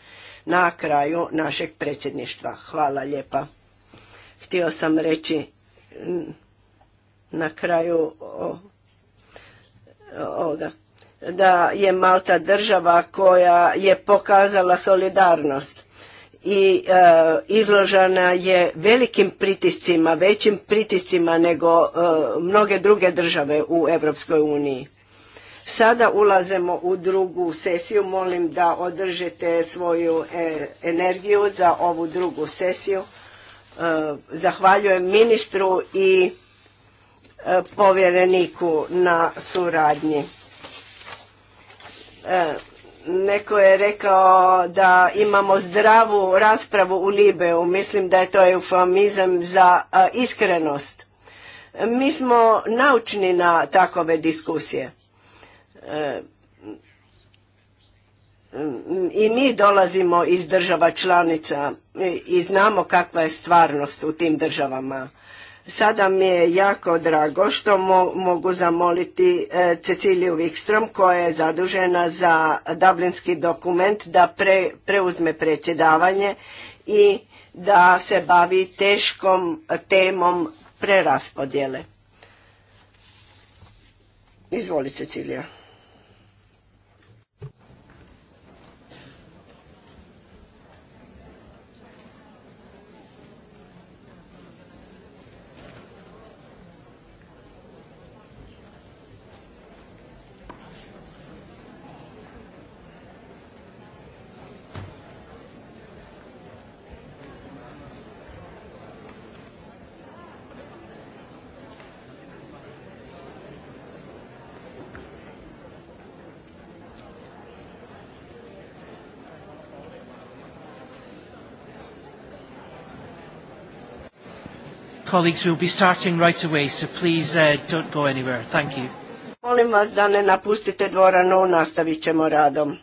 na kraju našeg predsjedništva. Hvala lijepa htio sam reći na kraju ovoga da je Malta država koja je pokazala solidarnost i e, izložena je velikim pritiscima, većim pritiscima nego e, mnoge druge države u Europskoj uniji. Sada ulazimo u drugu sesiju, molim da održite svoju e, energiju za ovu drugu sesiju. E, zahvaljujem ministru i e, povjereniku na suradnji. E, neko je rekao da imamo zdravu raspravu u Libeu. Mislim da je to eufamizam za iskrenost. Mi smo naučni na takove diskusije. I mi dolazimo iz država članica E, i znamo kakva je stvarnost u tim državama. Sada mi je jako drago što mogu zamoliti e, Ceciliju Wikström koja je zadužena za Dublinski dokument da preuzme predsjedavanje i da se bavi teškom temom preraspodjele. Izvoli Cecilija. Colleagues, we'll be starting right away, so please uh, don't go anywhere. Thank you. Molim vas da ne napustite dvoranu, nastavit ćemo radom.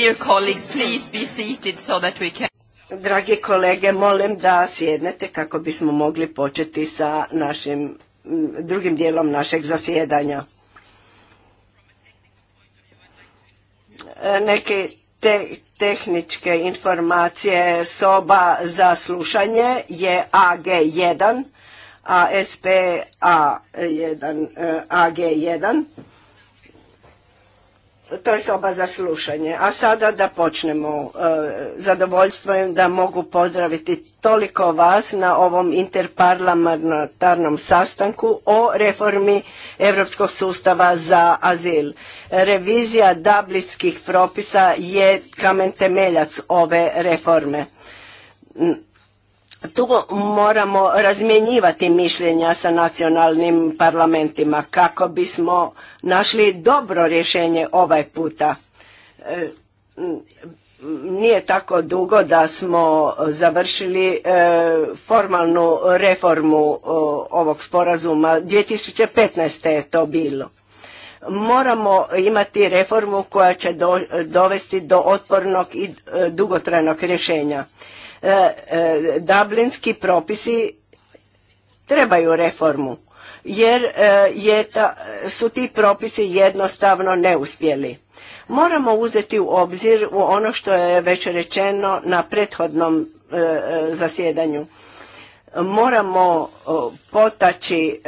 Dear colleagues, please be seated so that we can... Dragi kolege, molim da sjednete kako bismo mogli početi sa našim drugim dijelom našeg zasjedanja. E, neke te, tehničke informacije soba za slušanje je AG1, ASP A1, AG1 to je soba za slušanje. A sada da počnemo. E, zadovoljstvo je da mogu pozdraviti toliko vas na ovom interparlamentarnom sastanku o reformi Europskog sustava za azil. Revizija dubliskih propisa je kamen temeljac ove reforme tu moramo razmjenjivati mišljenja sa nacionalnim parlamentima kako bismo našli dobro rješenje ovaj puta. E, nije tako dugo da smo završili e, formalnu reformu ovog sporazuma. 2015. je to bilo. Moramo imati reformu koja će dovesti do otpornog i e, dugotrajnog rješenja. E, e, dublinski propisi trebaju reformu jer e, su ti propisi jednostavno neuspjeli. Moramo uzeti u obzir u ono što je već rečeno na prethodnom zasjedanju. Moramo potaći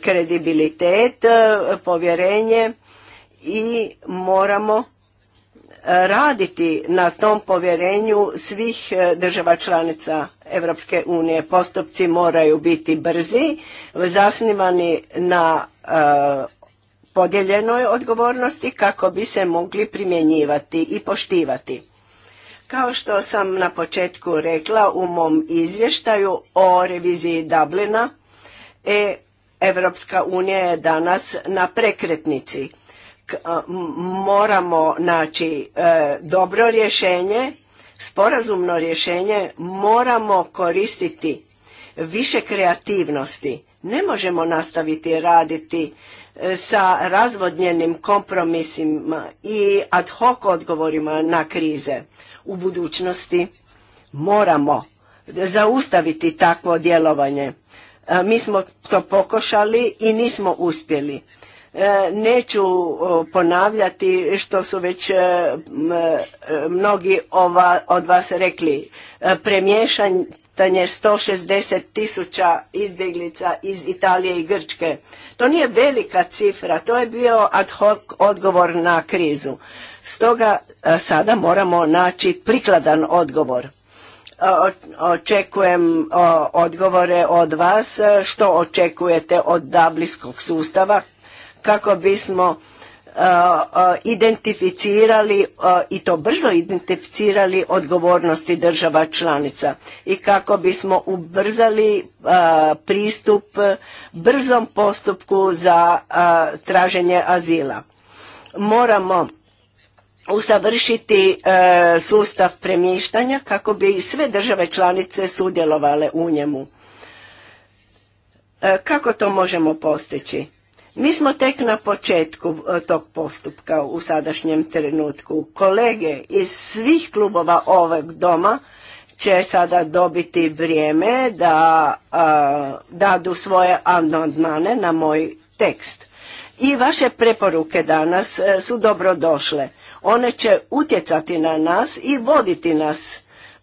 kredibilitet, povjerenje i moramo raditi na tom povjerenju svih e, država članica Europske unije. Postupci moraju biti brzi, zasnivani na e, podijeljenoj odgovornosti kako bi se mogli primjenjivati i poštivati. Kao što sam na početku rekla u mom izvještaju o reviziji Dublina, e, Evropska unija je danas na prekretnici moramo naći e, dobro rješenje, sporazumno rješenje, moramo koristiti više kreativnosti. Ne možemo nastaviti raditi e, sa razvodnjenim kompromisima i ad hoc odgovorima na krize. U budućnosti moramo zaustaviti takvo djelovanje. E, mi smo to pokošali i nismo uspjeli. E, neću ponavljati što su već e, e, mnogi od vas rekli. Premješanje 160 tisuća izbjeglica iz Italije i Grčke. To nije velika cifra, to je bio ad hoc odgovor na krizu. Stoga sada moramo naći prikladan odgovor očekujem odgovore od vas, što očekujete od dubliskog sustava, kako bismo uh, uh, identificirali uh, i to brzo identificirali odgovornosti država članica i kako bismo ubrzali pristup brzom postupku za traženje azila. Moramo usavršiti sustav premještanja kako bi sve države članice sudjelovale u njemu. Kako to možemo postići? Mi smo tek na početku e, tog postupka u sadašnjem trenutku. Kolege iz svih klubova ovog doma će sada dobiti vrijeme da e, dadu svoje amandmane na moj tekst. I vaše preporuke danas e, su dobro došle. One će utjecati na nas i voditi nas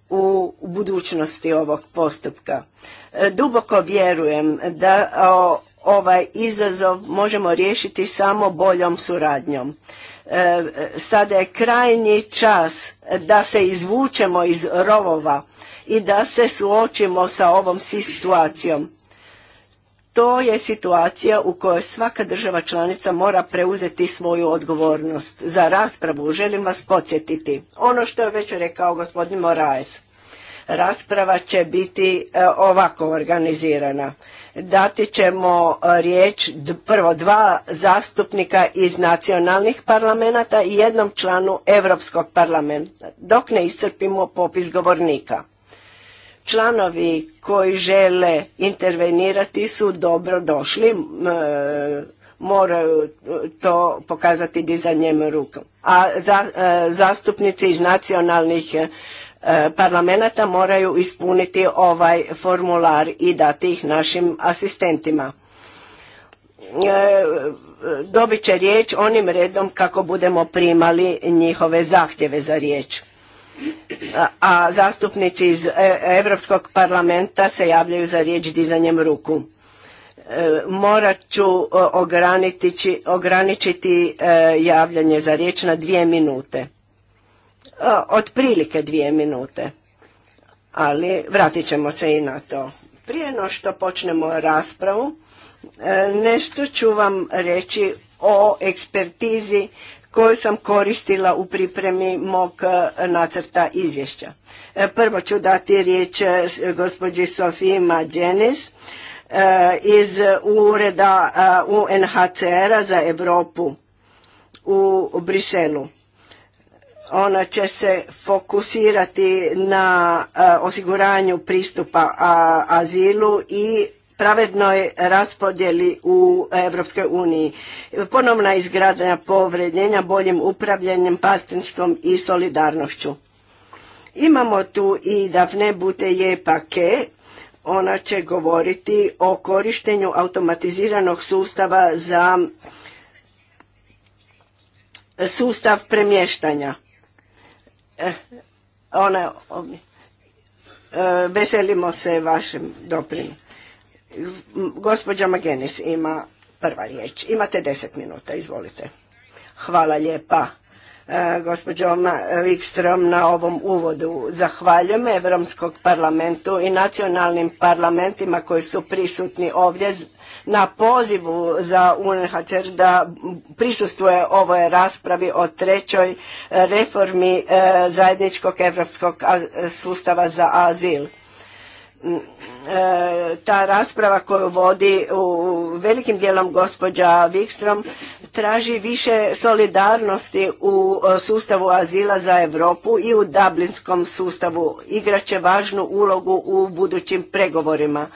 u budućnosti ovog postupka. duboko vjerujem da ovaj izazov možemo riješiti samo boljom suradnjom. E, sada je krajnji čas da se izvučemo iz rovova i da se suočimo sa ovom situacijom. To je situacija u kojoj svaka država članica mora preuzeti svoju odgovornost. Za raspravu želim vas podsjetiti. Ono što je već rekao gospodin Moraes. Rasprava će biti e, ovako organizirana. Dati ćemo e, riječ prvo dva zastupnika iz nacionalnih parlamenta i jednom članu Europskog parlamenta, dok ne iscrpimo popis govornika. Članovi koji žele intervenirati su dobro došli, e, moraju to pokazati dizanjem rukom. A zastupnici iz nacionalnih E, parlamenta moraju ispuniti ovaj formular i dati ih našim asistentima. E, dobit će riječ onim redom kako budemo primali njihove zahtjeve za riječ. A zastupnici iz e, Europskog parlamenta se javljaju za riječ dizanjem ruku. Morat ću ograničiti javljanje za riječ na dvije minute E, otprilike dvije minute. Ali vratit ćemo se i na to. Prije no što počnemo raspravu, e, nešto ću vam reći o ekspertizi koju sam koristila u pripremi mog e, nacrta izvješća. Prvo ću dati riječ gospođi Sofiji Mađenis iz ureda UNHCR-a za Europu u Briselu. Ona će se fokusirati na e, osiguranju pristupa azilu i pravednoj raspodjeli u Europskoj uniji. Ponovna izgradnja povrednjenja boljim upravljanjem, partnerstvom i solidarnošću. Imamo tu i Davne je Pake, ona će govoriti o korištenju automatiziranog sustava za sustav premještanja. Eh, ona, eh, veselimo se vašim doprinom. Gospođa Magenis ima prva riječ. Imate deset minuta, izvolite. Hvala lijepa eh, gospođom Wikström, na ovom uvodu. Zahvaljujem Evropskog parlamentu i nacionalnim parlamentima koji su prisutni ovdje na pozivu za UNHCR da prisustuje ovoj raspravi o trećoj reformi e, zajedničkog evropskog sustava za azil. Mm, e, ta rasprava koju vodi u velikim dijelom gospođa Wikstrom traži više solidarnosti u e, sustavu azila za Europu i u Dublinskom sustavu. Igraće važnu ulogu u budućim pregovorima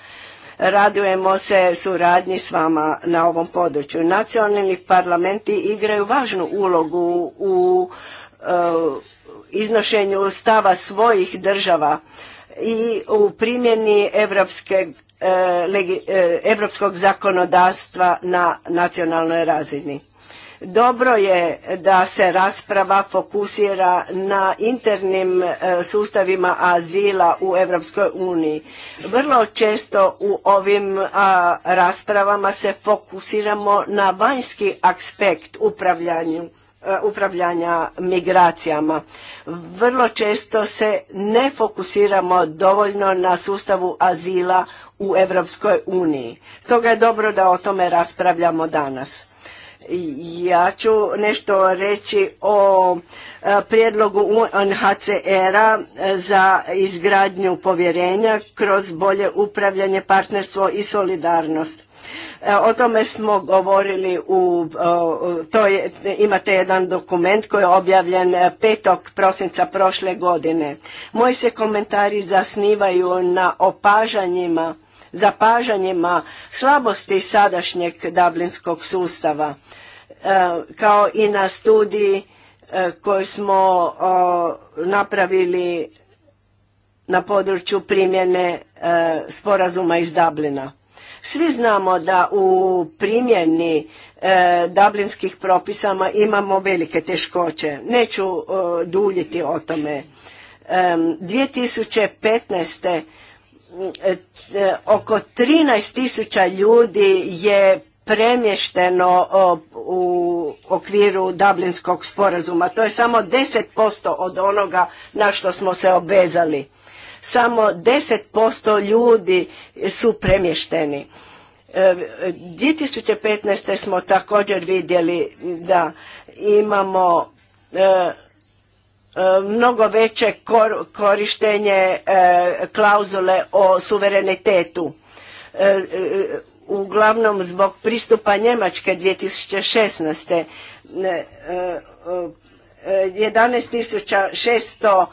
radujemo se suradnji s vama na ovom području. Nacionalni parlamenti igraju važnu ulogu u e, iznošenju stava svojih država i u primjeni evropske europskog e, zakonodavstva na nacionalnoj razini. Dobro je da se rasprava fokusira na internim e, sustavima azila u Europskoj uniji. Vrlo često u ovim raspravama se fokusiramo na vanjski aspekt e, upravljanja migracijama. Vrlo često se ne fokusiramo dovoljno na sustavu azila u Europskoj uniji. Stoga je dobro da o tome raspravljamo danas. Ja ću nešto reći o e, prijedlogu UNHCR-a e, za izgradnju povjerenja kroz bolje upravljanje, partnerstvo i solidarnost. E, o tome smo govorili u, to je, imate jedan dokument koji je objavljen 5. prosinca prošle godine. Moji se komentari zasnivaju na opažanjima zapažanjima slabosti sadašnjeg Dublinskog sustava, e, kao i na studiji e, koju smo napravili na području primjene e, sporazuma iz Dublina. Svi znamo da u primjeni e, dublinskih propisama imamo velike teškoće. Neću duljiti o tome. E, 2015 oko 13 tisuća ljudi je premješteno u okviru Dublinskog sporazuma. To je samo 10% od onoga na što smo se obezali Samo 10% ljudi su premješteni. 2015. E, smo također vidjeli da imamo e, E, mnogo veće korištenje e, klauzule o suverenitetu. E, uglavnom zbog pristupa Njemačke 2016. 11.600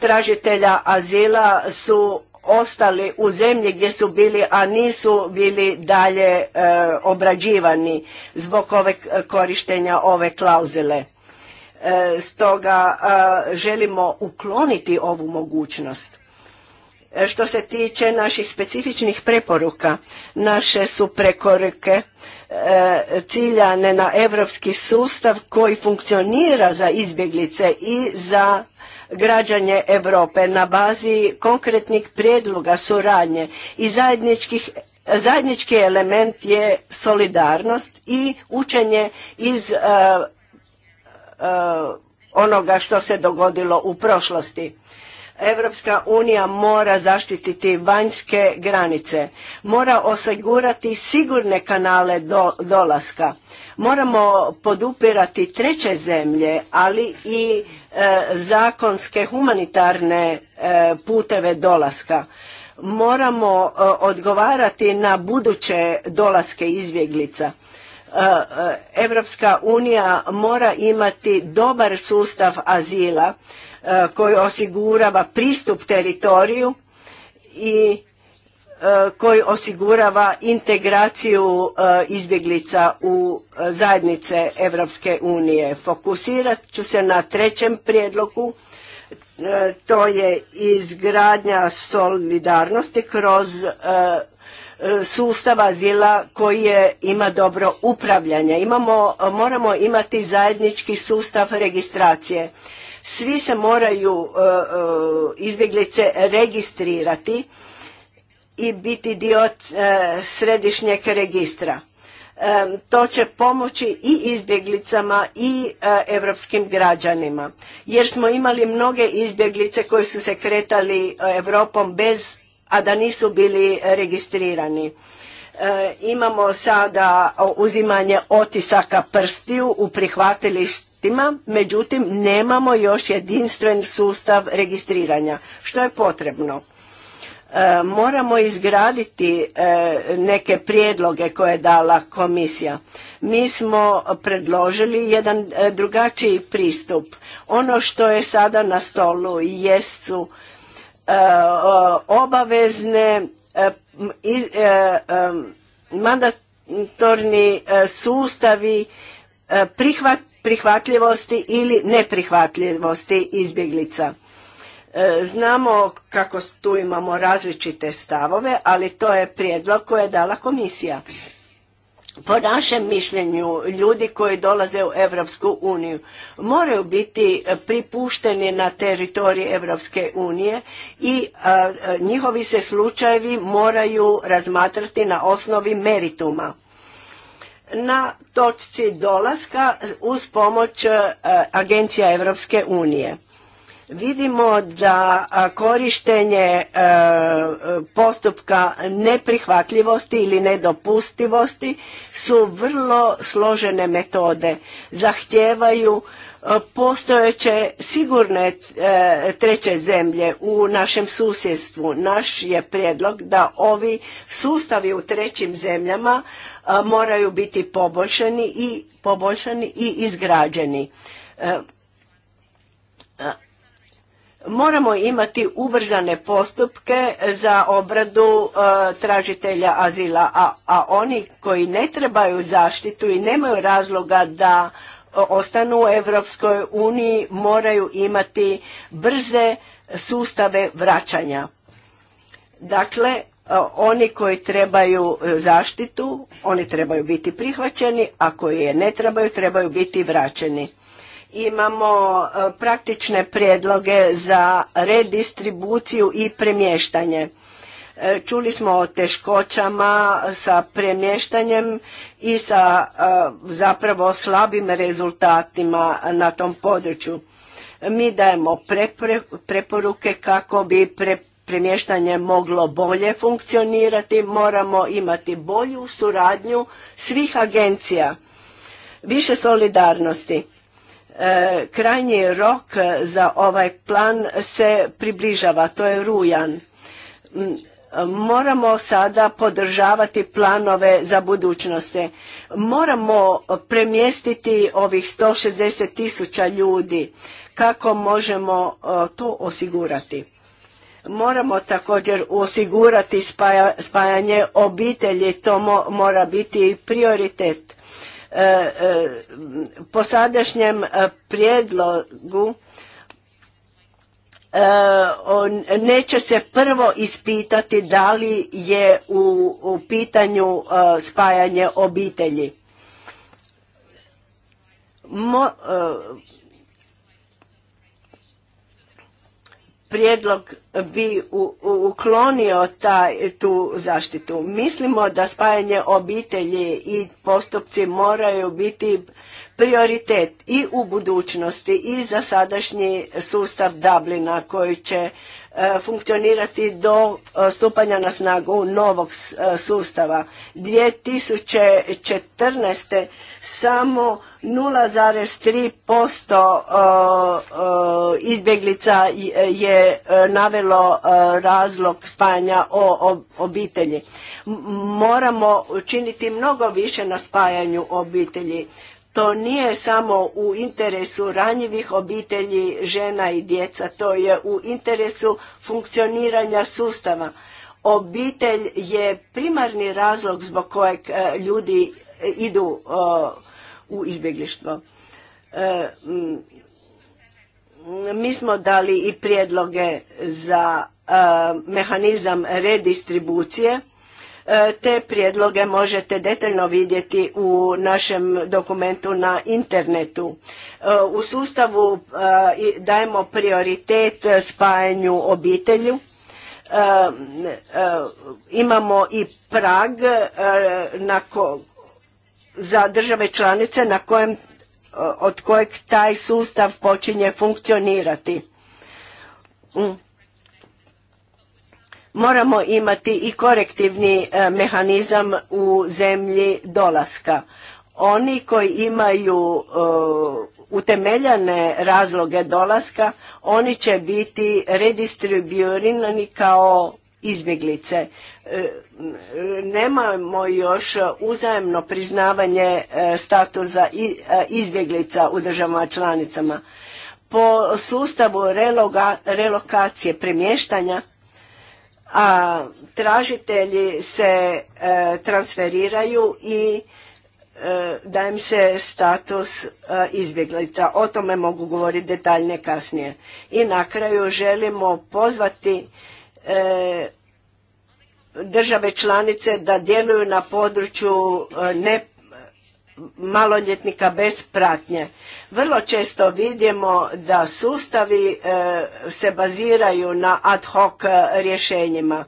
tražitelja azila su ostali u zemlji gdje su bili, a nisu bili dalje e, obrađivani zbog ove korištenja ove klauzule. E, stoga e, želimo ukloniti ovu mogućnost. E, što se tiče naših specifičnih preporuka, naše su prekoruke ciljane na europski sustav koji funkcionira za izbjeglice i za građanje Europe na bazi konkretnih prijedloga suradnje i zajedničkih Zajednički element je solidarnost i učenje iz Eh, onoga što se dogodilo u prošlosti. Evropska unija mora zaštititi vanjske granice, mora osigurati sigurne kanale do, dolaska, moramo podupirati treće zemlje, ali i eh, zakonske humanitarne eh, puteve dolaska. Moramo odgovarati na buduće dolaske izbjeglica E, e, Evropska unija mora imati dobar sustav azila e, koji osigurava pristup teritoriju i koji osigurava integraciju izbjeglica u zajednice Evropske unije. Fokusirat ću se na trećem prijedlogu, to je izgradnja solidarnosti kroz E, sustava azila koji je, ima dobro upravljanje. moramo imati zajednički sustav registracije. Svi se moraju e, e, izbjeglice registrirati i biti dio središnjeg registra. To će pomoći i izbjeglicama i evropskim građanima. Jer smo imali mnoge izbjeglice koji su se kretali Europom bez a da nisu bili registrirani. E, imamo sada uzimanje otisaka prstiju u prihvatilištima, međutim nemamo još jedinstven sustav registriranja, što je potrebno. E, moramo izgraditi e, neke prijedloge koje je dala komisija. Mi smo predložili jedan drugačiji pristup. Ono što je sada na stolu jesu su obavezne mandatorni sustavi prihvatljivosti ili neprihvatljivosti izbjeglica. E, znamo kako tu imamo različite stavove, ali to je prijedlog koje je dala komisija po našem mišljenju ljudi koji dolaze u Europsku uniju moraju biti pripušteni na teritoriji Europske unije i njihovi se slučajevi moraju razmatrati na osnovi merituma. Na točci dolaska uz pomoć agencija Europske unije. Vidimo da korištenje e, postupka neprihvatljivosti ili nedopustivosti su vrlo složene metode. Zahtijevaju e, postojeće sigurne e, treće zemlje u našem susjedstvu. Naš je prijedlog da ovi sustavi u trećim zemljama moraju biti poboljšani i, poboljšani i izgrađeni. Moramo imati ubrzane postupke za obradu e, tražitelja azila, a, oni koji ne trebaju zaštitu i nemaju razloga da e, ostanu u Europskoj uniji moraju imati brze sustave vraćanja. Dakle, e, oni koji trebaju zaštitu, oni trebaju biti prihvaćeni, a koji je ne trebaju, trebaju biti vraćeni imamo e, praktične prijedloge za redistribuciju i premještanje. E, čuli smo o teškoćama sa premještanjem i sa e, zapravo slabim rezultatima na tom području. Mi dajemo preporuke kako bi premještanje moglo bolje funkcionirati, moramo imati bolju suradnju svih agencija, više solidarnosti E, krajnji rok za ovaj plan se približava, to je rujan. Moramo sada podržavati planove za budućnost. Moramo premjestiti ovih 160 tisuća ljudi. Kako možemo e, to osigurati? Moramo također osigurati spajanje obitelji, to mora biti prioritet. E, e, po sadašnjem e, prijedlogu neće se prvo ispitati da li je u, pitanju spajanje obitelji. prijedlog bi uklonio taj, tu zaštitu. Mislimo da spajanje obitelji i postupci moraju biti prioritet i u budućnosti i za sadašnji sustav Dublina koji će e, funkcionirati do e, stupanja na snagu novog e, sustava. 2014. samo 0,3% e, e, izbjeglica je e, navelo razlog spajanja obitelji. Moramo učiniti mnogo više na spajanju obitelji. To nije samo u interesu ranjivih obitelji, žena i djeca, to je u interesu funkcioniranja sustava. Obitelj je primarni razlog zbog kojeg ljudi idu u izbjeglištvo. E, mi smo dali i prijedloge za e, mehanizam redistribucije. E, te prijedloge možete detaljno vidjeti u našem dokumentu na internetu. U sustavu dajemo prioritet spajanju obitelju. Imamo i prag na ko za države članice na kojem, od kojeg taj sustav počinje funkcionirati. Mm. Moramo imati i korektivni e, mehanizam u zemlji dolaska. Oni koji imaju utemeljane razloge dolaska, oni će biti redistribuirani kao izbjeglice. E, nemamo još uzajemno priznavanje e, statusa e, izbjeglica u državama članicama. Po sustavu reloga, relokacije premještanja a tražitelji se e, transferiraju i da im se status izbjeglica. O tome mogu govoriti detaljnije kasnije. I na kraju želimo pozvati države članice da djeluju na području e, ne maloljetnika bez pratnje. Vrlo često vidimo da sustavi e, se baziraju na ad hoc e, rješenjima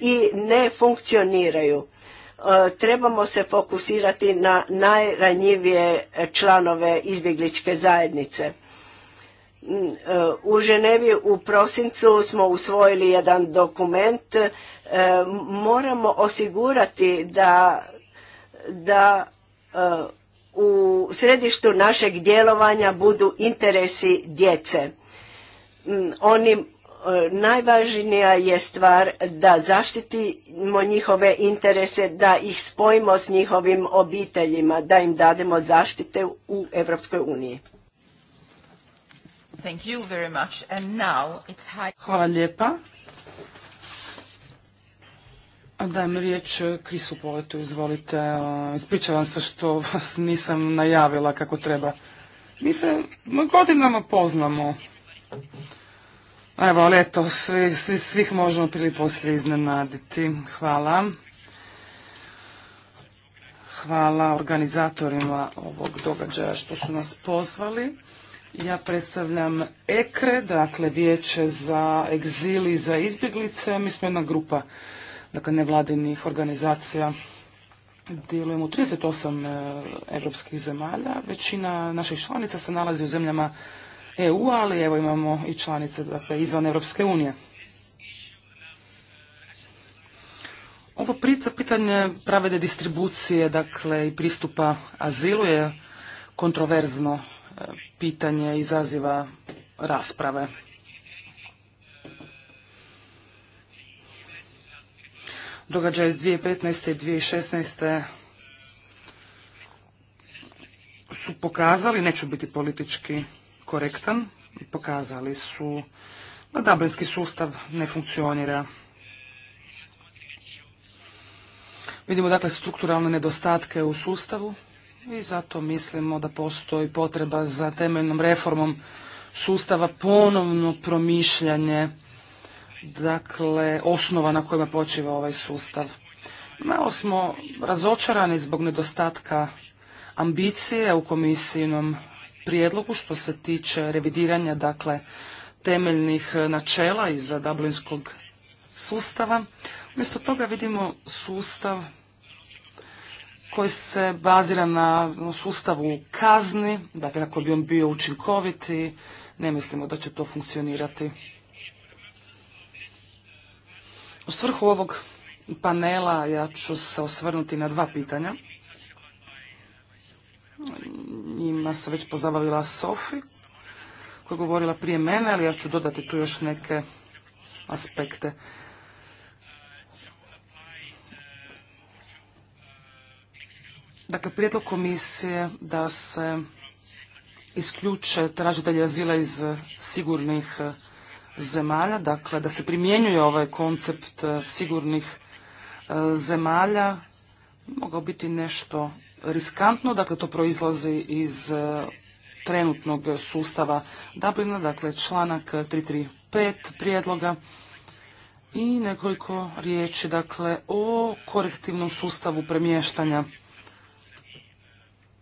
i ne funkcioniraju. Trebamo se fokusirati na najranjivije članove izbjegličke zajednice. Mm, u Ženevi u prosincu smo usvojili jedan dokument E, moramo osigurati da, da e, u središtu našeg djelovanja budu interesi djece. Mm, oni e, najvažnija je stvar da zaštitimo njihove interese, da ih spojimo s njihovim obiteljima, da im dademo zaštite u Europskoj uniji. Hvala lijepa. Dajem riječ Krisu Poletu, izvolite. Ispričavam se što vas nisam najavila kako treba. Mi se godinama poznamo. Evo, ali eto, svi, svih možemo prili poslije iznenaditi. Hvala. Hvala organizatorima ovog događaja što su nas pozvali. Ja predstavljam EKRE, dakle Vijeće za egzili za izbjeglice. Mi smo jedna grupa dakle nevladinih organizacija. Djelujemo u 38 europskih zemalja. Većina naših članica se nalazi u zemljama EU, ali evo imamo i članice dakle, izvan Europske unije. Ovo pitanje pravede distribucije dakle, i pristupa azilu je kontroverzno e, pitanje, izaziva rasprave. događaja iz 2015. i 2016. su pokazali, neću biti politički korektan, pokazali su da dublinski sustav ne funkcionira. Vidimo dakle strukturalne nedostatke u sustavu i zato mislimo da postoji potreba za temeljnom reformom sustava ponovno promišljanje dakle, osnova na kojima počiva ovaj sustav. Malo smo razočarani zbog nedostatka ambicije u komisijnom prijedlogu što se tiče revidiranja, dakle, temeljnih načela iza Dublinskog sustava. Umjesto toga vidimo sustav koji se bazira na sustavu kazni, dakle kako bi on bio učinkoviti, ne mislimo da će to funkcionirati. U svrhu ovog panela ja ću se osvrnuti na dva pitanja. Njima se već pozabavila Sofi, koja je govorila prije mene, ali ja ću dodati tu još neke aspekte. Dakle, prijedlog komisije da se isključe tražitelji azila iz sigurnih zemalja, dakle da se primjenjuje ovaj koncept e, sigurnih e, zemalja mogao biti nešto riskantno, dakle to proizlazi iz e, trenutnog sustava Dublina, dakle članak 335 prijedloga i nekoliko riječi dakle o korektivnom sustavu premještanja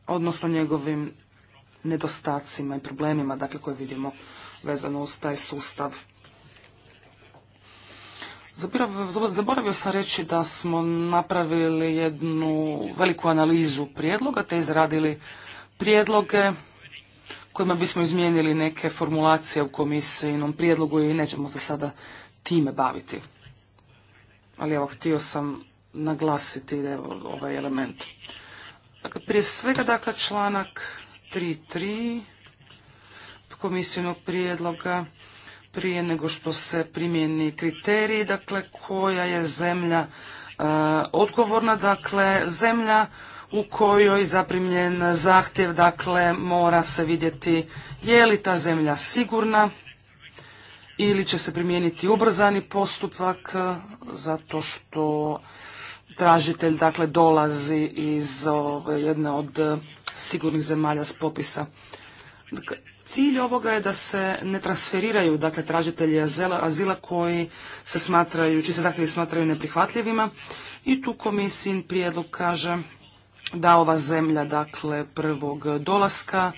odnosno njegovim nedostacima i problemima dakle koje vidimo vezano uz taj sustav. Zaboravio sam reći da smo napravili jednu veliku analizu prijedloga te izradili prijedloge kojima bismo izmijenili neke formulacije u komisijnom prijedlogu i nećemo se sada time baviti. Ali evo, htio sam naglasiti ovaj element. Dakle, prije svega, dakle, članak 3.3 komisijnog prijedloga prije nego što se primjeni kriteriji, dakle koja je zemlja e, odgovorna, dakle zemlja u kojoj zaprimljen zahtjev, dakle mora se vidjeti je li ta zemlja sigurna ili će se primijeniti ubrzani postupak e, zato što tražitelj dakle dolazi iz jedne od sigurnih zemalja s popisa. Dakle, cilj ovoga je da se ne transferiraju dakle, tražitelji azila koji se smatraju, čiji se zahtjevi smatraju neprihvatljivima i tu komisijin prijedlog kaže da ova zemlja dakle prvog dolaska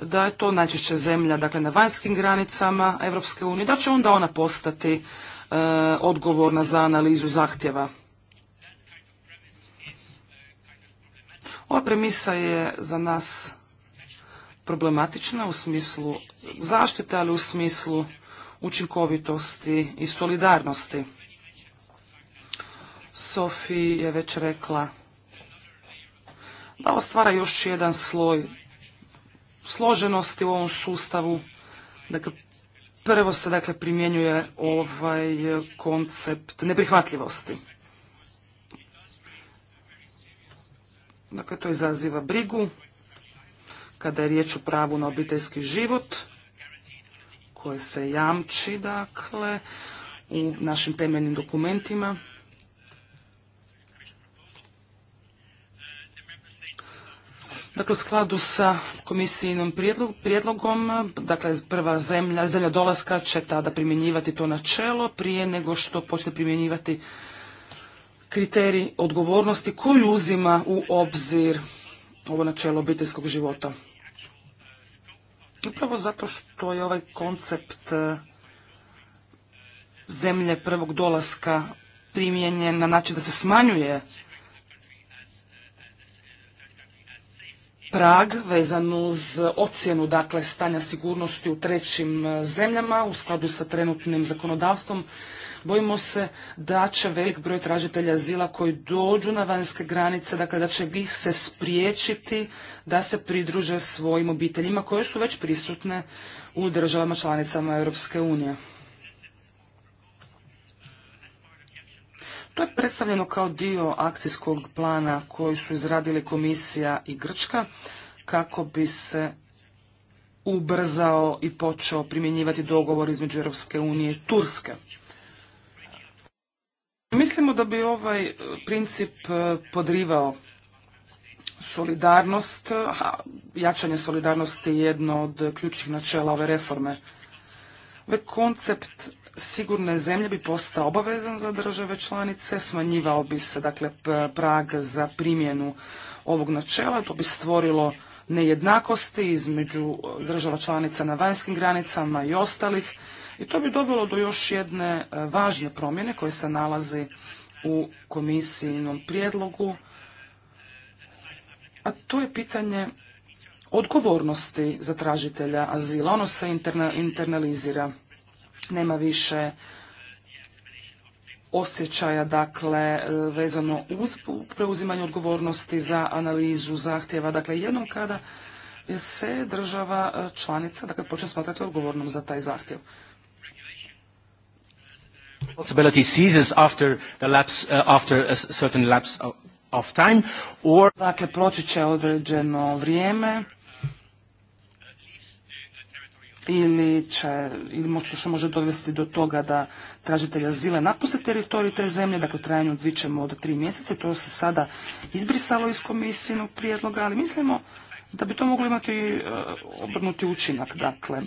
da je to najčešće zemlja dakle na vanjskim granicama Europske unije, da će onda ona postati e, odgovorna za analizu zahtjeva. Ova premisa je za nas problematična u smislu zaštite, ali u smislu učinkovitosti i solidarnosti. Sofi je već rekla da stvara još jedan sloj složenosti u ovom sustavu. Dakle, prvo se dakle primjenjuje ovaj koncept neprihvatljivosti. Dakle, to izaziva brigu kada je riječ o pravu na obiteljski život koje se jamči dakle u našim temeljnim dokumentima. Dakle, u skladu sa komisijinom prijedlogom, dakle, prva zemlja, zemlja dolaska će tada primjenjivati to načelo prije nego što počne primjenjivati kriterij odgovornosti koji uzima u obzir ovo načelo obiteljskog života. Upravo zato što je ovaj koncept e, zemlje prvog dolaska primijenjen na način da se smanjuje prag vezan uz ocjenu dakle stanja sigurnosti u trećim e, zemljama u skladu sa trenutnim zakonodavstvom Bojimo se da će velik broj tražitelja azila koji dođu na vanjske granice, dakle da će ih se spriječiti da se pridruže svojim obiteljima koje su već prisutne u državama članicama Europske unije. To je predstavljeno kao dio akcijskog plana koji su izradili komisija i Grčka kako bi se ubrzao i počeo primjenjivati dogovor između Europske unije i Turske. Mislimo da bi ovaj e, princip e, podrivao solidarnost, a jačanje solidarnosti je jedno od ključnih načela ove reforme. Ovaj koncept sigurne zemlje bi postao obavezan za države članice, smanjivao bi se dakle prag za primjenu ovog načela, to bi stvorilo nejednakosti između e, država članica na vanjskim granicama i ostalih i to bi dovelo do još jedne e, važne promjene koje se nalazi u komisijnom prijedlogu, a to je pitanje odgovornosti za tražitelja azila. Ono se internalizira. Nema više osjećaja, dakle, e, vezano uz preuzimanje odgovornosti za analizu zahtjeva. Dakle, jednom kada se država e, članica, dakle, počne smatrati odgovornom za taj zahtjev responsibility ceases after, the lapse, uh, after a certain lapse of time or... Dakle, proći će određeno vrijeme ili će, ili možda što može dovesti do toga da tražitelj azila napuste teritorij te zemlje, dakle trajanju od od tri mjeseca, to se sada izbrisalo iz komisijenog prijedloga, ali mislimo da bi to moglo imati uh, obrnuti učinak, dakle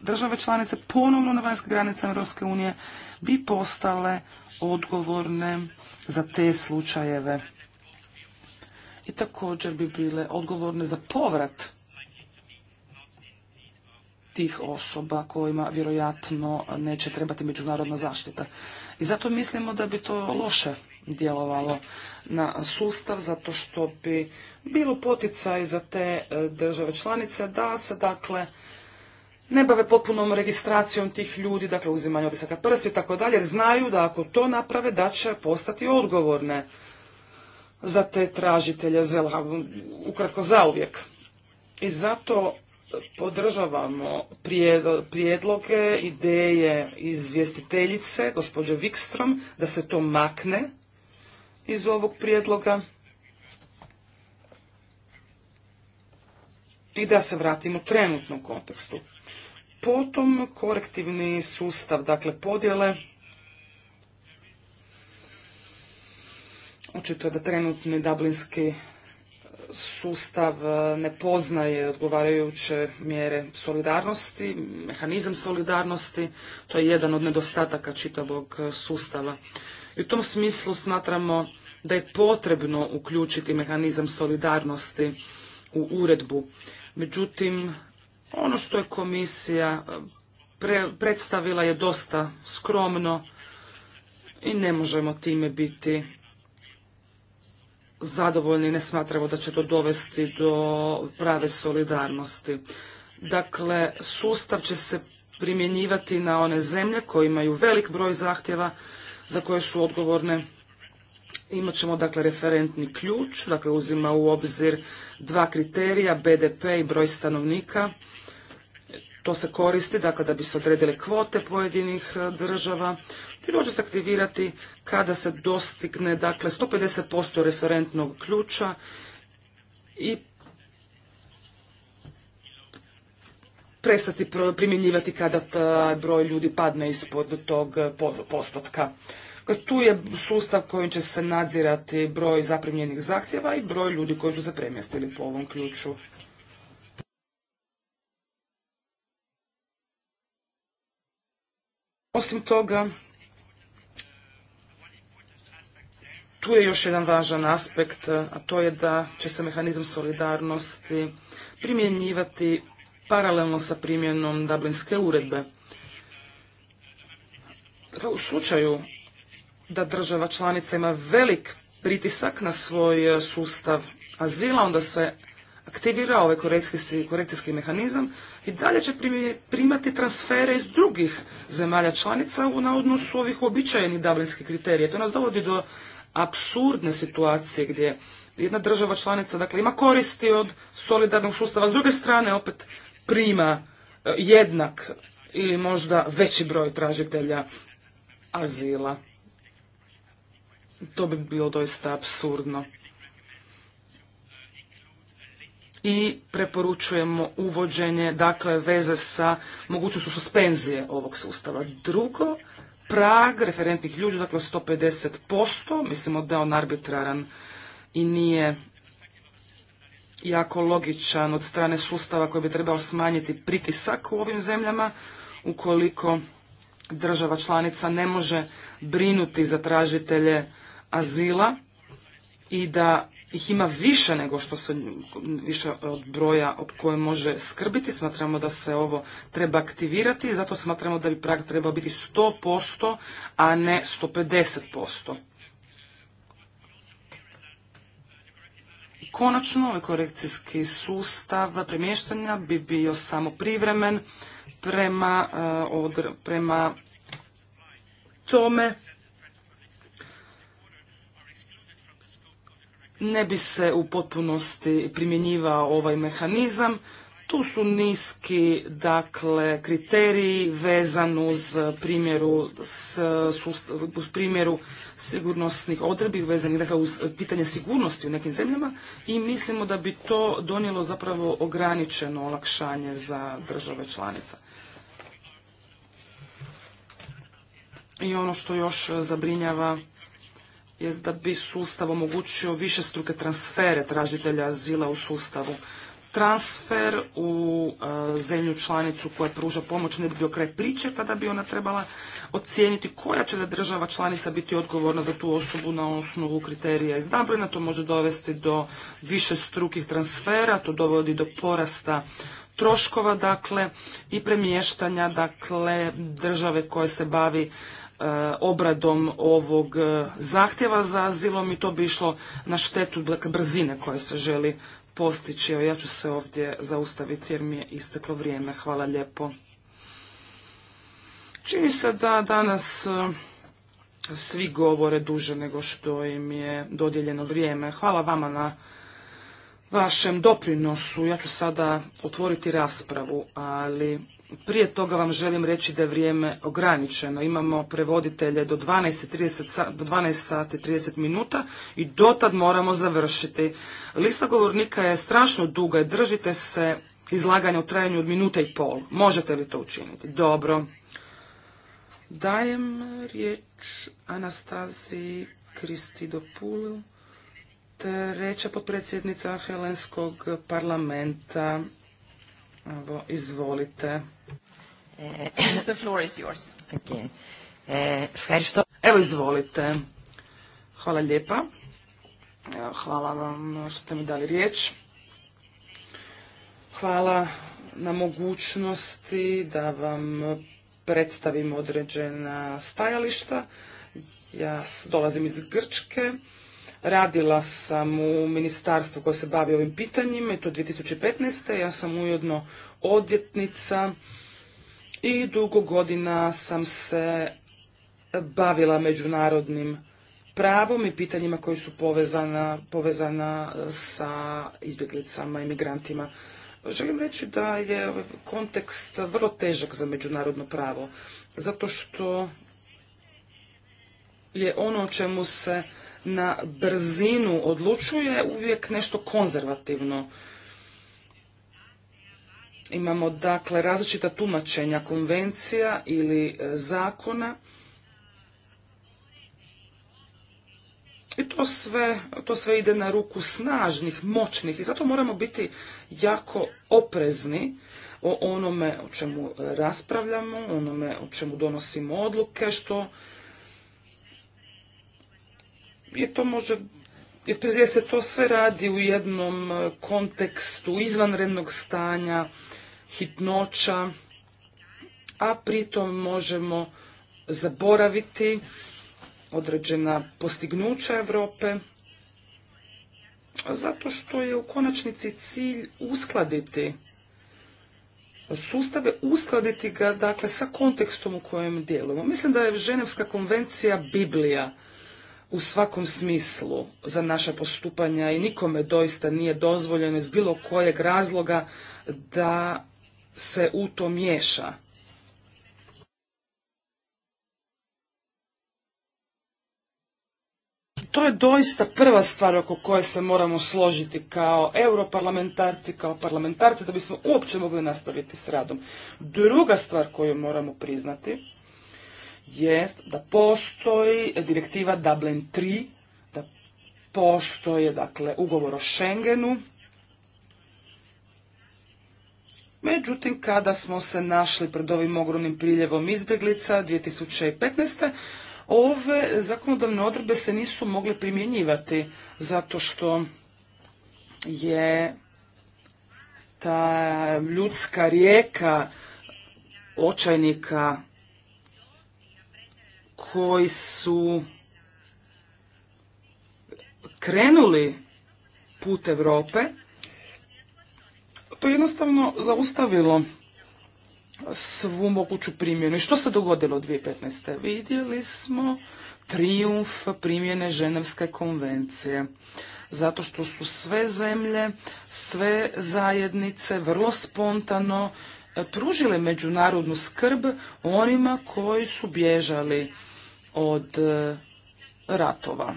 države članice ponovno na vanjske granice Europske unije bi postale odgovorne za te slučajeve. I također bi bile odgovorne za povrat tih osoba kojima vjerojatno neće trebati međunarodna zaštita. I zato mislimo da bi to loše djelovalo na sustav zato što bi bilo poticaj za te e, države članice da se dakle ne bave potpunom registracijom tih ljudi, dakle uzimanje odisaka prsti i tako dalje, jer znaju da ako to naprave da će postati odgovorne za te tražitelje zela, ukratko zauvijek. I zato podržavamo prijedloge, ideje izvjestiteljice, gospođe Wikstrom, da se to makne iz ovog prijedloga i da se vratimo trenutnom kontekstu. Potom korektivni sustav, dakle podjele, očito je da trenutni dublinski sustav e, ne poznaje odgovarajuće mjere solidarnosti, mehanizam solidarnosti, to je jedan od nedostataka čitavog e, sustava. I u tom smislu smatramo da je potrebno uključiti mehanizam solidarnosti u uredbu. Međutim, ono što je komisija eh, predstavila je dosta skromno i ne možemo time biti zadovoljni ne smatramo da će to dovesti do prave solidarnosti. Dakle, sustav će se primjenjivati na one zemlje koje imaju velik broj zahtjeva za koje su odgovorne Imat ćemo dakle referentni ključ, dakle uzima u obzir dva kriterija, BDP i broj stanovnika. To se koristi dakle da bi se odredile kvote pojedinih e, država. I može se aktivirati kada se dostigne dakle 150% referentnog ključa i prestati primjenjivati kada taj broj ljudi padne ispod tog e, postotka. Dakle, tu je sustav kojim će se nadzirati broj zaprimljenih zahtjeva i broj ljudi koji su se premjestili po ovom ključu. Osim toga, tu je još jedan važan aspekt, a to je da će se mehanizam solidarnosti primjenjivati paralelno sa primjenom Dublinske uredbe. u slučaju da država članica ima velik pritisak na svoj e, sustav azila, onda se aktivira ovaj korekcijski, mehanizam i dalje će primati transfere iz drugih zemalja članica na odnosu ovih običajenih davlinskih kriterija. To nas dovodi do apsurdne situacije gdje jedna država članica dakle, ima koristi od solidarnog sustava, s druge strane opet prima e, jednak ili možda veći broj tražitelja azila to bi bilo doista absurdno. I preporučujemo uvođenje, dakle, veze sa mogućnostu suspenzije ovog sustava. Drugo, prag referentnih ljudi, dakle 150%, mislimo da je on arbitraran i nije jako logičan od strane sustava koji bi trebao smanjiti pritisak u ovim zemljama ukoliko država članica ne može brinuti za tražitelje azila i da ih ima više nego što se više od broja od koje može skrbiti. Smatramo da se ovo treba aktivirati i zato smatramo da bi prag trebao biti 100%, a ne 150%. Konačno, ovaj korekcijski sustav premještanja bi bio samo privremen prema, eh, prema tome ne bi se u potpunosti primjenjivao ovaj mehanizam. Tu su niski dakle, kriteriji vezan uz primjeru, s, uz primjeru sigurnosnih odredbi vezanih dakle, uz pitanje sigurnosti u nekim zemljama i mislimo da bi to donijelo zapravo ograničeno olakšanje za države članica. I ono što još zabrinjava jest da bi sustav omogućio više struke transfere tražitelja azila u sustavu. Transfer u e, zemlju članicu koja pruža pomoć ne bi bio kraj priče kada bi ona trebala ocijeniti koja će da država članica biti odgovorna za tu osobu na osnovu kriterija iz Dublina. To može dovesti do više strukih transfera, to dovodi do porasta troškova dakle i premještanja dakle države koje se bavi E, obradom ovog e, zahtjeva za azilom i to bi išlo na štetu brzine koje se želi postići. Ja ću se ovdje zaustaviti jer mi je isteklo vrijeme. Hvala lijepo. Čini se da danas e, svi govore duže nego što im je dodijeljeno vrijeme. Hvala vama na vašem doprinosu. Ja ću sada otvoriti raspravu, ali prije toga vam želim reći da je vrijeme ograničeno. Imamo prevoditelje do 12, do sati 30 minuta i dotad moramo završiti. Lista govornika je strašno duga i držite se izlaganja u trajanju od minute i pol. Možete li to učiniti? Dobro. Dajem riječ Anastaziji Kristidopulu, treća potpredsjednica Helenskog parlamenta. Evo, izvolite. Evo izvolite. Hvala lijepa. Hvala vam što ste mi dali riječ. Hvala na mogućnosti da vam predstavim određena stajališta. Ja dolazim iz Grčke. Radila sam u ministarstvu koje se bavi ovim pitanjima i to 2015. Ja sam ujedno odjetnica i dugo godina sam se bavila međunarodnim pravom i pitanjima koji su povezana, povezana e, sa izbjeglicama i migrantima. Želim reći da je ovaj kontekst vrlo težak za međunarodno pravo, zato što je ono o čemu se na brzinu odlučuje uvijek nešto konzervativno. Imamo dakle različita tumačenja konvencija ili e, zakona. I to sve, to sve ide na ruku snažnih, moćnih i zato moramo biti jako oprezni o onome o čemu raspravljamo, onome o čemu donosimo odluke, što je to može jer se to sve radi u jednom e, kontekstu izvanrednog stanja hitnoća, a pritom možemo zaboraviti određena postignuća Europe, zato što je u konačnici cilj uskladiti sustave, uskladiti ga dakle sa kontekstom u kojem djelujemo. Mislim da je Ženevska konvencija Biblija u svakom smislu za naša postupanja i nikome doista nije dozvoljeno iz bilo kojeg razloga da se u to miješa. To je doista prva stvar oko koje se moramo složiti kao europarlamentarci, kao parlamentarci, da bismo uopće mogli nastaviti s radom. Druga stvar koju moramo priznati jest da postoji direktiva Dublin 3, da postoje dakle ugovor o Schengenu, Međutim, kada smo se našli pred ovim ogromnim priljevom izbjeglica 2015. ove zakonodavne odredbe se nisu mogle primjenjivati zato što je ta ljudska rijeka očajnika koji su krenuli put Europe to jednostavno zaustavilo svu moguću primjenu. I što se dogodilo 2015. Vidjeli smo trijumf primjene Ženevske konvencije. Zato što su sve zemlje, sve zajednice vrlo spontano e, pružile međunarodnu skrb onima koji su bježali od e, ratova.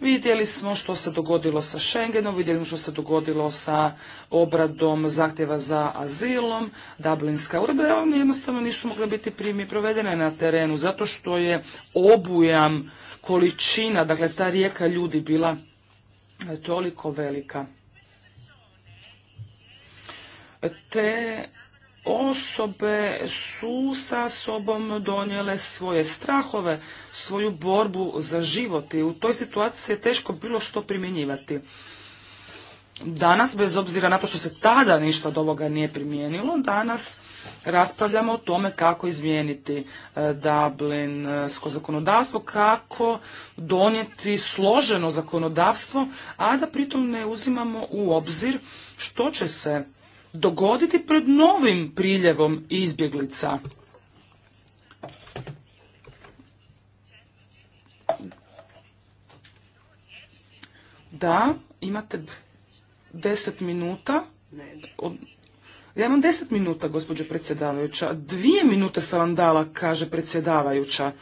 Vidjeli smo što se dogodilo sa Schengenom, vidjeli smo što se dogodilo sa obradom zahtjeva za azilom, Dublinska uredbe one jednostavno nisu mogle biti primi provedene na terenu, zato što je obujam količina, dakle ta rijeka ljudi bila e, toliko velika. E, te osobe su sa sobom donijele svoje strahove, svoju borbu za život i u toj situaciji je teško bilo što primjenjivati. Danas, bez obzira na to što se tada ništa od ovoga nije primijenilo, danas raspravljamo o tome kako izmijeniti e, Dublinsko zakonodavstvo, kako donijeti složeno zakonodavstvo, a da pritom ne uzimamo u obzir što će se dogoditi pred novim priljevom izbjeglica. Da, imate deset minuta. Ja imam deset minuta, gospođo predsjedavajuća. Dvije minute sam vam dala, kaže predsjedavajuća.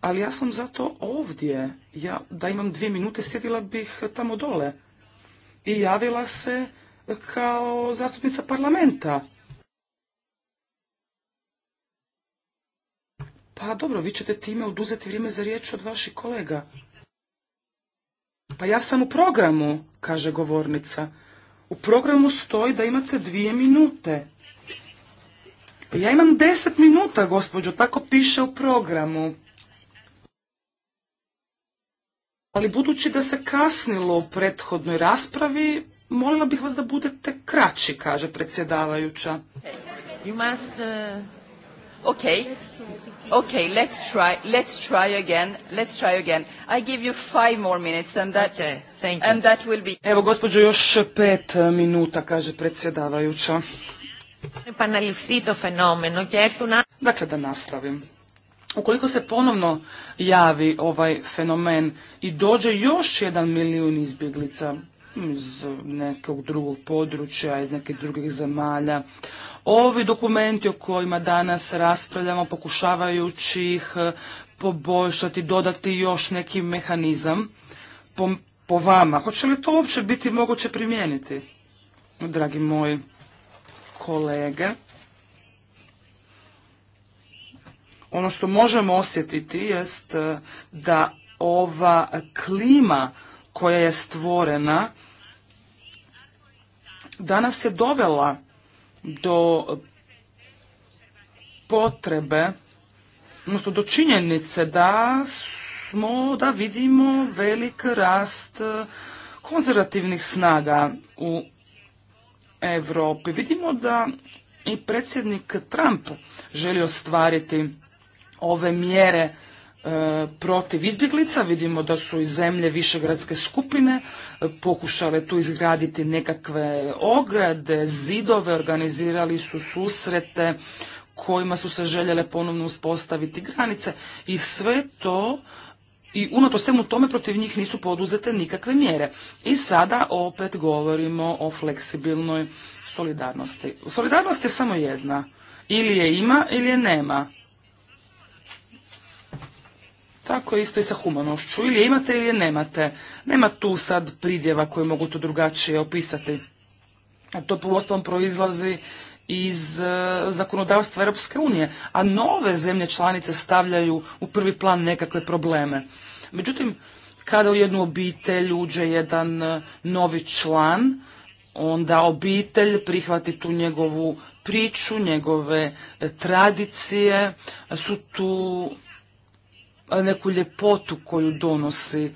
Ali ja sam zato ovdje. Ja, da imam dvije minute, sjedila bih tamo dole. I javila se kao zastupnica parlamenta. Pa dobro, vi ćete time oduzeti vrijeme za riječ od vaših kolega. Pa ja sam u programu, kaže govornica. U programu stoji da imate dvije minute. Pa ja imam deset minuta, gospođo, tako piše u programu. Ali budući da se kasnilo u prethodnoj raspravi, Molila bih vas da budete kraći, kaže predsjedavajuća. You must, uh... Okay. Okay, let's try. Let's try again. Let's try again. I give you five more minutes and that thank you. and that will be Evo gospođo još pet uh, minuta kaže predsjedavajuća. Επαναληφθεί το φαινόμενο και na... Dakle, da nastavim. Ukoliko se ponovno javi ovaj fenomen i dođe još jedan milijun izbjeglica, iz nekog drugog područja, iz nekih drugih zemalja. Ovi dokumenti o kojima danas raspravljamo, pokušavajući ih eh, poboljšati, dodati još neki mehanizam, po, vama, hoće li to uopće biti moguće primijeniti, dragi moji kolege? Ono što možemo osjetiti jest eh, da ova klima koja je stvorena danas je dovela do potrebe, odnosno do činjenice da smo, da vidimo velik rast eh, konzervativnih snaga u Europi. Vidimo da i predsjednik Trump želi ostvariti ove mjere E, protiv izbjeglica. Vidimo da su i zemlje višegradske skupine e, pokušale tu izgraditi nekakve ograde, zidove, organizirali su susrete kojima su se željele ponovno uspostaviti granice i sve to i unato svemu tome protiv njih nisu poduzete nikakve mjere. I sada opet govorimo o fleksibilnoj solidarnosti. Solidarnost je samo jedna. Ili je ima ili je nema. Tako isto i sa humanošću. Ili je imate ili je nemate. Nema tu sad pridjeva koje mogu to drugačije opisati. A to po proizlazi iz e, zakonodavstva Europske unije, a nove zemlje članice stavljaju u prvi plan nekakve probleme. Međutim, kada u jednu obitelj uđe jedan e, novi član, onda obitelj prihvati tu njegovu priču, njegove e, tradicije, su tu neku ljepotu koju donosi.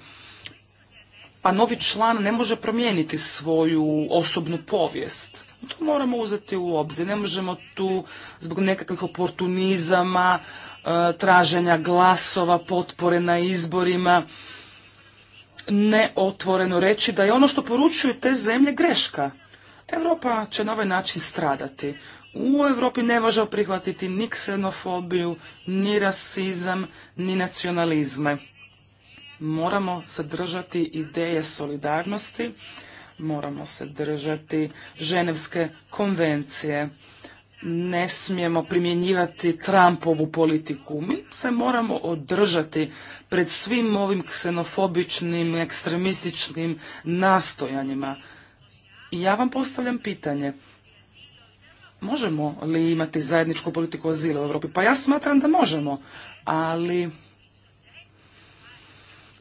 Pa novi član ne može promijeniti svoju osobnu povijest. To moramo uzeti u obzir. Ne možemo tu zbog nekakvih oportunizama, traženja glasova, potpore na izborima, neotvoreno reći da je ono što poručuju te zemlje greška. Europa će na ovaj način stradati u Europi ne može prihvatiti ni ksenofobiju, ni rasizam, ni nacionalizme. Moramo se držati ideje solidarnosti, moramo se držati ženevske konvencije. Ne smijemo primjenjivati Trumpovu politiku. Mi se moramo održati pred svim ovim ksenofobičnim, ekstremističnim nastojanjima. I ja vam postavljam pitanje, Možemo li imati zajedničku politiku azila u Europi? Pa ja smatram da možemo, ali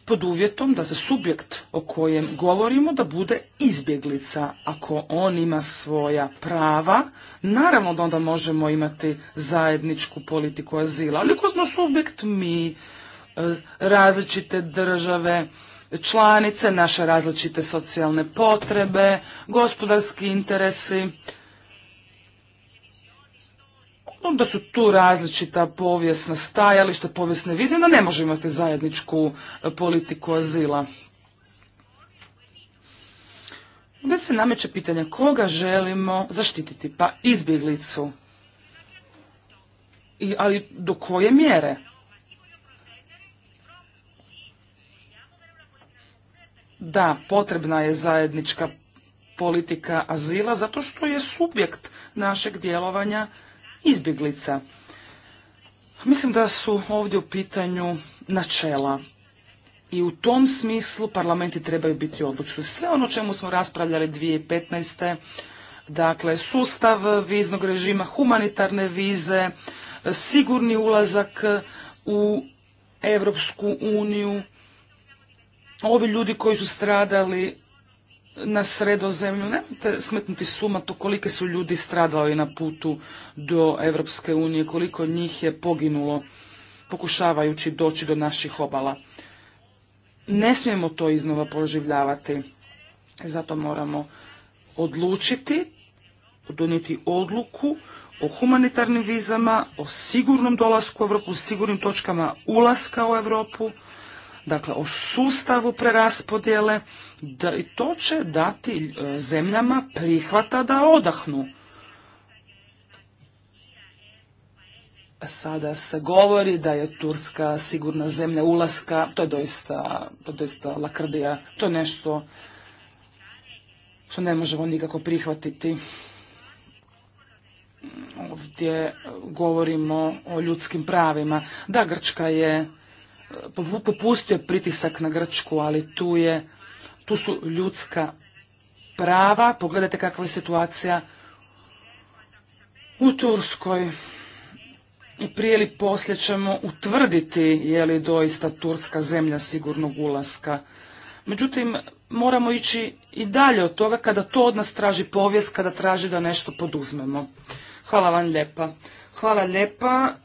pod uvjetom da se subjekt o kojem govorimo da bude izbjeglica. Ako on ima svoja prava, naravno da onda možemo imati zajedničku politiku azila. Ali ako smo subjekt mi, e, različite države, članice, naše različite socijalne potrebe, gospodarski interesi, onda su tu različita povijesna stajališta, povijesne vizije, onda ne može imati zajedničku e, politiku azila. Onda se nameće pitanje koga želimo zaštititi, pa izbjeglicu. I, ali do koje mjere? Da, potrebna je zajednička politika azila zato što je subjekt našeg djelovanja izbjeglica. Mislim da su ovdje u pitanju načela i u tom smislu parlamenti trebaju biti odlučni. Sve ono čemu smo raspravljali 2015. Dakle, sustav viznog režima, humanitarne vize, sigurni ulazak u Evropsku uniju, ovi ljudi koji su stradali na sredozemlju. Nemojte smetnuti suma to kolike su ljudi stradali na putu do Europske unije, koliko njih je poginulo pokušavajući doći do naših obala. Ne smijemo to iznova poživljavati Zato moramo odlučiti, donijeti odluku o humanitarnim vizama, o sigurnom dolasku u Europu, sigurnim točkama ulaska u Europu, dakle o sustavu preraspodjele da, i to će dati e, zemljama prihvata da odahnu. Sada se govori da je Turska sigurna zemlja ulaska, to je doista, to je doista lakrdija, to je nešto što ne možemo nikako prihvatiti. Ovdje govorimo o ljudskim pravima. Da, Grčka je popustio pritisak na Grčku, ali tu je, tu su ljudska prava. Pogledajte kakva je situacija u Turskoj. Prije ili poslije ćemo utvrditi je li doista Turska zemlja sigurnog ulaska. Međutim, moramo ići i dalje od toga kada to od nas traži povijest, kada traži da nešto poduzmemo. Hvala vam lijepa. Hvala lijepa.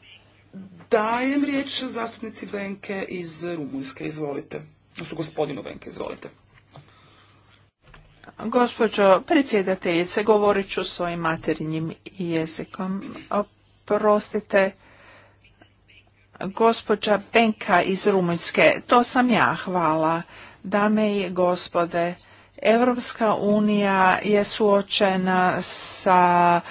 Dajem riječ zastupnici Benke iz Rumunjske, izvolite. Su gospodinu Benke, izvolite. Gospođo predsjedateljice, govorit ću svojim materinjim jezikom. Oprostite, gospođa Benka iz Rumunjske, to sam ja, hvala. Dame i gospode, Europska unija je suočena sa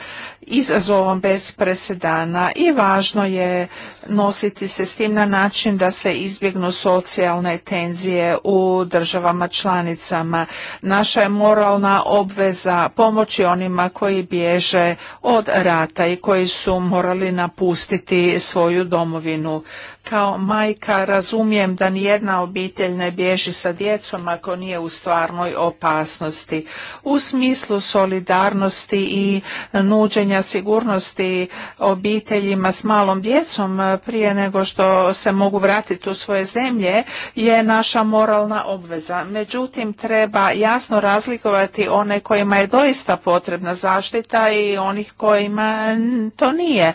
izazovom bez presedana i važno je nositi se s tim na način da se izbjegnu socijalne tenzije u državama članicama. Naša je moralna obveza pomoći onima koji bježe od rata i koji su morali napustiti svoju domovinu. Kao majka razumijem da nijedna obitelj ne bježi sa djecom ako nije u stvarnoj opasnosti. U smislu solidarnosti i nuđenja pružanja sigurnosti obiteljima s malom djecom e, prije nego što se mogu vratiti u svoje zemlje je naša moralna obveza. Međutim, treba jasno razlikovati one kojima je doista potrebna zaštita i onih kojima to nije.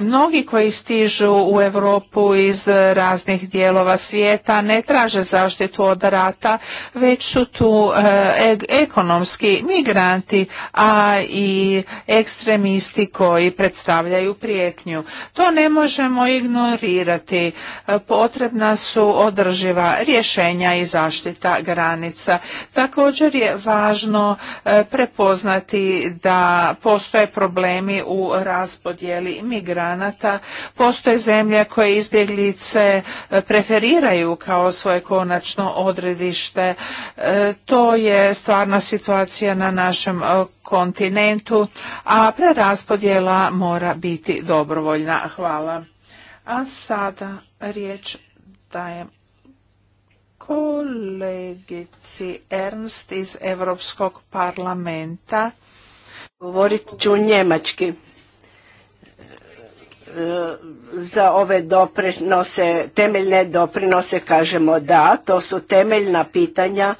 Mnogi koji stižu u Europu iz raznih dijelova svijeta ne traže zaštitu od rata, već su tu e, e, ekonomski migranti, a i ekstremisti isti koji predstavljaju prijetnju. To ne možemo ignorirati. Potrebna su održiva rješenja i zaštita granica. Također je važno e, prepoznati da postoje problemi u raspodjeli migranata. Postoje zemlje koje izbjeglice e, preferiraju kao svoje konačno odredište. E, to je stvarna situacija na našem kontinentu, a raspodjela mora biti dobrovoljna. Hvala. A sada riječ dajem kolegici Ernst iz Europskog parlamenta. Govorit ću njemački. E, za ove doprinose, temeljne doprinose kažemo da, to su temeljna pitanja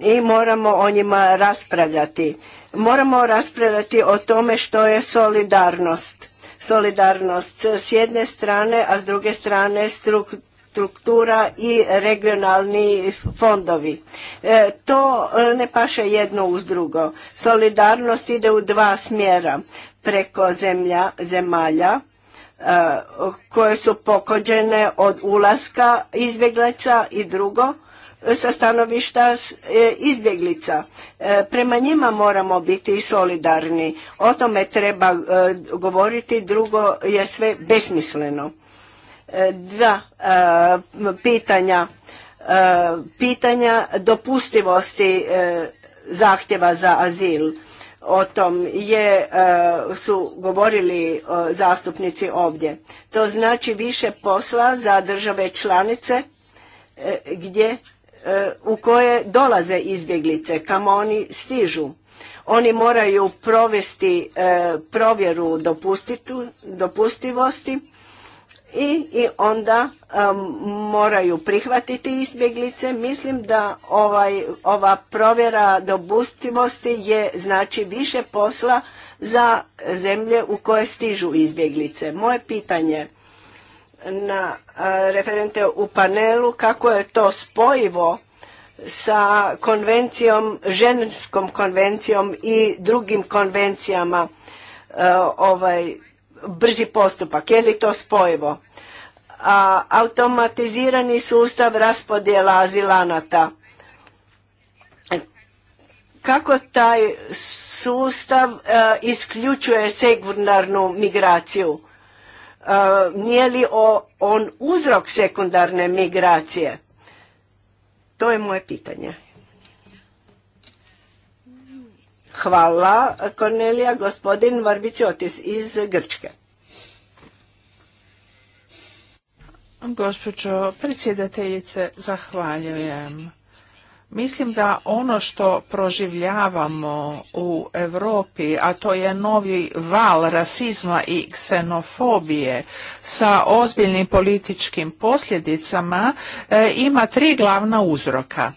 i moramo o njima raspravljati. Moramo raspravljati o tome što je solidarnost. Solidarnost s jedne strane, a s druge strane struktura i regionalni fondovi. E, to e, ne paše jedno uz drugo. Solidarnost ide u dva smjera preko zemlja, zemalja e, koje su pokođene od ulaska izbjeglica i drugo sa stanovišta e, izbjeglica. E, prema njima moramo biti solidarni. O tome treba e, govoriti, drugo je sve besmisleno. Dva pitanja. Pitanja dopustivosti zahtjeva za azil. O tom je, su govorili zastupnici ovdje. To znači više posla za države članice gdje E, u koje dolaze izbjeglice, kamo oni stižu. Oni moraju provesti e, provjeru dopustivosti i, onda e, moraju prihvatiti izbjeglice. Mislim da ovaj, ova provjera dopustivosti je znači više posla za zemlje u koje stižu izbjeglice. Moje pitanje na referente u panelu kako je to spojivo sa konvencijom, ženskom konvencijom i drugim konvencijama e, ovaj brzi postupak, je li to spojivo? A, automatizirani sustav raspodjela azilanata. Kako taj sustav e, isključuje sekundarnu migraciju? Eh, nije li on uzrok sekundarne migracije? To je moje pitanje. Hvala, Kornelija, gospodin Varbiciotis iz Grčke. Gospođo predsjedateljice, zahvaljujem. Mislim da ono što proživljavamo u Europi, a to je novi val rasizma i ksenofobije sa ozbiljnim političkim posljedicama, e, ima tri glavna uzroka.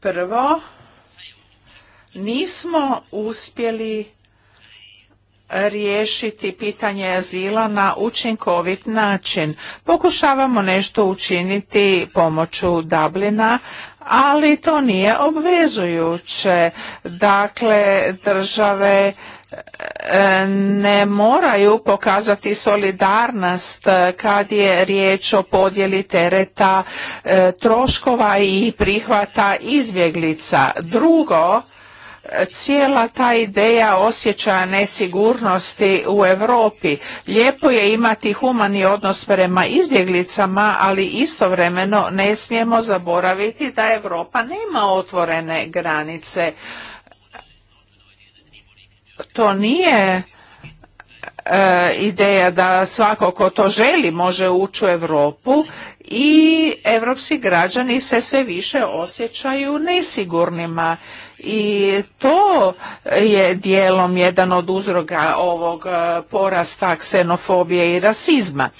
Prvo, nismo uspjeli riješiti pitanje azila na učinkovit način. Pokušavamo nešto učiniti pomoću Dublina, ali to nije obvezujuće. Dakle, države e, ne moraju pokazati solidarnost e, kad je riječ o podjeli tereta e, troškova i prihvata izbjeglica. Drugo, cijela ta ideja osjećaja nesigurnosti u Europi. Lijepo je imati humani odnos prema izbjeglicama, ali istovremeno ne smijemo zaboraviti da Europa nema otvorene granice. To nije e, ideja da svako ko to želi može ući u Europu i europski građani se sve više osjećaju nesigurnima i to je dijelom jedan od uzroga ovog e, porasta ksenofobije i rasizma.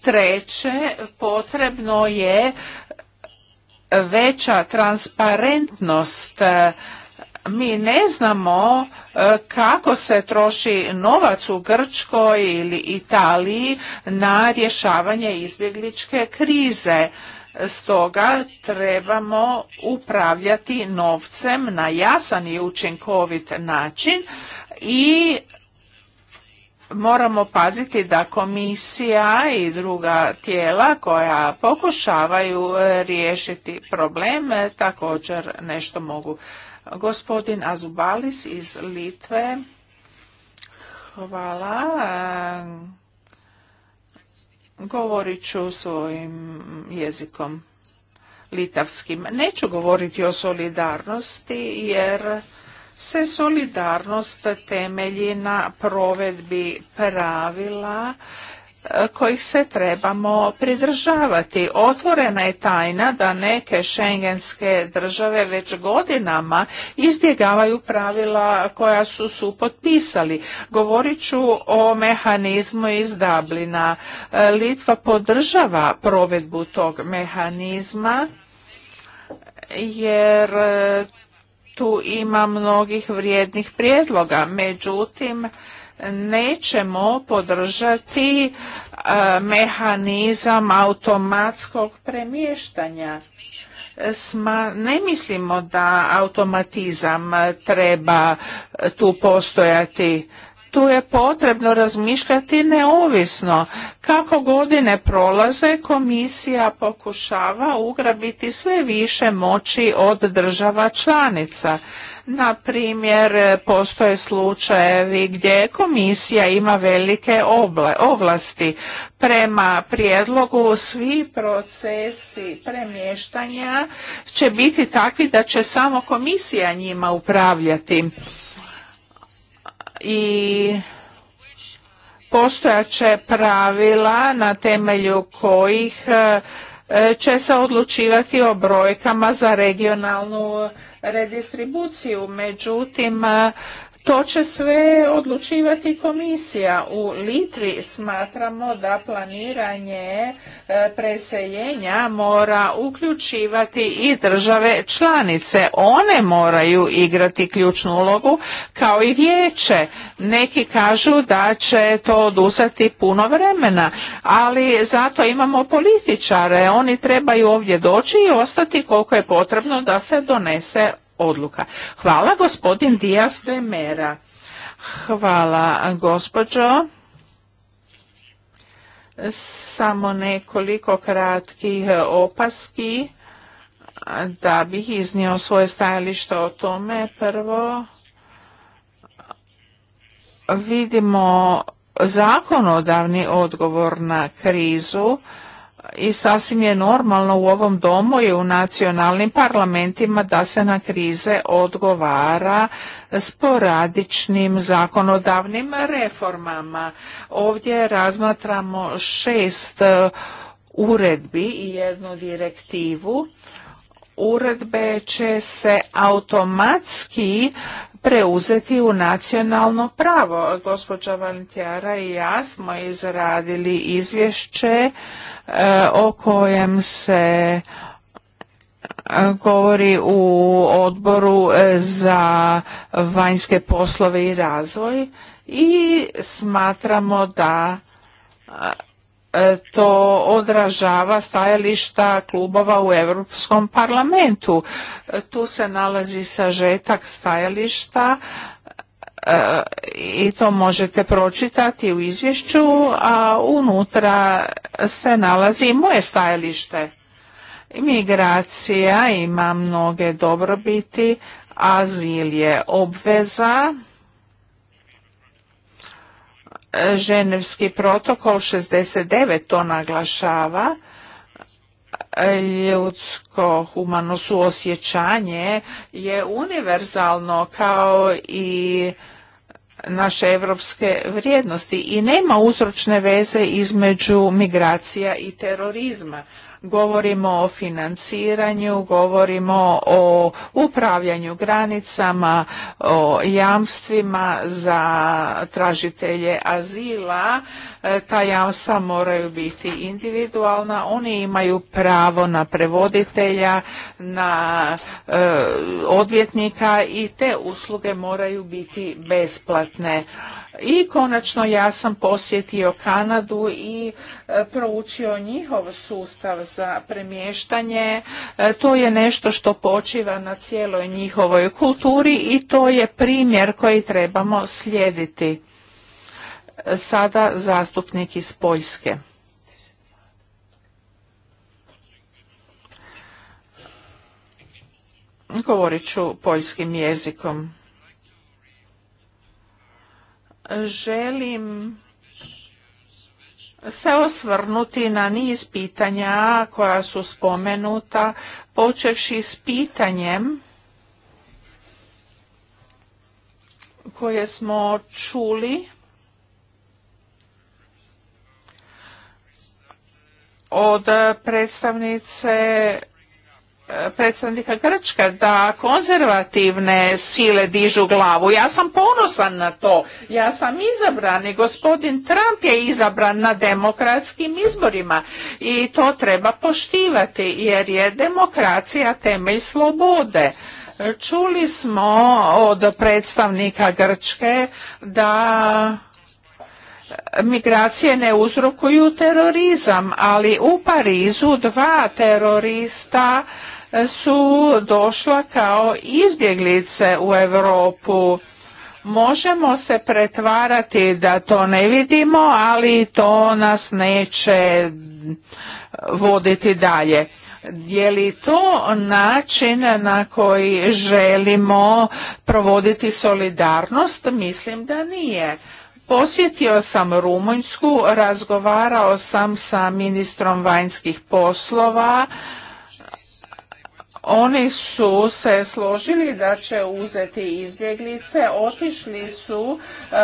Treće, potrebno je veća transparentnost mi ne znamo e, kako se troši novac u Grčkoj ili Italiji na rješavanje izbjegličke krize. Stoga trebamo upravljati novcem na jasan i učinkovit način i moramo paziti da komisija i druga tijela koja pokušavaju e, riješiti problem e, također nešto mogu. Gospodin Azubalis iz Litve. Hvala Govorit ću svojim jezikom litavskim. Neću govoriti o solidarnosti jer se solidarnost temelji na provedbi pravila kojih se trebamo pridržavati. Otvorena je tajna da neke šengenske države već godinama izbjegavaju pravila koja su su potpisali. Govorit ću o mehanizmu iz Dublina. Litva podržava provedbu tog mehanizma jer e, tu ima mnogih vrijednih prijedloga. Međutim, nećemo podržati e, mehanizam automatskog premještanja. ne mislimo da automatizam treba tu postojati tu je potrebno razmišljati neovisno. Kako godine prolaze, komisija pokušava ugrabiti sve više moći od država članica. Na primjer, postoje slučajevi gdje komisija ima velike obla, ovlasti. Prema prijedlogu svi procesi premještanja će biti takvi da će samo komisija njima upravljati i postojaće pravila na temelju kojih e, e, će se odlučivati o brojkama za regionalnu redistribuciju. Međutim, e, to će sve odlučivati komisija. U Litvi smatramo da planiranje e, preseljenja mora uključivati i države članice. One moraju igrati ključnu ulogu kao i vijeće. Neki kažu da će to oduzeti puno vremena, ali zato imamo političare. Oni trebaju ovdje doći i ostati koliko je potrebno da se donese odluka. Hvala gospodin Dijas de Mera. Hvala gospođo. Samo nekoliko kratkih opaski da bih iznio svoje stajalište o tome. Prvo, vidimo zakonodavni odgovor na krizu i sasvim je normalno u ovom domu i u nacionalnim parlamentima da se na krize odgovara sporadičnim zakonodavnim reformama. Ovdje razmatramo šest e, uredbi i jednu direktivu uredbe će se automatski preuzeti u nacionalno pravo. Gospođa Valentijara i ja smo izradili izvješće e, o kojem se e, govori u odboru e, za vanjske poslove i razvoj i smatramo da E, to odražava stajališta klubova u Europskom parlamentu. E, tu se nalazi sažetak stajališta e, i to možete pročitati u izvješću, a unutra se nalazi moje stajalište. Imigracija ima mnoge dobrobiti, azil je obveza, Ženevski protokol 69 to naglašava e, ljudsko humano suosjećanje je univerzalno kao i naše evropske vrijednosti i nema uzročne veze između migracija i terorizma govorimo o financiranju, govorimo o upravljanju granicama, o jamstvima za tražitelje azila. E, ta jamstva moraju biti individualna, oni imaju pravo na prevoditelja, na e, odvjetnika i te usluge moraju biti besplatne. I konačno ja sam posjetio Kanadu i e, proučio njihov sustav za premještanje. E, to je nešto što počiva na cijeloj njihovoj kulturi i to je primjer koji trebamo slijediti. E, sada zastupnik iz Poljske. Govorit ću poljskim jezikom želim se osvrnuti na niz pitanja koja su spomenuta, počevši s pitanjem koje smo čuli od predstavnice predstavnika Grčka da konzervativne sile dižu glavu. Ja sam ponosan na to. Ja sam izabran i gospodin Trump je izabran na demokratskim izborima i to treba poštivati jer je demokracija temelj slobode. Čuli smo od predstavnika Grčke da migracije ne uzrokuju terorizam, ali u Parizu dva terorista su došla kao izbjeglice u Europu. Možemo se pretvarati da to ne vidimo, ali to nas neće voditi dalje. Je li to način na koji želimo provoditi solidarnost? Mislim da nije. Posjetio sam Rumunjsku, razgovarao sam sa ministrom vanjskih poslova, oni su se složili da će uzeti izbjeglice, otišli su e,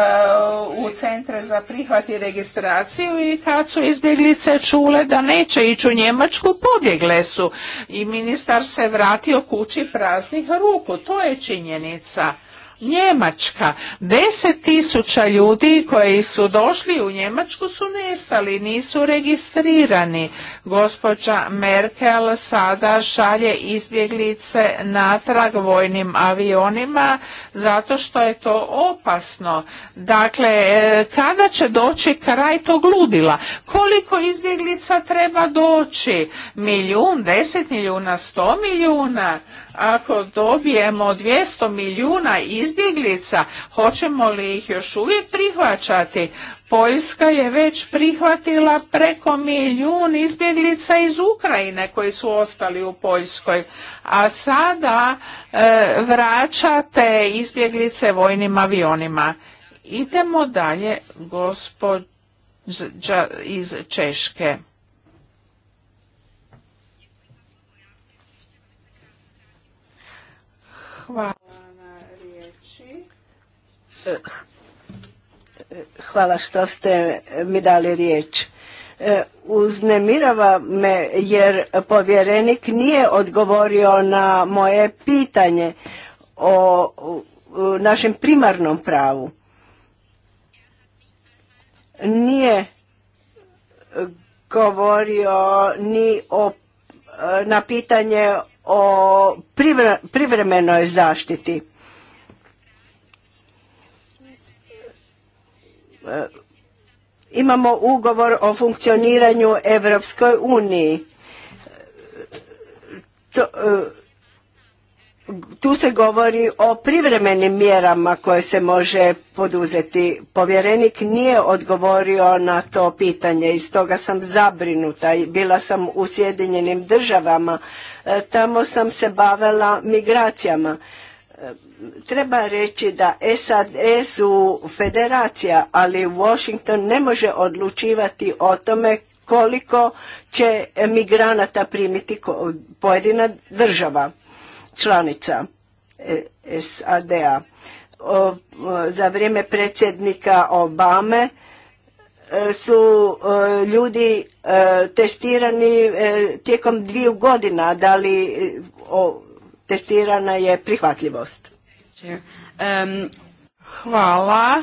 u centre za prihvat i registraciju i kad su izbjeglice čule da neće ići u Njemačku, pobjegle su. I ministar se vratio kući praznih ruku, to je činjenica. Njemačka. Deset tisuća ljudi koji su došli u Njemačku su nestali, nisu registrirani. Gospođa Merkel sada šalje izbjeglice natrag vojnim avionima zato što je to opasno. Dakle, e, kada će doći kraj tog ludila? Koliko izbjeglica treba doći? Milijun, deset milijuna, sto milijuna? Ako dobijemo 200 milijuna izbjeglica, hoćemo li ih još uvijek prihvaćati? Poljska je već prihvatila preko milijun izbjeglica iz Ukrajine koji su ostali u Poljskoj, a sada e, vraćate izbjeglice vojnim avionima. Idemo dalje, gospođa iz Češke. Hvala na što ste mi dali riječ. E, uznemirava me jer povjerenik nije odgovorio na moje pitanje o našem primarnom pravu. Nije govorio ni na pitanje o privremenoj zaštiti. E, imamo ugovor o funkcioniranju Evropskoj uniji. E, tu se govori o privremenim mjerama koje se može poduzeti. Povjerenik nije odgovorio na to pitanje i stoga sam zabrinuta. Bila sam u Sjedinjenim državama, e, tamo sam se bavila migracijama. E, treba reći da SAD su federacija, ali Washington ne može odlučivati o tome koliko će migranata primiti pojedina država članica e, SAD-a. Za vrijeme predsjednika Obame e, su e, ljudi testirani tijekom dviju godina, da li testirana je prihvatljivost. Hvala.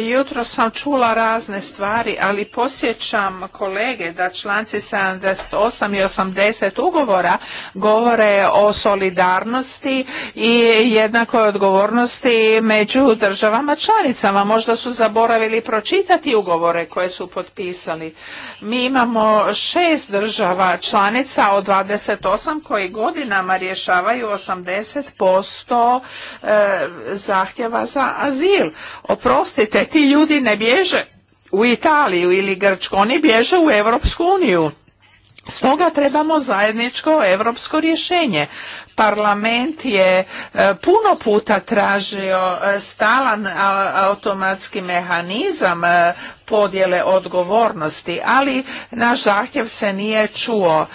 Jutro sam čula razne stvari, ali posjećam kolege da članci 78 i 80 ugovora govore o solidarnosti i jednakoj odgovornosti među državama članicama. Možda su zaboravili pročitati ugovore koje su potpisali. Mi imamo šest država članica od 28 koji godinama rješavaju 80% e, zahtjeva za azil. Oprostite, Vidite, ti ljudi ne bježe u Italiju ili Grčku, oni bježe u Europsku uniju. Stoga trebamo zajedničko europsko rješenje. Parlament je e, puno puta tražio e, stalan automatski mehanizam e, podjele odgovornosti, ali naš zahtjev se nije čuo.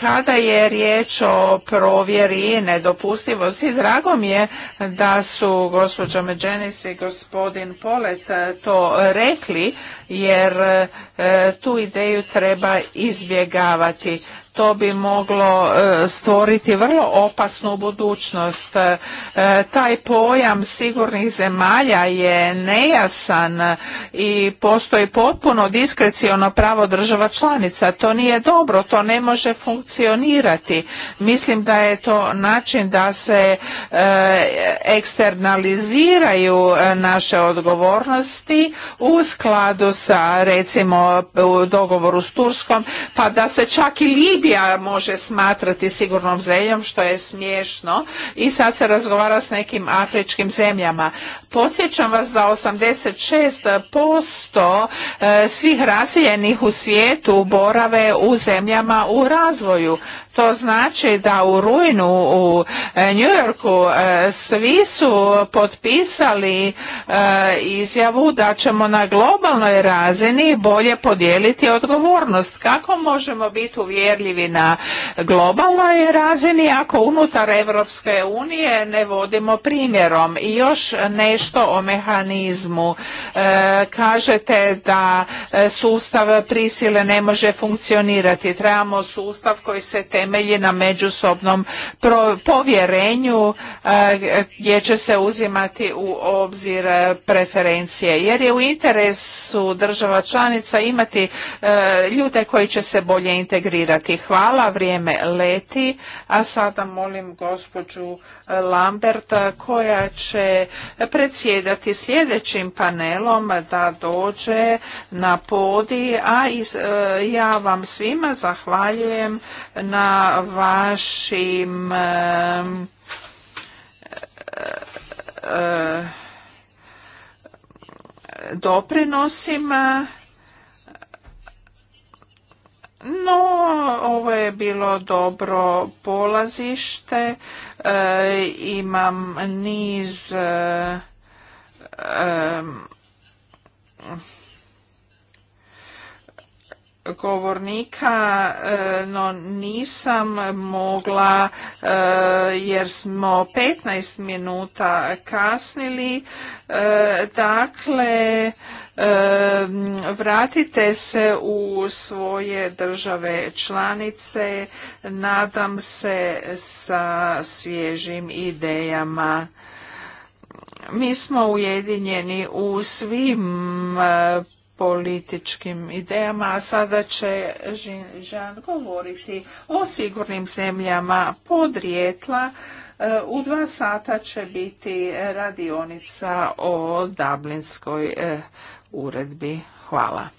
Kada je riječ o provjeri nedopustivosti, drago mi je da su gospođa Međenis i gospodin Polet to rekli, jer tu ideju treba izbjegavati to bi moglo e, stvoriti vrlo opasnu budućnost. E, taj pojam sigurnih zemalja je nejasan i postoji potpuno diskreciono pravo država članica. To nije dobro, to ne može funkcionirati. Mislim da je to način da se e, eksternaliziraju naše odgovornosti u skladu sa recimo dogovoru s Turskom, pa da se čak i Libija može smatrati sigurnom zemljom, što je smiješno. I sad se razgovara s nekim afričkim zemljama. Podsjećam vas da 86% e, svih raseljenih u svijetu borave u zemljama u razvoju. To znači da u rujnu u e, New Yorku e, svi su potpisali izjavu da ćemo na globalnoj razini bolje podijeliti odgovornost. Kako možemo biti uvjerljivi vidljivi na globalnoj razini ako unutar Europske unije ne vodimo primjerom. I još nešto o mehanizmu. E, kažete da e, sustav prisile ne može funkcionirati. Trebamo sustav koji se temelji na međusobnom povjerenju e, gdje će se uzimati u obzir preferencije. Jer je u interesu država članica imati e, ljude koji će se bolje integrirati hvala, vrijeme leti, a sada molim gospođu Lamberta eh, koja će predsjedati sljedećim panelom da dođe na podi, a eh, ja vam svima zahvaljujem na vašim eh, doprinosima. No, ovo je bilo dobro polazište, e, imam niz e, govornika, e, no nisam mogla jer smo 15 minuta kasnili. Dakle, Vratite se u svoje države članice, nadam se sa svježim idejama. Mi smo ujedinjeni u svim e, političkim idejama, a sada će Žan govoriti o sigurnim zemljama podrijetla. E, u dva sata će biti radionica o Dublinskoj e, uredbi. Hvala.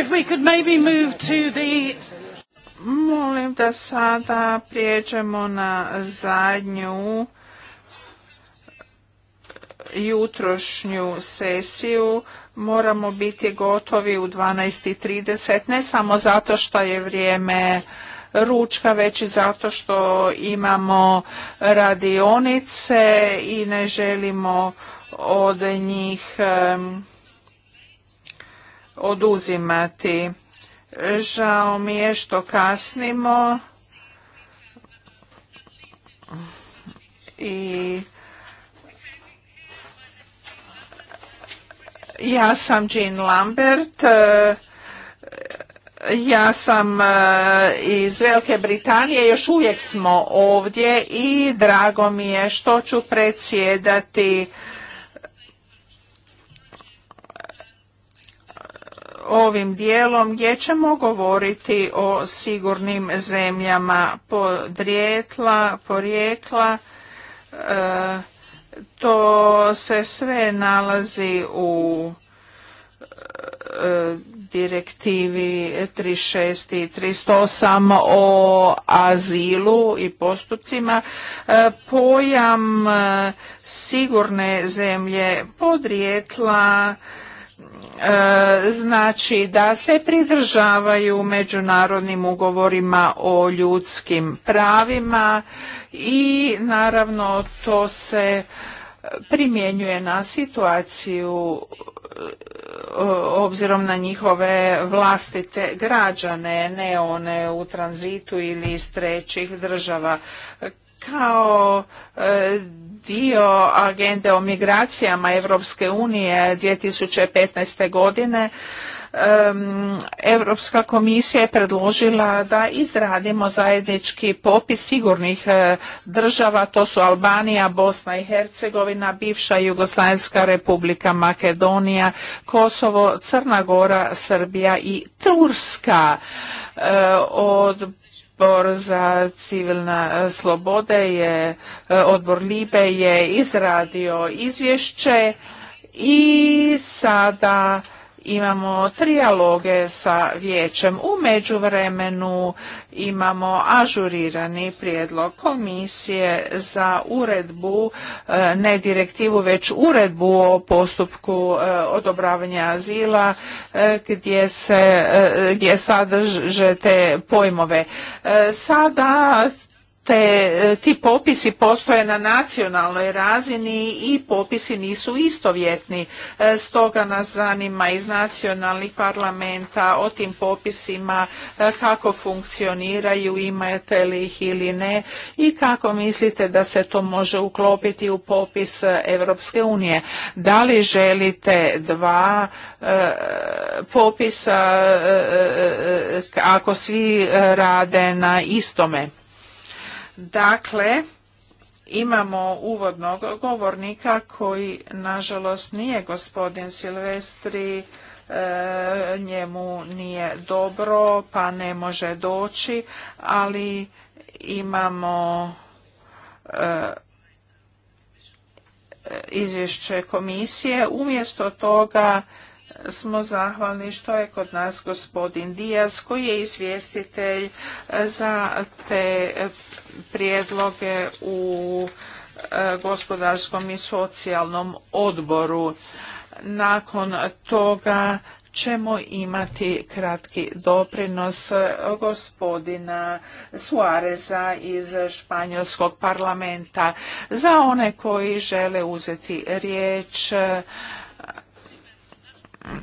if we could maybe move to the... Molim da sada prijeđemo na zadnju jutrošnju sesiju. Moramo biti gotovi u 12.30, ne samo zato što je vrijeme ručka, već i zato što imamo radionice i ne želimo od njih oduzimati. Žao mi je što kasnimo i ja sam Jean Lambert, ja sam eh, iz Velike Britanije, još uvijek smo ovdje i drago mi je što ću predsjedati ovim dijelom gdje ćemo govoriti o sigurnim zemljama podrijetla, porijekla. E, to se sve nalazi u e, direktivi 36 i 308 o azilu i postupcima e, pojam e, sigurne zemlje podrijetla E, znači da se pridržavaju međunarodnim ugovorima o ljudskim pravima i naravno to se primjenjuje na situaciju e, obzirom na njihove vlastite građane, ne one u tranzitu ili iz trećih država. Kao e, dio agende o migracijama Evropske unije 2015. godine Europska komisija je predložila da izradimo zajednički popis sigurnih e, država, to su Albanija, Bosna i Hercegovina, bivša Jugoslavenska republika Makedonija, Kosovo, Crna Gora, Srbija i Turska. E, od odbor za civilne e, slobode je, e, odbor Libe je izradio izvješće i sada imamo trijaloge sa vijećem. U međuvremenu imamo ažurirani prijedlog komisije za uredbu, e, ne direktivu, već uredbu o postupku e, odobravanja azila e, gdje se gdje sadrže te pojmove. Sada te, e, ti popisi postoje na nacionalnoj razini i popisi nisu istovjetni. E, stoga nas zanima iz nacionalnih parlamenta o tim popisima e, kako funkcioniraju, imate li ih ili ne i kako mislite da se to može uklopiti u popis Europske unije. Da li želite dva popisa ako svi rade na istome? Dakle, imamo uvodnog govornika koji nažalost nije gospodin Silvestri, e, njemu nije dobro pa ne može doći, ali imamo e, e, izvješće komisije. Umjesto toga smo zahvalni što je kod nas gospodin Dijas koji je izvjestitelj e, za te prijedloge u e, gospodarskom i socijalnom odboru. Nakon toga ćemo imati kratki doprinos e, gospodina Suareza iz Španjolskog parlamenta. Za one koji žele uzeti riječ,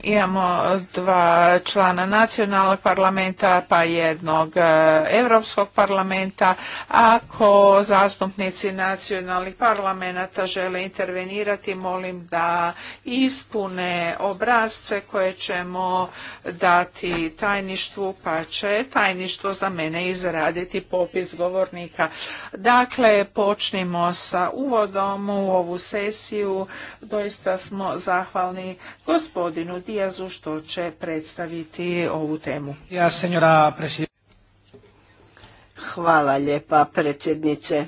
Imamo dva člana nacionalnog parlamenta pa jednog e, Europskog parlamenta. Ako zastupnici nacionalnih parlamenta žele intervenirati, molim da ispune obrazce koje ćemo dati tajništvu, pa će tajništvo za mene izraditi popis govornika. Dakle, počnimo sa uvodom u ovu sesiju. Doista smo zahvalni gospodinu gospodinu što će predstaviti ovu temu. Ja, senjora Hvala lijepa predsjednice.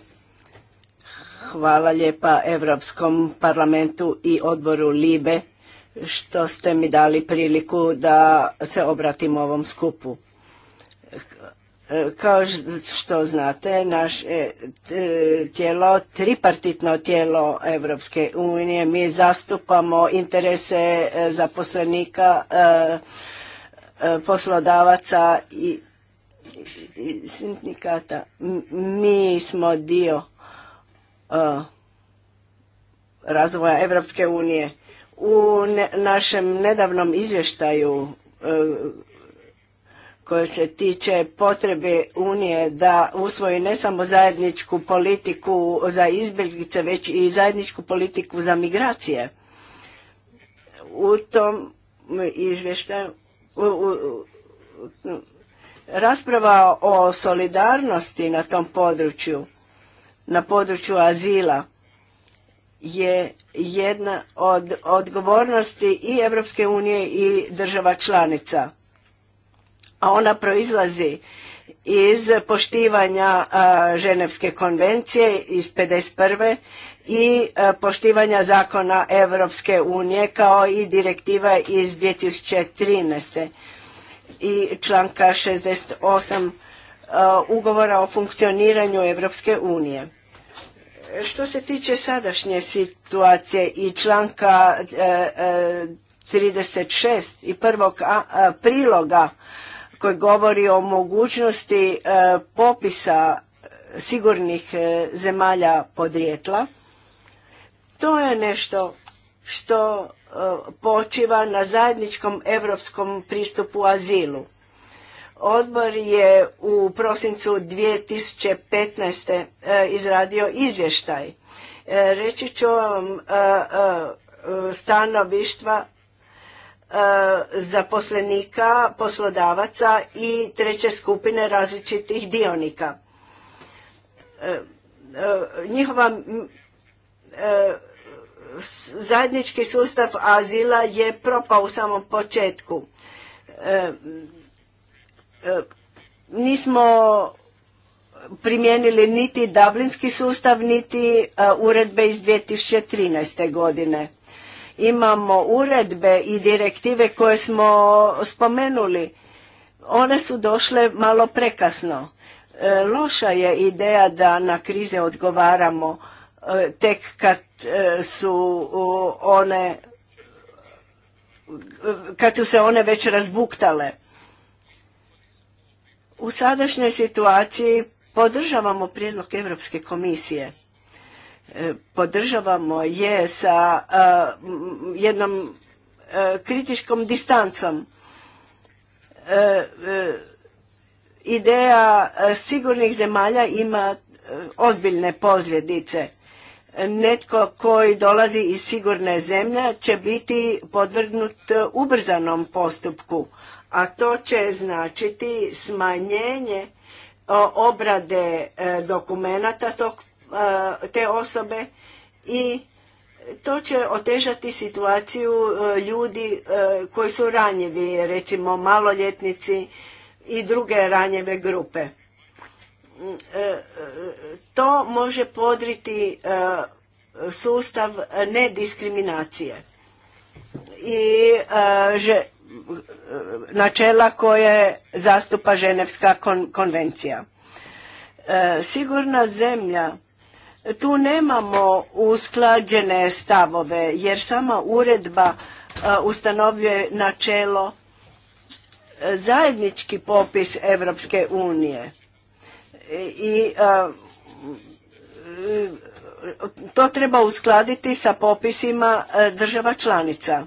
Hvala lijepa Evropskom parlamentu i odboru LIBE što ste mi dali priliku da se obratim ovom skupu. E, kao što znate, naše tijelo, tripartitno tijelo Europske unije, mi zastupamo interese e, zaposlenika, e, poslodavaca i sindikata. Mi smo dio razvoja Evropske unije. U našem nedavnom izvještaju koje se tiče potrebe Unije da usvoji ne samo zajedničku politiku za izbjeglice, već i zajedničku politiku za migracije. U tom izvještaju rasprava o solidarnosti na tom području, na području azila, je jedna od odgovornosti i Evropske unije i država članica a ona proizlazi iz poštivanja Ženevske konvencije iz 51. i poštivanja zakona Europske unije kao i direktiva iz 2013. i članka 68 ugovora o funkcioniranju Europske unije. Što se tiče sadašnje situacije i članka 36 e, e, i prvog priloga koji govori o mogućnosti e, popisa e, sigurnih e, zemalja podrijetla. To je nešto što počiva na zajedničkom europskom pristupu azilu. Odbor je u prosincu 2015. izradio izvještaj. Reći ću vam stanovištva E, zaposlenika, poslodavaca i treće skupine različitih dionika. E, e, njihova zajednički sustav azila je propao u samom početku. Nismo primijenili niti Dublinski sustav, niti uredbe iz 2013. godine Imamo uredbe i direktive koje smo spomenuli. One su došle malo prekasno. E, loša je ideja da na krize odgovaramo e, tek kad e, su one kad su se one već razbuktale. U sadašnjoj situaciji podržavamo prijedlog Europske komisije E, podržavamo je sa e, jednom e, kritičkom distancom. Ideja sigurnih zemalja ima ozbiljne posljedice. Netko koji dolazi iz sigurne zemlje će biti podvrgnut ubrzanom postupku, a to će značiti smanjenje obrade dokumenata tog te osobe i to će otežati situaciju e, ljudi e, koji su ranjivi, recimo maloljetnici i druge ranjive grupe. Mm, e, to može podriti sustav nediskriminacije i načela koje zastupa Ženevska konvencija. Sigurna zemlja tu nemamo usklađene stavove jer sama uredba e, ustanovljuje načelo e, zajednički popis Evropske unije e, i to treba uskladiti sa popisima država članica.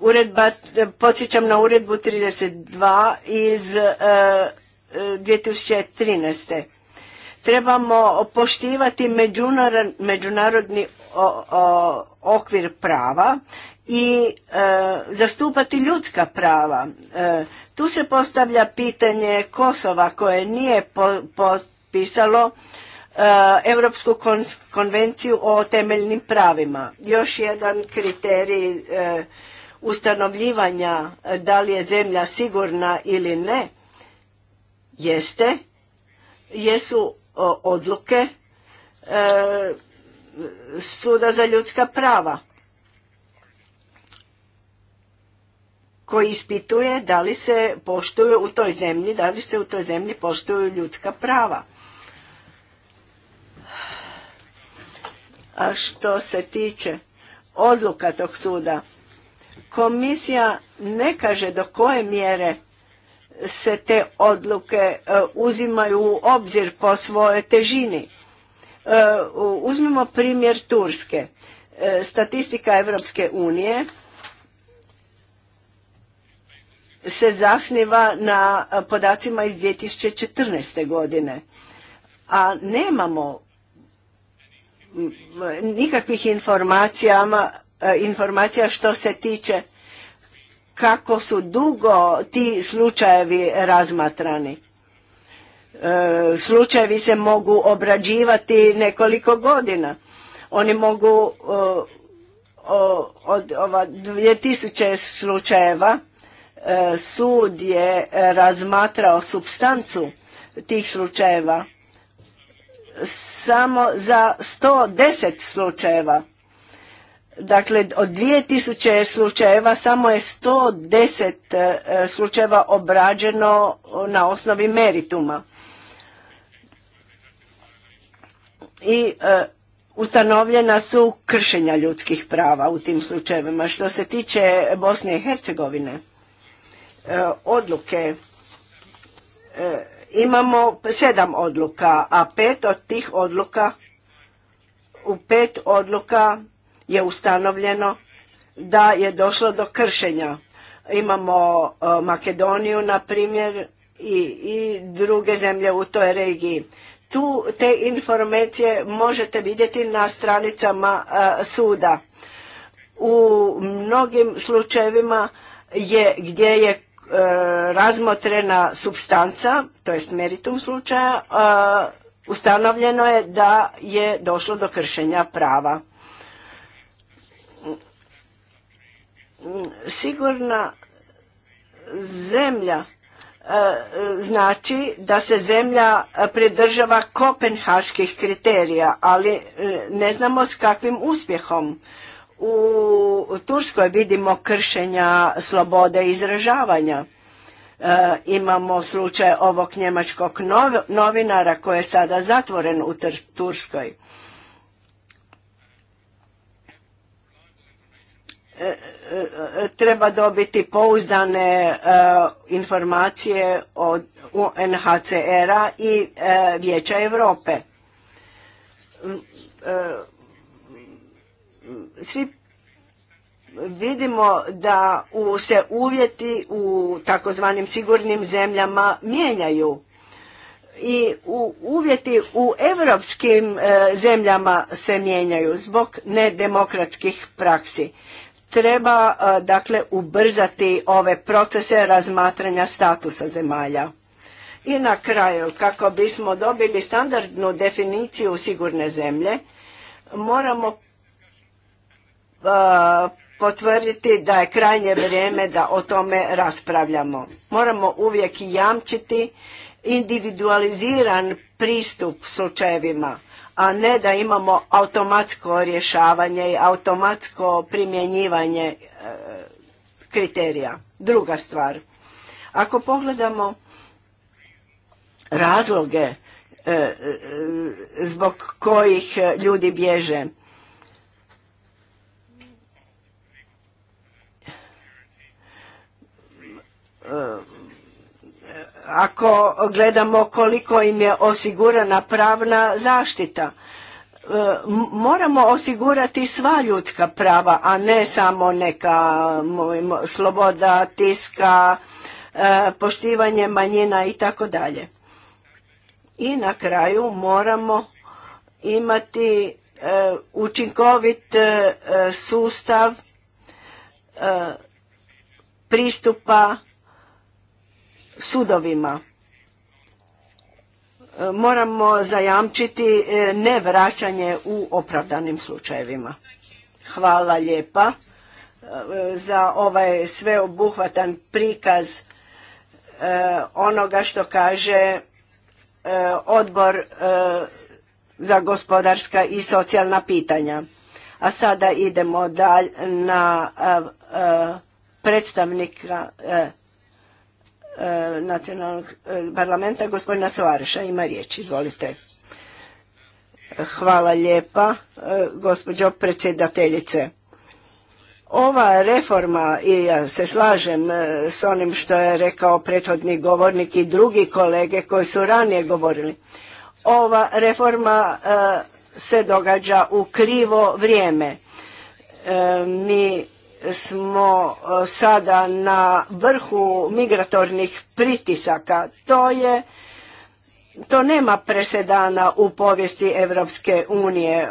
Uredba, podsjećam na uredbu 32 iz 2013. Trebamo poštivati međunarodni okvir prava i e, zastupati ljudska prava. E, tu se postavlja pitanje Kosova koje nije potpisalo e, Europsku konvenciju o temeljnim pravima. Još jedan kriterij ustanovljivanja da li je zemlja sigurna ili ne jeste, jesu odluke e, suda za ljudska prava koji ispituje da li se poštuju u toj zemlji, da li se u toj zemlji poštuju ljudska prava. A što se tiče odluka tog suda, komisija ne kaže do koje mjere se te odluke e, uzimaju u obzir po svojoj težini. E, uzmimo primjer Turske. E, statistika Europske unije se zasniva na podacima iz 2014. godine, a nemamo nikakvih informacija što se tiče kako su dugo ti slučajevi razmatrani. E, slučajevi se mogu obrađivati nekoliko godina. Oni mogu e, od ova 2000 slučajeva e, sud je razmatrao substancu tih slučajeva samo za 110 slučajeva Dakle, od 2000 slučajeva samo je 110 e, slučajeva obrađeno na osnovi merituma. I e, ustanovljena su kršenja ljudskih prava u tim slučajevima. Što se tiče Bosne i Hercegovine, e, odluke imamo sedam odluka, a pet od tih odluka u pet odluka je ustanovljeno da je došlo do kršenja. Imamo e, Makedoniju, na primjer, i, i druge zemlje u toj regiji. Tu te informacije možete vidjeti na stranicama e, suda. U mnogim slučajevima je gdje je e, razmotrena substanca, to jest meritum slučaja, ustanovljeno je da je došlo do kršenja prava. sigurna zemlja e, znači da se zemlja pridržava kopenhaških kriterija, ali e, ne znamo s kakvim uspjehom. U Turskoj vidimo kršenja slobode izražavanja. E, imamo slučaj ovog njemačkog novinara koji je sada zatvoren u Turskoj. treba dobiti pouzdane e, informacije od UNHCR-a i e, Vijeća Europe. Mm, e, svi vidimo da se uvjeti u takozvanim sigurnim zemljama mijenjaju i uvjeti u europskim zemljama se mijenjaju zbog nedemokratskih praksi Treba e, dakle ubrzati ove procese razmatranja statusa zemalja. I na kraju, kako bismo dobili standardnu definiciju sigurne zemlje, moramo e, potvrditi da je krajnje vrijeme da o tome raspravljamo. Moramo uvijek jamčiti individualiziran pristup slučajevima a ne da imamo automatsko rješavanje i automatsko primjenjivanje e, kriterija. Druga stvar, ako pogledamo razloge e, e, zbog kojih ljudi bježe, ako gledamo koliko im je osigurana pravna zaštita e, moramo osigurati sva ljudska prava a ne samo neka sloboda tiska e, poštivanje manjina i tako dalje i na kraju moramo imati e, učinkovit sustav pristupa sudovima. E, moramo zajamčiti e, nevraćanje u opravdanim slučajevima. Hvala lijepa e, za ovaj sveobuhvatan prikaz onoga što kaže odbor za gospodarska i socijalna pitanja. A sada idemo dalje na predstavnika E, nacionalnog e, parlamenta, gospodina Soareša, ima riječ, izvolite. Hvala lijepa, e, gospođo predsjedateljice. Ova reforma, i ja se slažem s onim što je rekao prethodni govornik i drugi kolege koji su ranije govorili, ova reforma se događa u krivo vrijeme. Mi smo e, sada na vrhu migratornih pritisaka. To je to nema presedana u povijesti Evropske unije, e,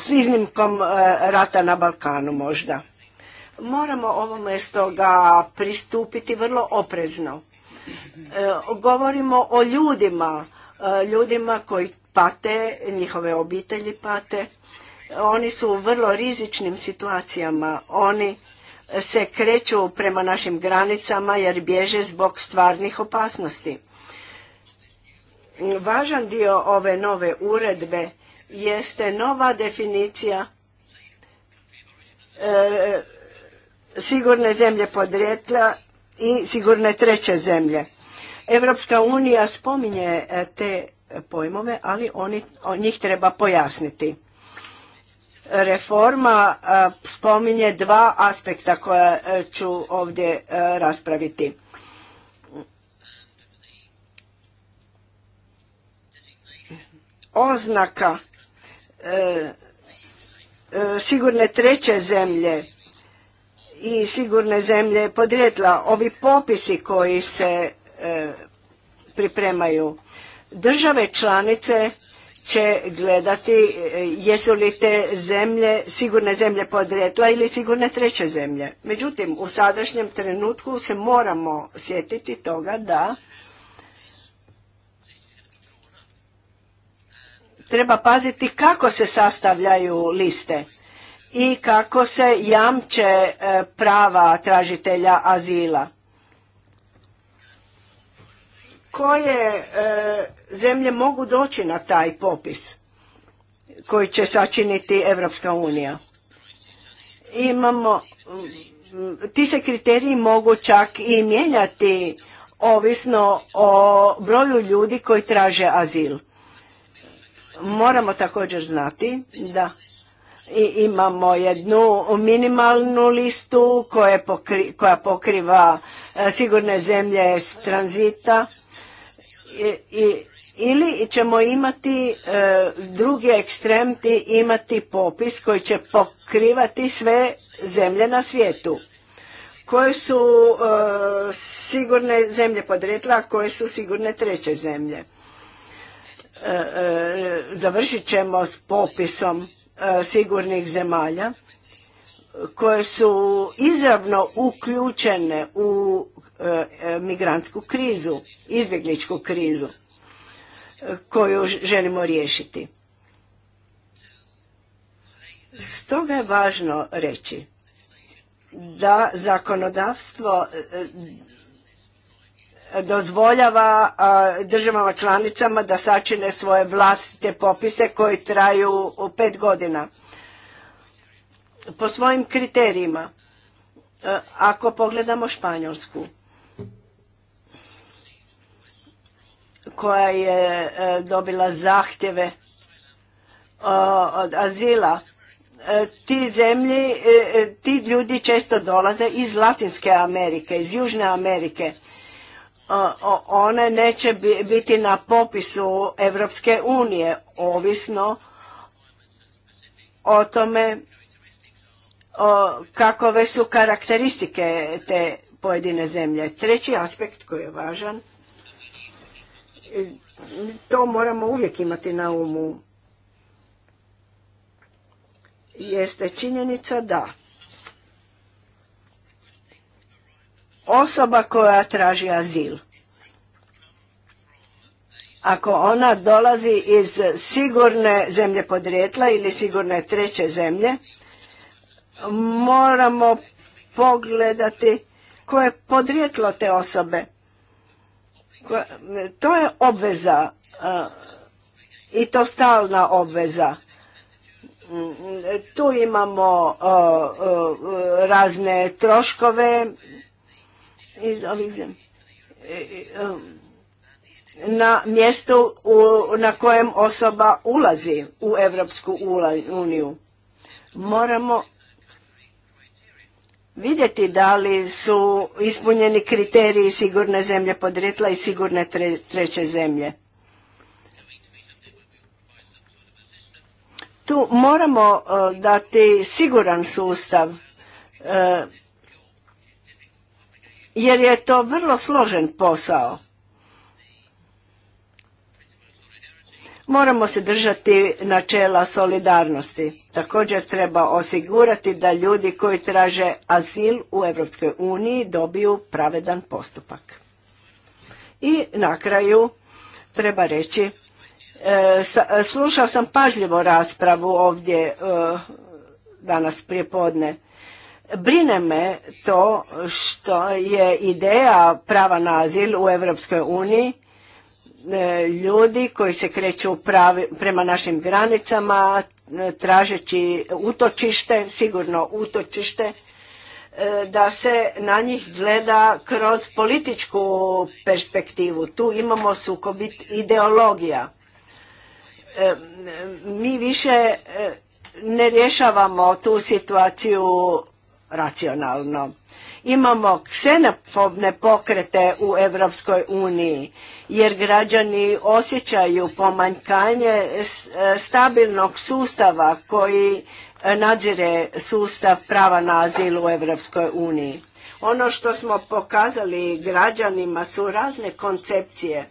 s iznimkom e, rata na Balkanu možda. Moramo ovome stoga pristupiti vrlo oprezno. Govorimo o ljudima, ljudima koji pate, njihove obitelji pate oni su u vrlo rizičnim situacijama. Oni se kreću prema našim granicama jer bježe zbog stvarnih opasnosti. Važan dio ove nove uredbe jeste nova definicija e, sigurne zemlje podrijetla i sigurne treće zemlje. Evropska unija spominje e, te pojmove, ali oni, njih treba pojasniti. Reforma e, spominje dva aspekta koja e, ću ovdje e, raspraviti. Oznaka sigurne treće zemlje i sigurne zemlje podrijetla, ovi popisi koji se pripremaju. Države članice će gledati e, jesu li te zemlje sigurne zemlje podrijetla ili sigurne treće zemlje. Međutim, u sadašnjem trenutku se moramo sjetiti toga da treba paziti kako se sastavljaju liste i kako se jamče e, prava tražitelja azila koje e, zemlje mogu doći na taj popis koji će sačiniti Evropska unija. Imamo, mm, ti se kriteriji mogu čak i mijenjati ovisno o broju ljudi koji traže azil. Moramo također znati da i imamo jednu minimalnu listu koja pokriva e, sigurne zemlje s tranzita ili ćemo imati e, drugi ekstremti imati popis koji će pokrivati sve zemlje na svijetu koje su e, sigurne zemlje podretla, koje su sigurne treće zemlje e, završit ćemo s popisom sigurnih zemalja koje su izravno uključene u E, e, migrantsku krizu, izbjegličku krizu e, koju želimo riješiti. Stoga je važno reći da zakonodavstvo dozvoljava državama članicama da sačine svoje vlastite popise koji traju pet godina. Po svojim kriterijima, ako pogledamo Španjolsku, koja je e, dobila zahtjeve od azila. E, ti e, ti ljudi često dolaze iz Latinske Amerike, iz Južne Amerike. One neće biti na popisu Evropske unije, ovisno o tome kakove su karakteristike te pojedine zemlje. Treći aspekt koji je važan to moramo uvijek imati na umu. Jeste činjenica da osoba koja traži azil, ako ona dolazi iz sigurne zemlje podrijetla ili sigurne treće zemlje, moramo pogledati koje je podrijetlo te osobe to je obveza i to stalna obveza. Tu imamo razne troškove iz ovih um, na mjestu na kojem osoba ulazi u Europsku uniju. Moramo vidjeti da li su ispunjeni kriteriji sigurne zemlje podrijetla i sigurne treće zemlje. Tu moramo e, dati siguran sustav e, jer je to vrlo složen posao. Moramo se držati načela solidarnosti. Također treba osigurati da ljudi koji traže azil u Europskoj uniji dobiju pravedan postupak. I na kraju treba reći, e, slušao sam pažljivo raspravu ovdje e, danas prije podne. Brine me to što je ideja prava na azil u Europskoj uniji E, ljudi koji se kreću prema našim granicama e, tražeći utočište, sigurno utočište, e, da se na njih gleda kroz političku perspektivu. Tu imamo sukob ideologija. Mi više ne rješavamo tu situaciju racionalno. Imamo ksenofobne pokrete u Europskoj uniji jer građani osjećaju pomanjkanje e, stabilnog sustava koji nadzire sustav prava na azil u Europskoj uniji. Ono što smo pokazali građanima su razne koncepcije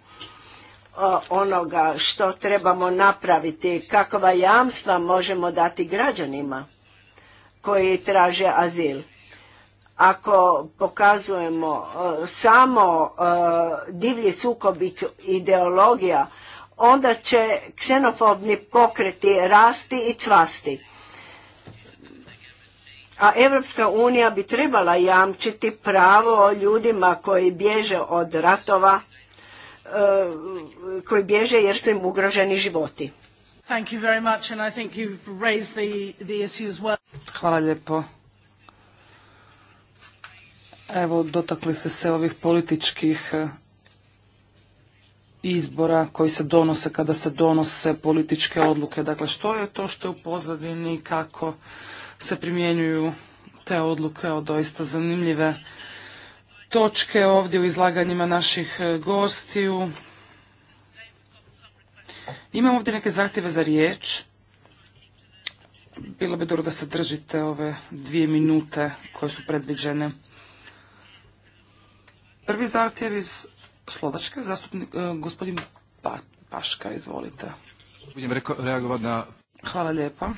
onoga što trebamo napraviti, kakva jamstva možemo dati građanima koji traže azil. Ako pokazujemo e, samo e, divlji sukob ideologija, onda će ksenofobni pokreti rasti i cvasti. A Evropska unija bi trebala jamčiti pravo ljudima koji bježe od ratova, e, koji bježe jer su im ugroženi životi. Hvala lijepo. Evo, dotakli ste se ovih političkih e, izbora koji se donose kada se donose političke odluke. Dakle, što je to što je u pozadini, kako se primjenjuju te odluke od doista zanimljive točke ovdje u izlaganjima naših e, gostiju. Imam ovdje neke zahtjeve za riječ. Bilo bi dobro da se držite ove dvije minute koje su predviđene. Prvi zahtjev iz Slovačke, zastupnik e, gospodin pa, Paška, izvolite. na... Hvala lijepa.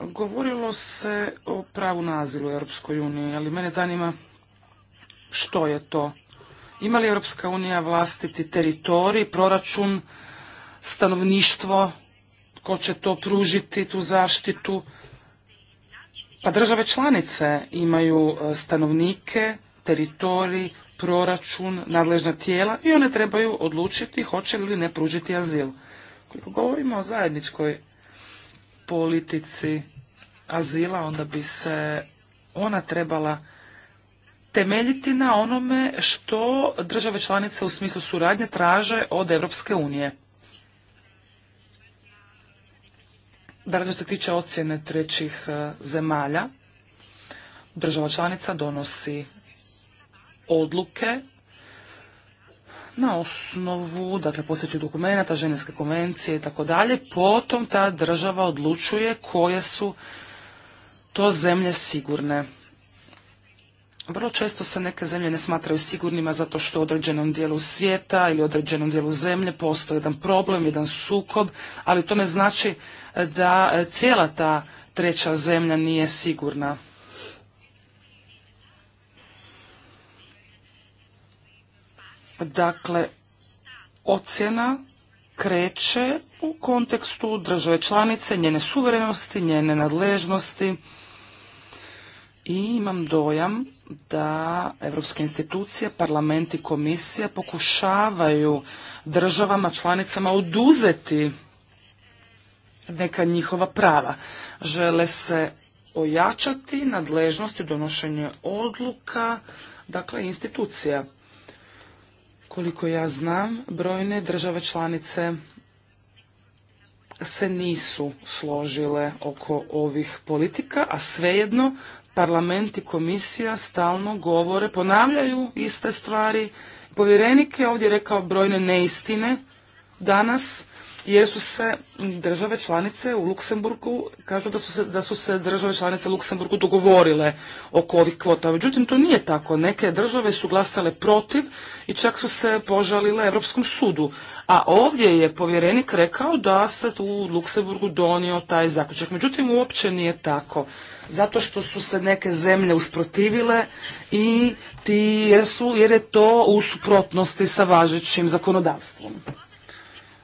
Govorilo se o pravu na u Europskoj uniji, ali mene zanima što je to. Ima li Europska unija vlastiti teritorij, proračun, stanovništvo, ko će to pružiti, tu zaštitu? Pa države članice imaju e, stanovnike, teritorij, proračun, nadležna tijela i one trebaju odlučiti hoće li ne pružiti azil. Koliko govorimo o zajedničkoj politici azila, onda bi se ona trebala temeljiti na onome što države članice u smislu suradnje traže od Europske unije. Dakle, što se tiče ocjene trećih e, zemalja, država članica donosi odluke na osnovu, dakle, posjeću dokumenta, ženevske konvencije i tako dalje. Potom ta država odlučuje koje su to zemlje sigurne. Vrlo često se neke zemlje ne smatraju sigurnima zato što u određenom dijelu svijeta ili određenom dijelu zemlje postoji jedan problem, jedan sukob, ali to ne znači e, da e, cijela ta treća zemlja nije sigurna. Dakle, ocjena kreće u kontekstu države članice, njene suverenosti, njene nadležnosti i imam dojam da evropske institucije, parlament i komisija pokušavaju državama članicama oduzeti neka njihova prava. Žele se ojačati nadležnosti donošenje odluka, dakle institucija. Koliko ja znam, brojne države članice se nisu složile oko ovih politika, a svejedno parlament i komisija stalno govore, ponavljaju iste stvari. Povjerenik je ovdje rekao brojne neistine danas, jer su se države članice u Luksemburgu, kažu da su se, države članice u Luksemburgu dogovorile oko ovih kvota. Međutim, to nije tako. Neke države su glasale protiv i čak su se požalile Europskom sudu. A ovdje je povjerenik rekao da se u Luksemburgu donio taj zaključak. Međutim, uopće nije tako. Zato što su se neke zemlje usprotivile i ti jer, su, jer je to u suprotnosti sa važećim zakonodavstvom.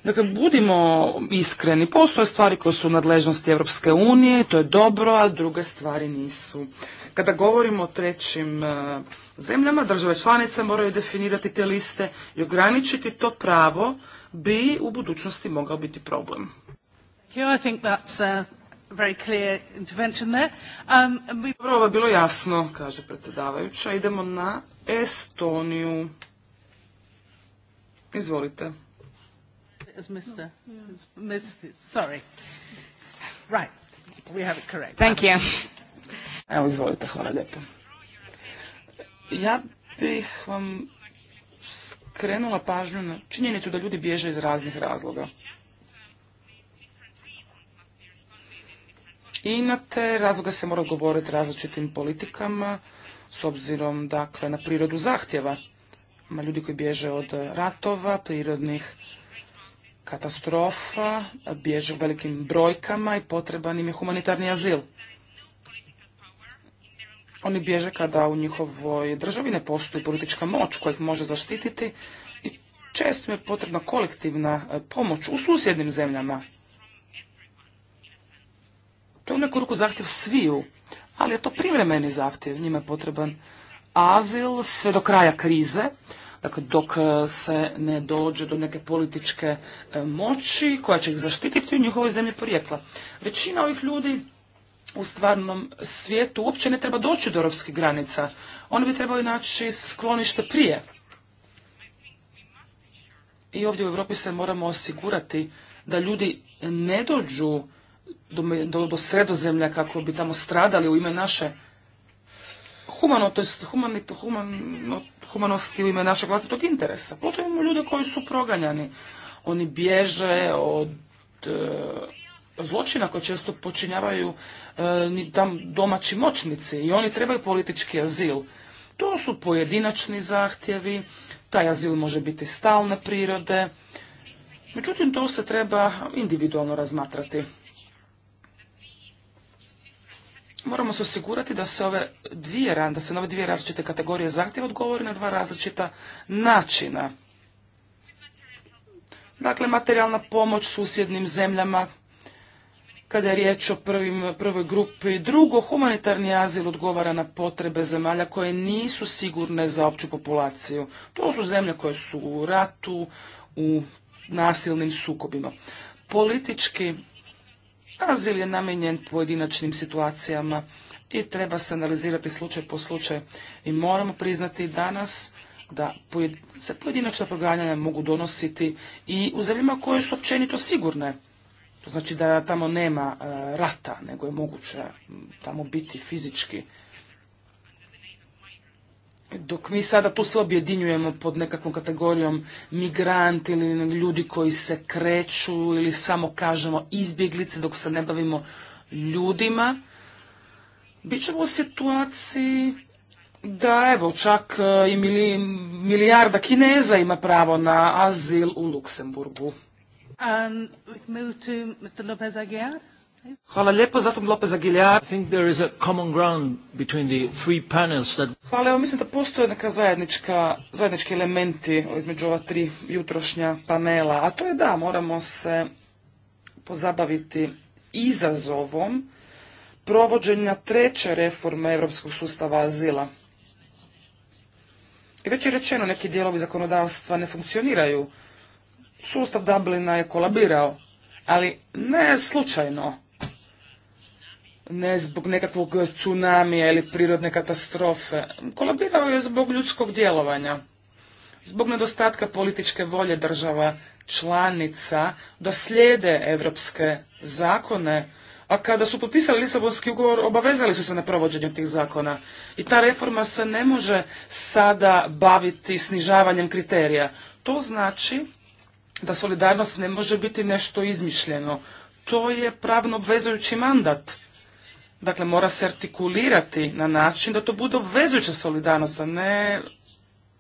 Dakle, budimo iskreni, postoje stvari koje su u nadležnosti Europske unije, to je dobro, a druge stvari nisu. Kada govorimo o trećim e, zemljama, države članice moraju definirati te liste i ograničiti to pravo bi u budućnosti mogao biti problem. Ovo je bilo jasno, kaže predsjedavajuća. Idemo na Estoniju. Izvolite as Mr. Sorry. Right. We have it correct. Thank you. hvala Ja bih vam skrenula pažnju na činjenicu da ljudi bježe iz raznih razloga. I na te razloga se mora govoriti različitim politikama, s obzirom dakle na prirodu zahtjeva. Ima ljudi koji bježe od ratova, prirodnih katastrofa, bježe u velikim brojkama i potreban im je humanitarni azil. Oni bježe kada u njihovoj državi ne postoji politička moć koja ih može zaštititi i često im je potrebna kolektivna e, pomoć u susjednim zemljama. To je u neku ruku zahtjev sviju, ali je to privremeni zahtjev. Njima je potreban azil sve do kraja krize, dakle dok e, se ne dođe do neke političke e, moći koja će ih zaštititi u njihovoj zemlji porijekla. Većina ovih ljudi u stvarnom svijetu uopće ne treba doći do europskih granica. Oni bi trebali naći sklonište prije. I ovdje u Europi se moramo osigurati da ljudi ne dođu do, do, do sredozemlja kako bi tamo stradali u ime naše humano, to humanosti u ime našeg vlastitog interesa. Potom imamo ljude koji su proganjani. Oni bježe od e, zločina koje često počinjavaju e, tam domaći moćnici i oni trebaju politički azil. To su pojedinačni zahtjevi, taj azil može biti stalne prirode, međutim to se treba individualno razmatrati moramo se osigurati da se ove dvije, da se na ove dvije različite kategorije zahtjeva odgovori na dva različita načina. Dakle, materijalna pomoć susjednim zemljama, kada je riječ o prvim, prvoj grupi. Drugo, humanitarni azil odgovara na potrebe zemalja koje nisu sigurne za opću populaciju. To su zemlje koje su u ratu, u nasilnim sukobima. Politički Azil je namijenjen pojedinačnim situacijama i treba se analizirati slučaj po slučaj. I moramo priznati danas da se pojedinačna proganjanja mogu donositi i u zemljima koje su općenito sigurne. To znači da tamo nema e, rata, nego je moguće tamo biti fizički dok mi sada tu sve objedinjujemo pod nekakvom kategorijom migrant ili ljudi koji se kreću ili samo kažemo izbjeglice dok se ne bavimo ljudima, bit ćemo u situaciji da evo čak e, i milijarda Kineza ima pravo na azil u Luksemburgu. Um, to Mr. Lopez Aguiar. Hvala lijepo, zastupnik Lopez Aguilar. Hvala, evo mislim da postoje neka zajednička, zajednički elementi između ova tri jutrošnja panela, a to je da moramo se pozabaviti izazovom provođenja treće reforme europskog sustava azila. I već je rečeno, neki dijelovi zakonodavstva ne funkcioniraju. Sustav Dublina je kolabirao, ali ne slučajno ne zbog nekakvog tsunamija ili prirodne katastrofe. Kolabirao je zbog ljudskog djelovanja, zbog nedostatka političke volje država članica da slijede evropske zakone, a kada su potpisali Lisabonski ugovor obavezali su se na provođenju tih zakona. I ta reforma se ne može sada baviti snižavanjem kriterija. To znači da solidarnost ne može biti nešto izmišljeno. To je pravno obvezujući mandat Dakle, mora se artikulirati na način da to bude obvezujuća solidarnost, a ne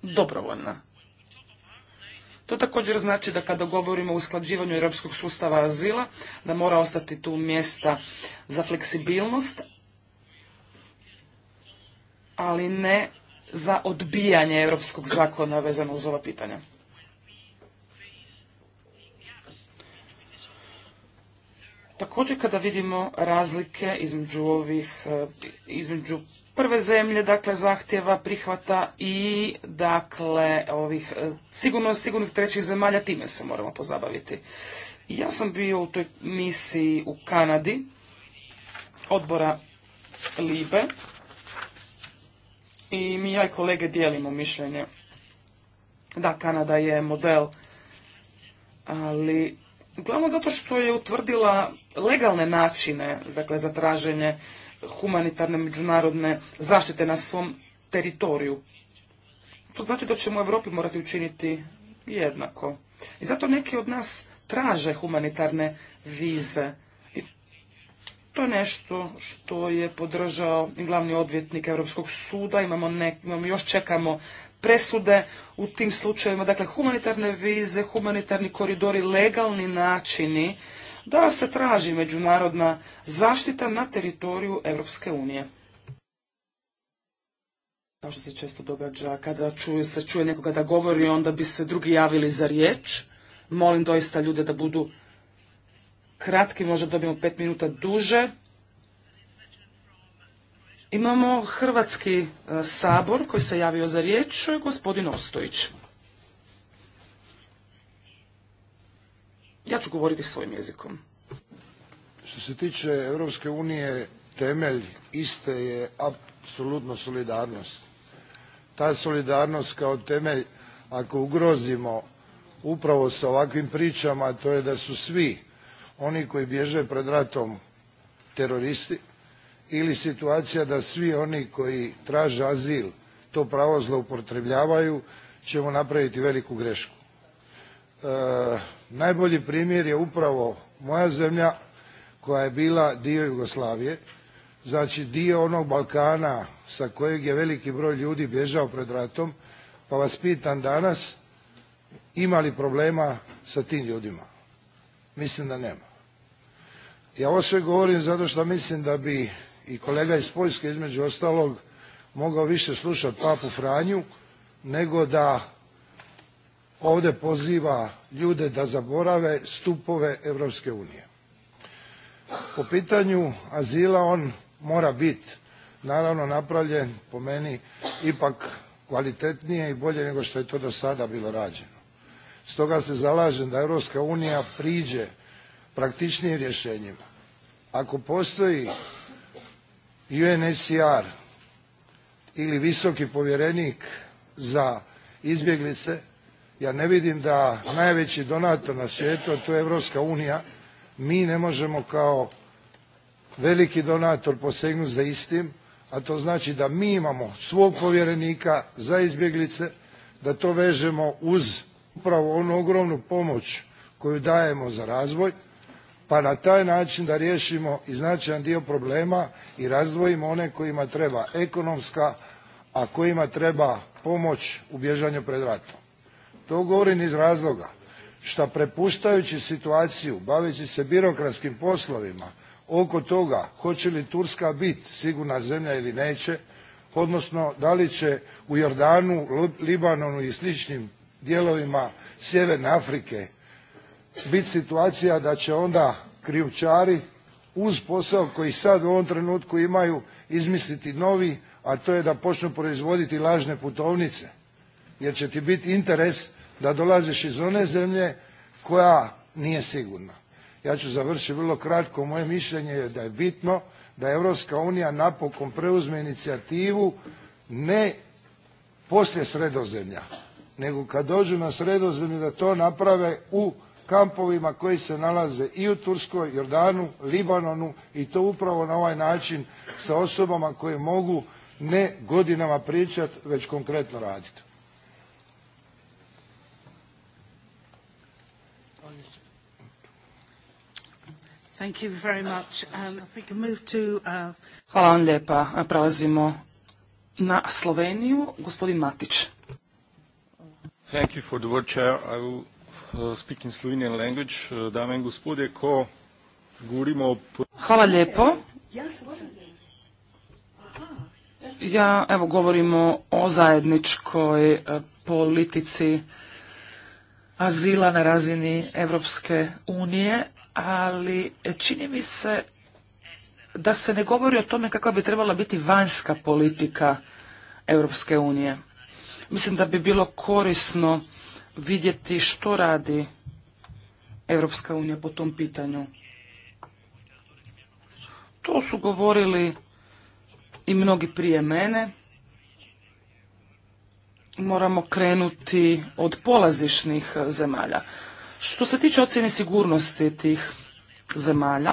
dobrovoljna. To također znači da kada govorimo o usklađivanju europskog sustava azila, da mora ostati tu mjesta za fleksibilnost, ali ne za odbijanje europskog zakona vezano uz ova pitanja. Također kada vidimo razlike između ovih, e, između prve zemlje, dakle zahtjeva, prihvata i dakle ovih e, sigurno sigurnih trećih zemalja, time se moramo pozabaviti. Ja sam bio u toj misiji u Kanadi, odbora Libe, i mi ja i kolege dijelimo mišljenje. Da, Kanada je model, ali Uglavnom zato što je utvrdila legalne načine dakle, za traženje humanitarne međunarodne zaštite na svom teritoriju. To znači da ćemo u Europi morati učiniti jednako. I zato neki od nas traže humanitarne vize. I to je nešto što je podržao i glavni odvjetnik Europskog suda. Imamo, ne, imamo još čekamo presude u tim slučajevima, dakle humanitarne vize, humanitarni koridori, legalni načini da se traži međunarodna zaštita na teritoriju Europske unije. Kao što se često događa, kada čuje, se čuje nekoga da govori, onda bi se drugi javili za riječ. Molim doista ljude da budu kratki, možda dobijemo pet minuta duže. Imamo Hrvatski e, sabor koji se javio za riječ, gospodin Ostojić. Ja ću govoriti svojim jezikom. Što se tiče Europske unije, temelj iste je apsolutno solidarnost. Ta solidarnost kao temelj, ako ugrozimo upravo sa ovakvim pričama, to je da su svi oni koji bježe pred ratom teroristi, ili situacija da svi oni koji traže azil to pravo zloupotrebljavaju ćemo napraviti veliku grešku. E, najbolji primjer je upravo moja zemlja koja je bila dio Jugoslavije, znači dio onog Balkana sa kojeg je veliki broj ljudi bježao pred ratom, pa vas pitam danas ima li problema sa tim ljudima? Mislim da nema. Ja ovo sve govorim zato što mislim da bi i kolega iz Poljske između ostalog mogao više slušati papu Franju nego da ovdje poziva ljude da zaborave stupove Europske unije. Po pitanju azila on mora biti naravno napravljen po meni ipak kvalitetnije i bolje nego što je to do sada bilo rađeno. Stoga se zalažem da Europska unija priđe praktičnijim rješenjima. Ako postoji UNHCR ili visoki povjerenik za izbjeglice, ja ne vidim da najveći donator na svijetu, a to je Europska unija, mi ne možemo kao veliki donator posegnuti za istim, a to znači da mi imamo svog povjerenika za izbjeglice, da to vežemo uz upravo onu ogromnu pomoć koju dajemo za razvoj, pa na taj način da riješimo i značajan dio problema i razdvojimo one kojima treba ekonomska, a kojima treba pomoć u bježanju pred ratom. To govorim iz razloga što prepuštajući situaciju, baveći se birokratskim poslovima oko toga hoće li Turska biti sigurna zemlja ili neće, odnosno da li će u Jordanu, Libanonu i sličnim dijelovima sjeverne Afrike biti situacija da će onda krijumčari uz posao koji sad u ovom trenutku imaju izmisliti novi, a to je da počnu proizvoditi lažne putovnice jer će ti biti interes da dolaziš iz one zemlje koja nije sigurna. Ja ću završiti vrlo kratko. Moje mišljenje je da je bitno da Europska unija napokon preuzme inicijativu ne poslije Sredozemlja, nego kad dođu na Sredozemlje da to naprave u kampovima koji se nalaze i u Turskoj, Jordanu, Libanonu i to upravo na ovaj način sa osobama koje mogu ne godinama pričati već konkretno raditi. Thank you very much. Um, uh, Hvala vam lijepa. Prelazimo na Sloveniju. Gospodin Matić. Thank you for the speaking eh, dame Hvala lijepo. Ja, evo, govorimo o zajedničkoj eh, politici azila na razini Evropske unije, ali čini mi se da se ne govori o tome kakva bi trebala biti vanjska politika Evropske unije. Mislim da bi bilo korisno vidjeti što radi Europska unija po tom pitanju. To su govorili i mnogi prije mene. Moramo krenuti od polazišnih zemalja. Što se tiče ocjene sigurnosti tih zemalja,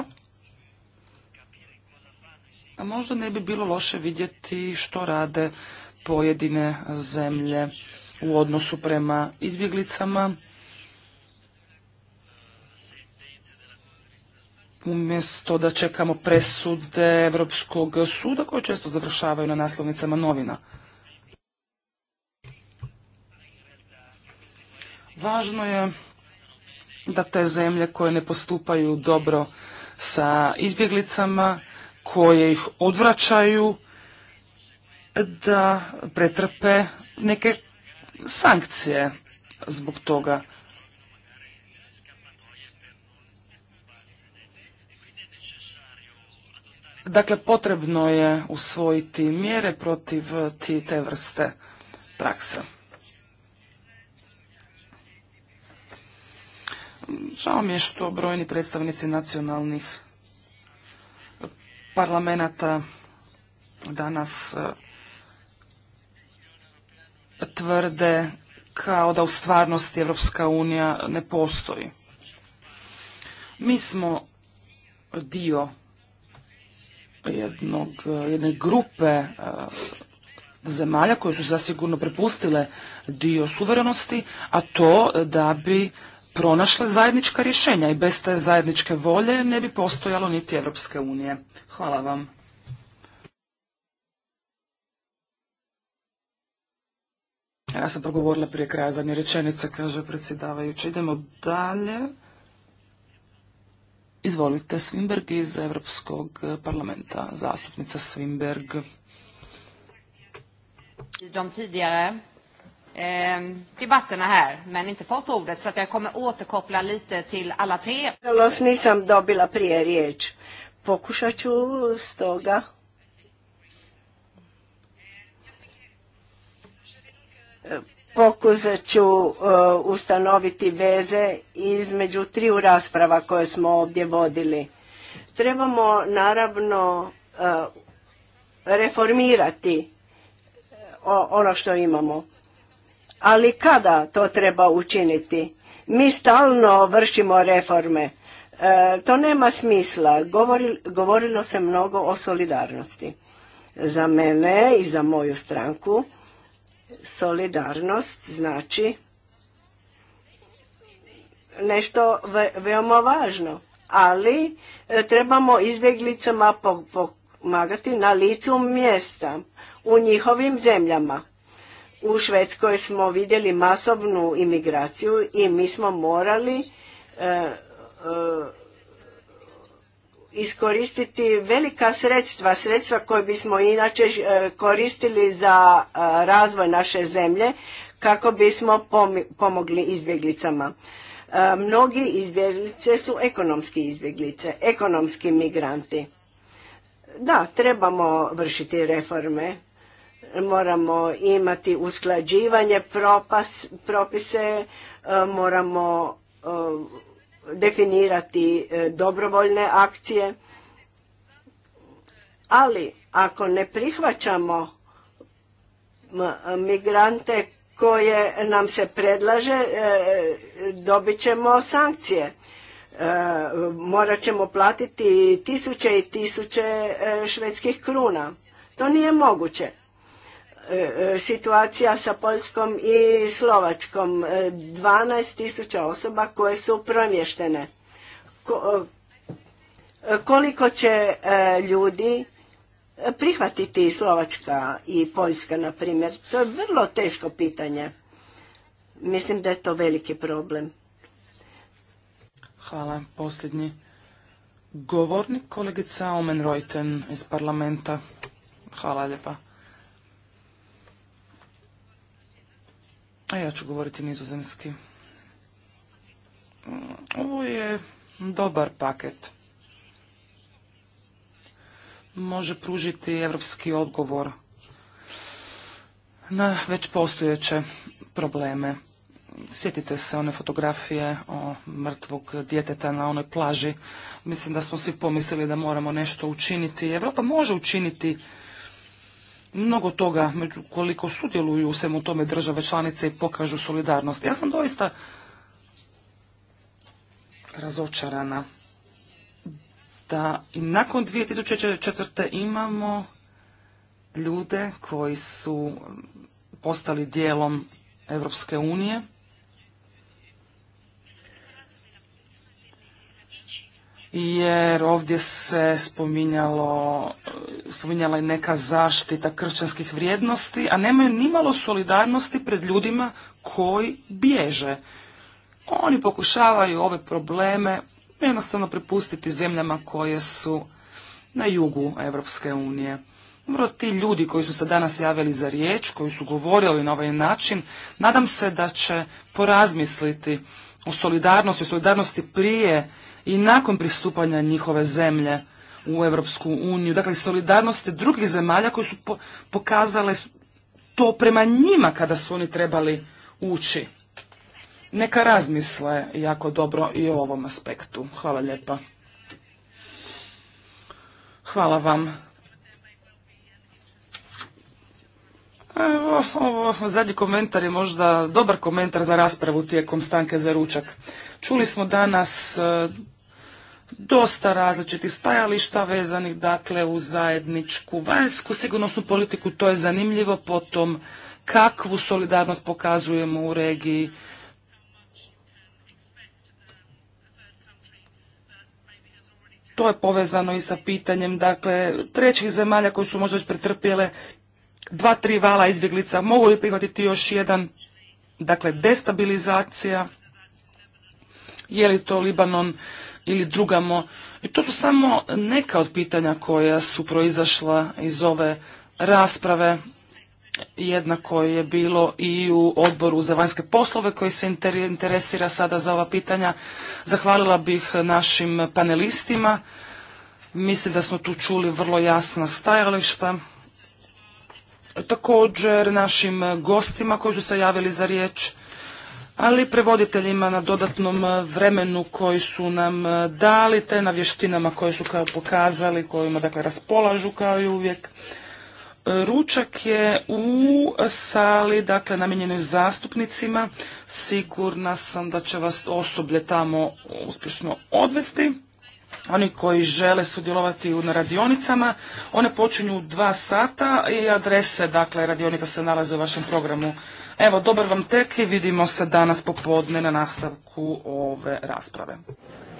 a možda ne bi bilo loše vidjeti što rade pojedine zemlje u odnosu prema izbjeglicama. Umjesto da čekamo presude Europskog suda koje često završavaju na naslovnicama novina. Važno je da te zemlje koje ne postupaju dobro sa izbjeglicama, koje ih odvraćaju, da pretrpe neke sankcije zbog toga. Dakle, potrebno je usvojiti mjere protiv te vrste prakse. Žao mi je što brojni predstavnici nacionalnih parlamenta danas tvrde kao da u stvarnosti Europska unija ne postoji. Mi smo dio jednog, jedne grupe e, zemalja koje su zasigurno prepustile dio suverenosti, a to da bi pronašle zajednička rješenja i bez te zajedničke volje ne bi postojalo niti Evropske unije. Hvala vam. Ja sam govorila prije kraja zadnje rečenice, kaže predsjedavajući. Idemo dalje. Izvolite, Svimberg iz Evropskog parlamenta, zastupnica Svimberg. De tidigare eh, debatterna här, men inte fått ordet, så att jag kommer återkoppla nisam dobila prije riječ. Pokušat ću stoga pokušat ću e, ustanoviti veze između triju rasprava koje smo ovdje vodili. Trebamo naravno e, reformirati e, ono što imamo. Ali kada to treba učiniti? Mi stalno vršimo reforme. to nema smisla. govorilo se mnogo o solidarnosti. Za mene i za moju stranku Solidarnost znači nešto veoma važno, ali e, trebamo izbjeglicama pomagati na licu mjesta u njihovim zemljama. U Švedskoj smo vidjeli masovnu imigraciju i mi smo morali e, e, iskoristiti velika sredstva, sredstva koje bismo inače e, koristili za e, razvoj naše zemlje kako bismo pomogli izbjeglicama. E, mnogi izbjeglice su ekonomski izbjeglice, ekonomski migranti. Da, trebamo vršiti reforme, moramo imati usklađivanje propise, moramo definirati e, dobrovoljne akcije, ali ako ne prihvaćamo migrante koje nam se predlaže, e, dobit ćemo sankcije. E, morat ćemo platiti tisuće i tisuće švedskih kruna. To nije moguće. E, e, situacija sa Poljskom i Slovačkom. E, tisuća osoba koje su promještene. koliko će ljudi prihvatiti Slovačka i Poljska, na primjer? To je vrlo teško pitanje. Mislim da je to veliki problem. Hvala. Posljednji govornik, kolegica Omen iz parlamenta. Hvala lijepa. A ja ću govoriti nizozemski. Mm, ovo je dobar paket. Može pružiti evropski odgovor na već postojeće probleme. Sjetite se one fotografije o mrtvog djeteta na onoj plaži. Mislim da smo svi pomislili da moramo nešto učiniti. Evropa može učiniti mnogo toga, među koliko sudjeluju u svemu tome države članice i pokažu solidarnost. Ja sam doista razočarana da i nakon 2004. imamo ljude koji su postali dijelom Evropske unije, jer ovdje se spominjalo, spominjala je neka zaštita kršćanskih vrijednosti, a nemaju nimalo solidarnosti pred ljudima koji bježe. Oni pokušavaju ove probleme jednostavno prepustiti zemljama koje su na jugu Europske unije. Vrlo ti ljudi koji su se danas javili za riječ, koji su govorili na ovaj način, nadam se da će porazmisliti o solidarnosti, o solidarnosti prije i nakon pristupanja njihove zemlje u Europsku uniju, dakle solidarnosti drugih zemalja koje su pokazale to prema njima kada su oni trebali ući. Neka razmisle jako dobro i o ovom aspektu. Hvala lijepa. Hvala vam. Evo, ovo zadnji komentar je možda dobar komentar za raspravu tijekom stanke za ručak. Čuli smo danas e, dosta različitih stajališta vezanih dakle u zajedničku vanjsku sigurnosnu politiku, to je zanimljivo, potom kakvu solidarnost pokazujemo u regiji, To je povezano i sa pitanjem, dakle, trećih zemalja koji su možda već pretrpjele dva, tri vala izbjeglica, mogu li prihvatiti još jedan, dakle, destabilizacija, je li to Libanon, ili drugamo. I to su samo neka od pitanja koja su proizašla iz ove rasprave. Jednako je bilo i u odboru za vanjske poslove koji se interesira sada za ova pitanja. Zahvalila bih našim panelistima. Mislim da smo tu čuli vrlo jasna stajališta. Također našim gostima koji su se javili za riječ ali prevoditeljima na dodatnom eh, vremenu koji su nam eh, dali, te na vještinama koje su kao pokazali, kojima dakle raspolažu kao i uvijek. Eh, ručak je u sali, dakle namijenjenoj zastupnicima. Sigurna sam da će vas osoblje tamo uspješno odvesti oni koji žele sudjelovati na radionicama, one počinju u dva sata i adrese, dakle, radionica se nalaze u vašem programu. Evo, dobar vam tek i vidimo se danas popodne na nastavku ove rasprave.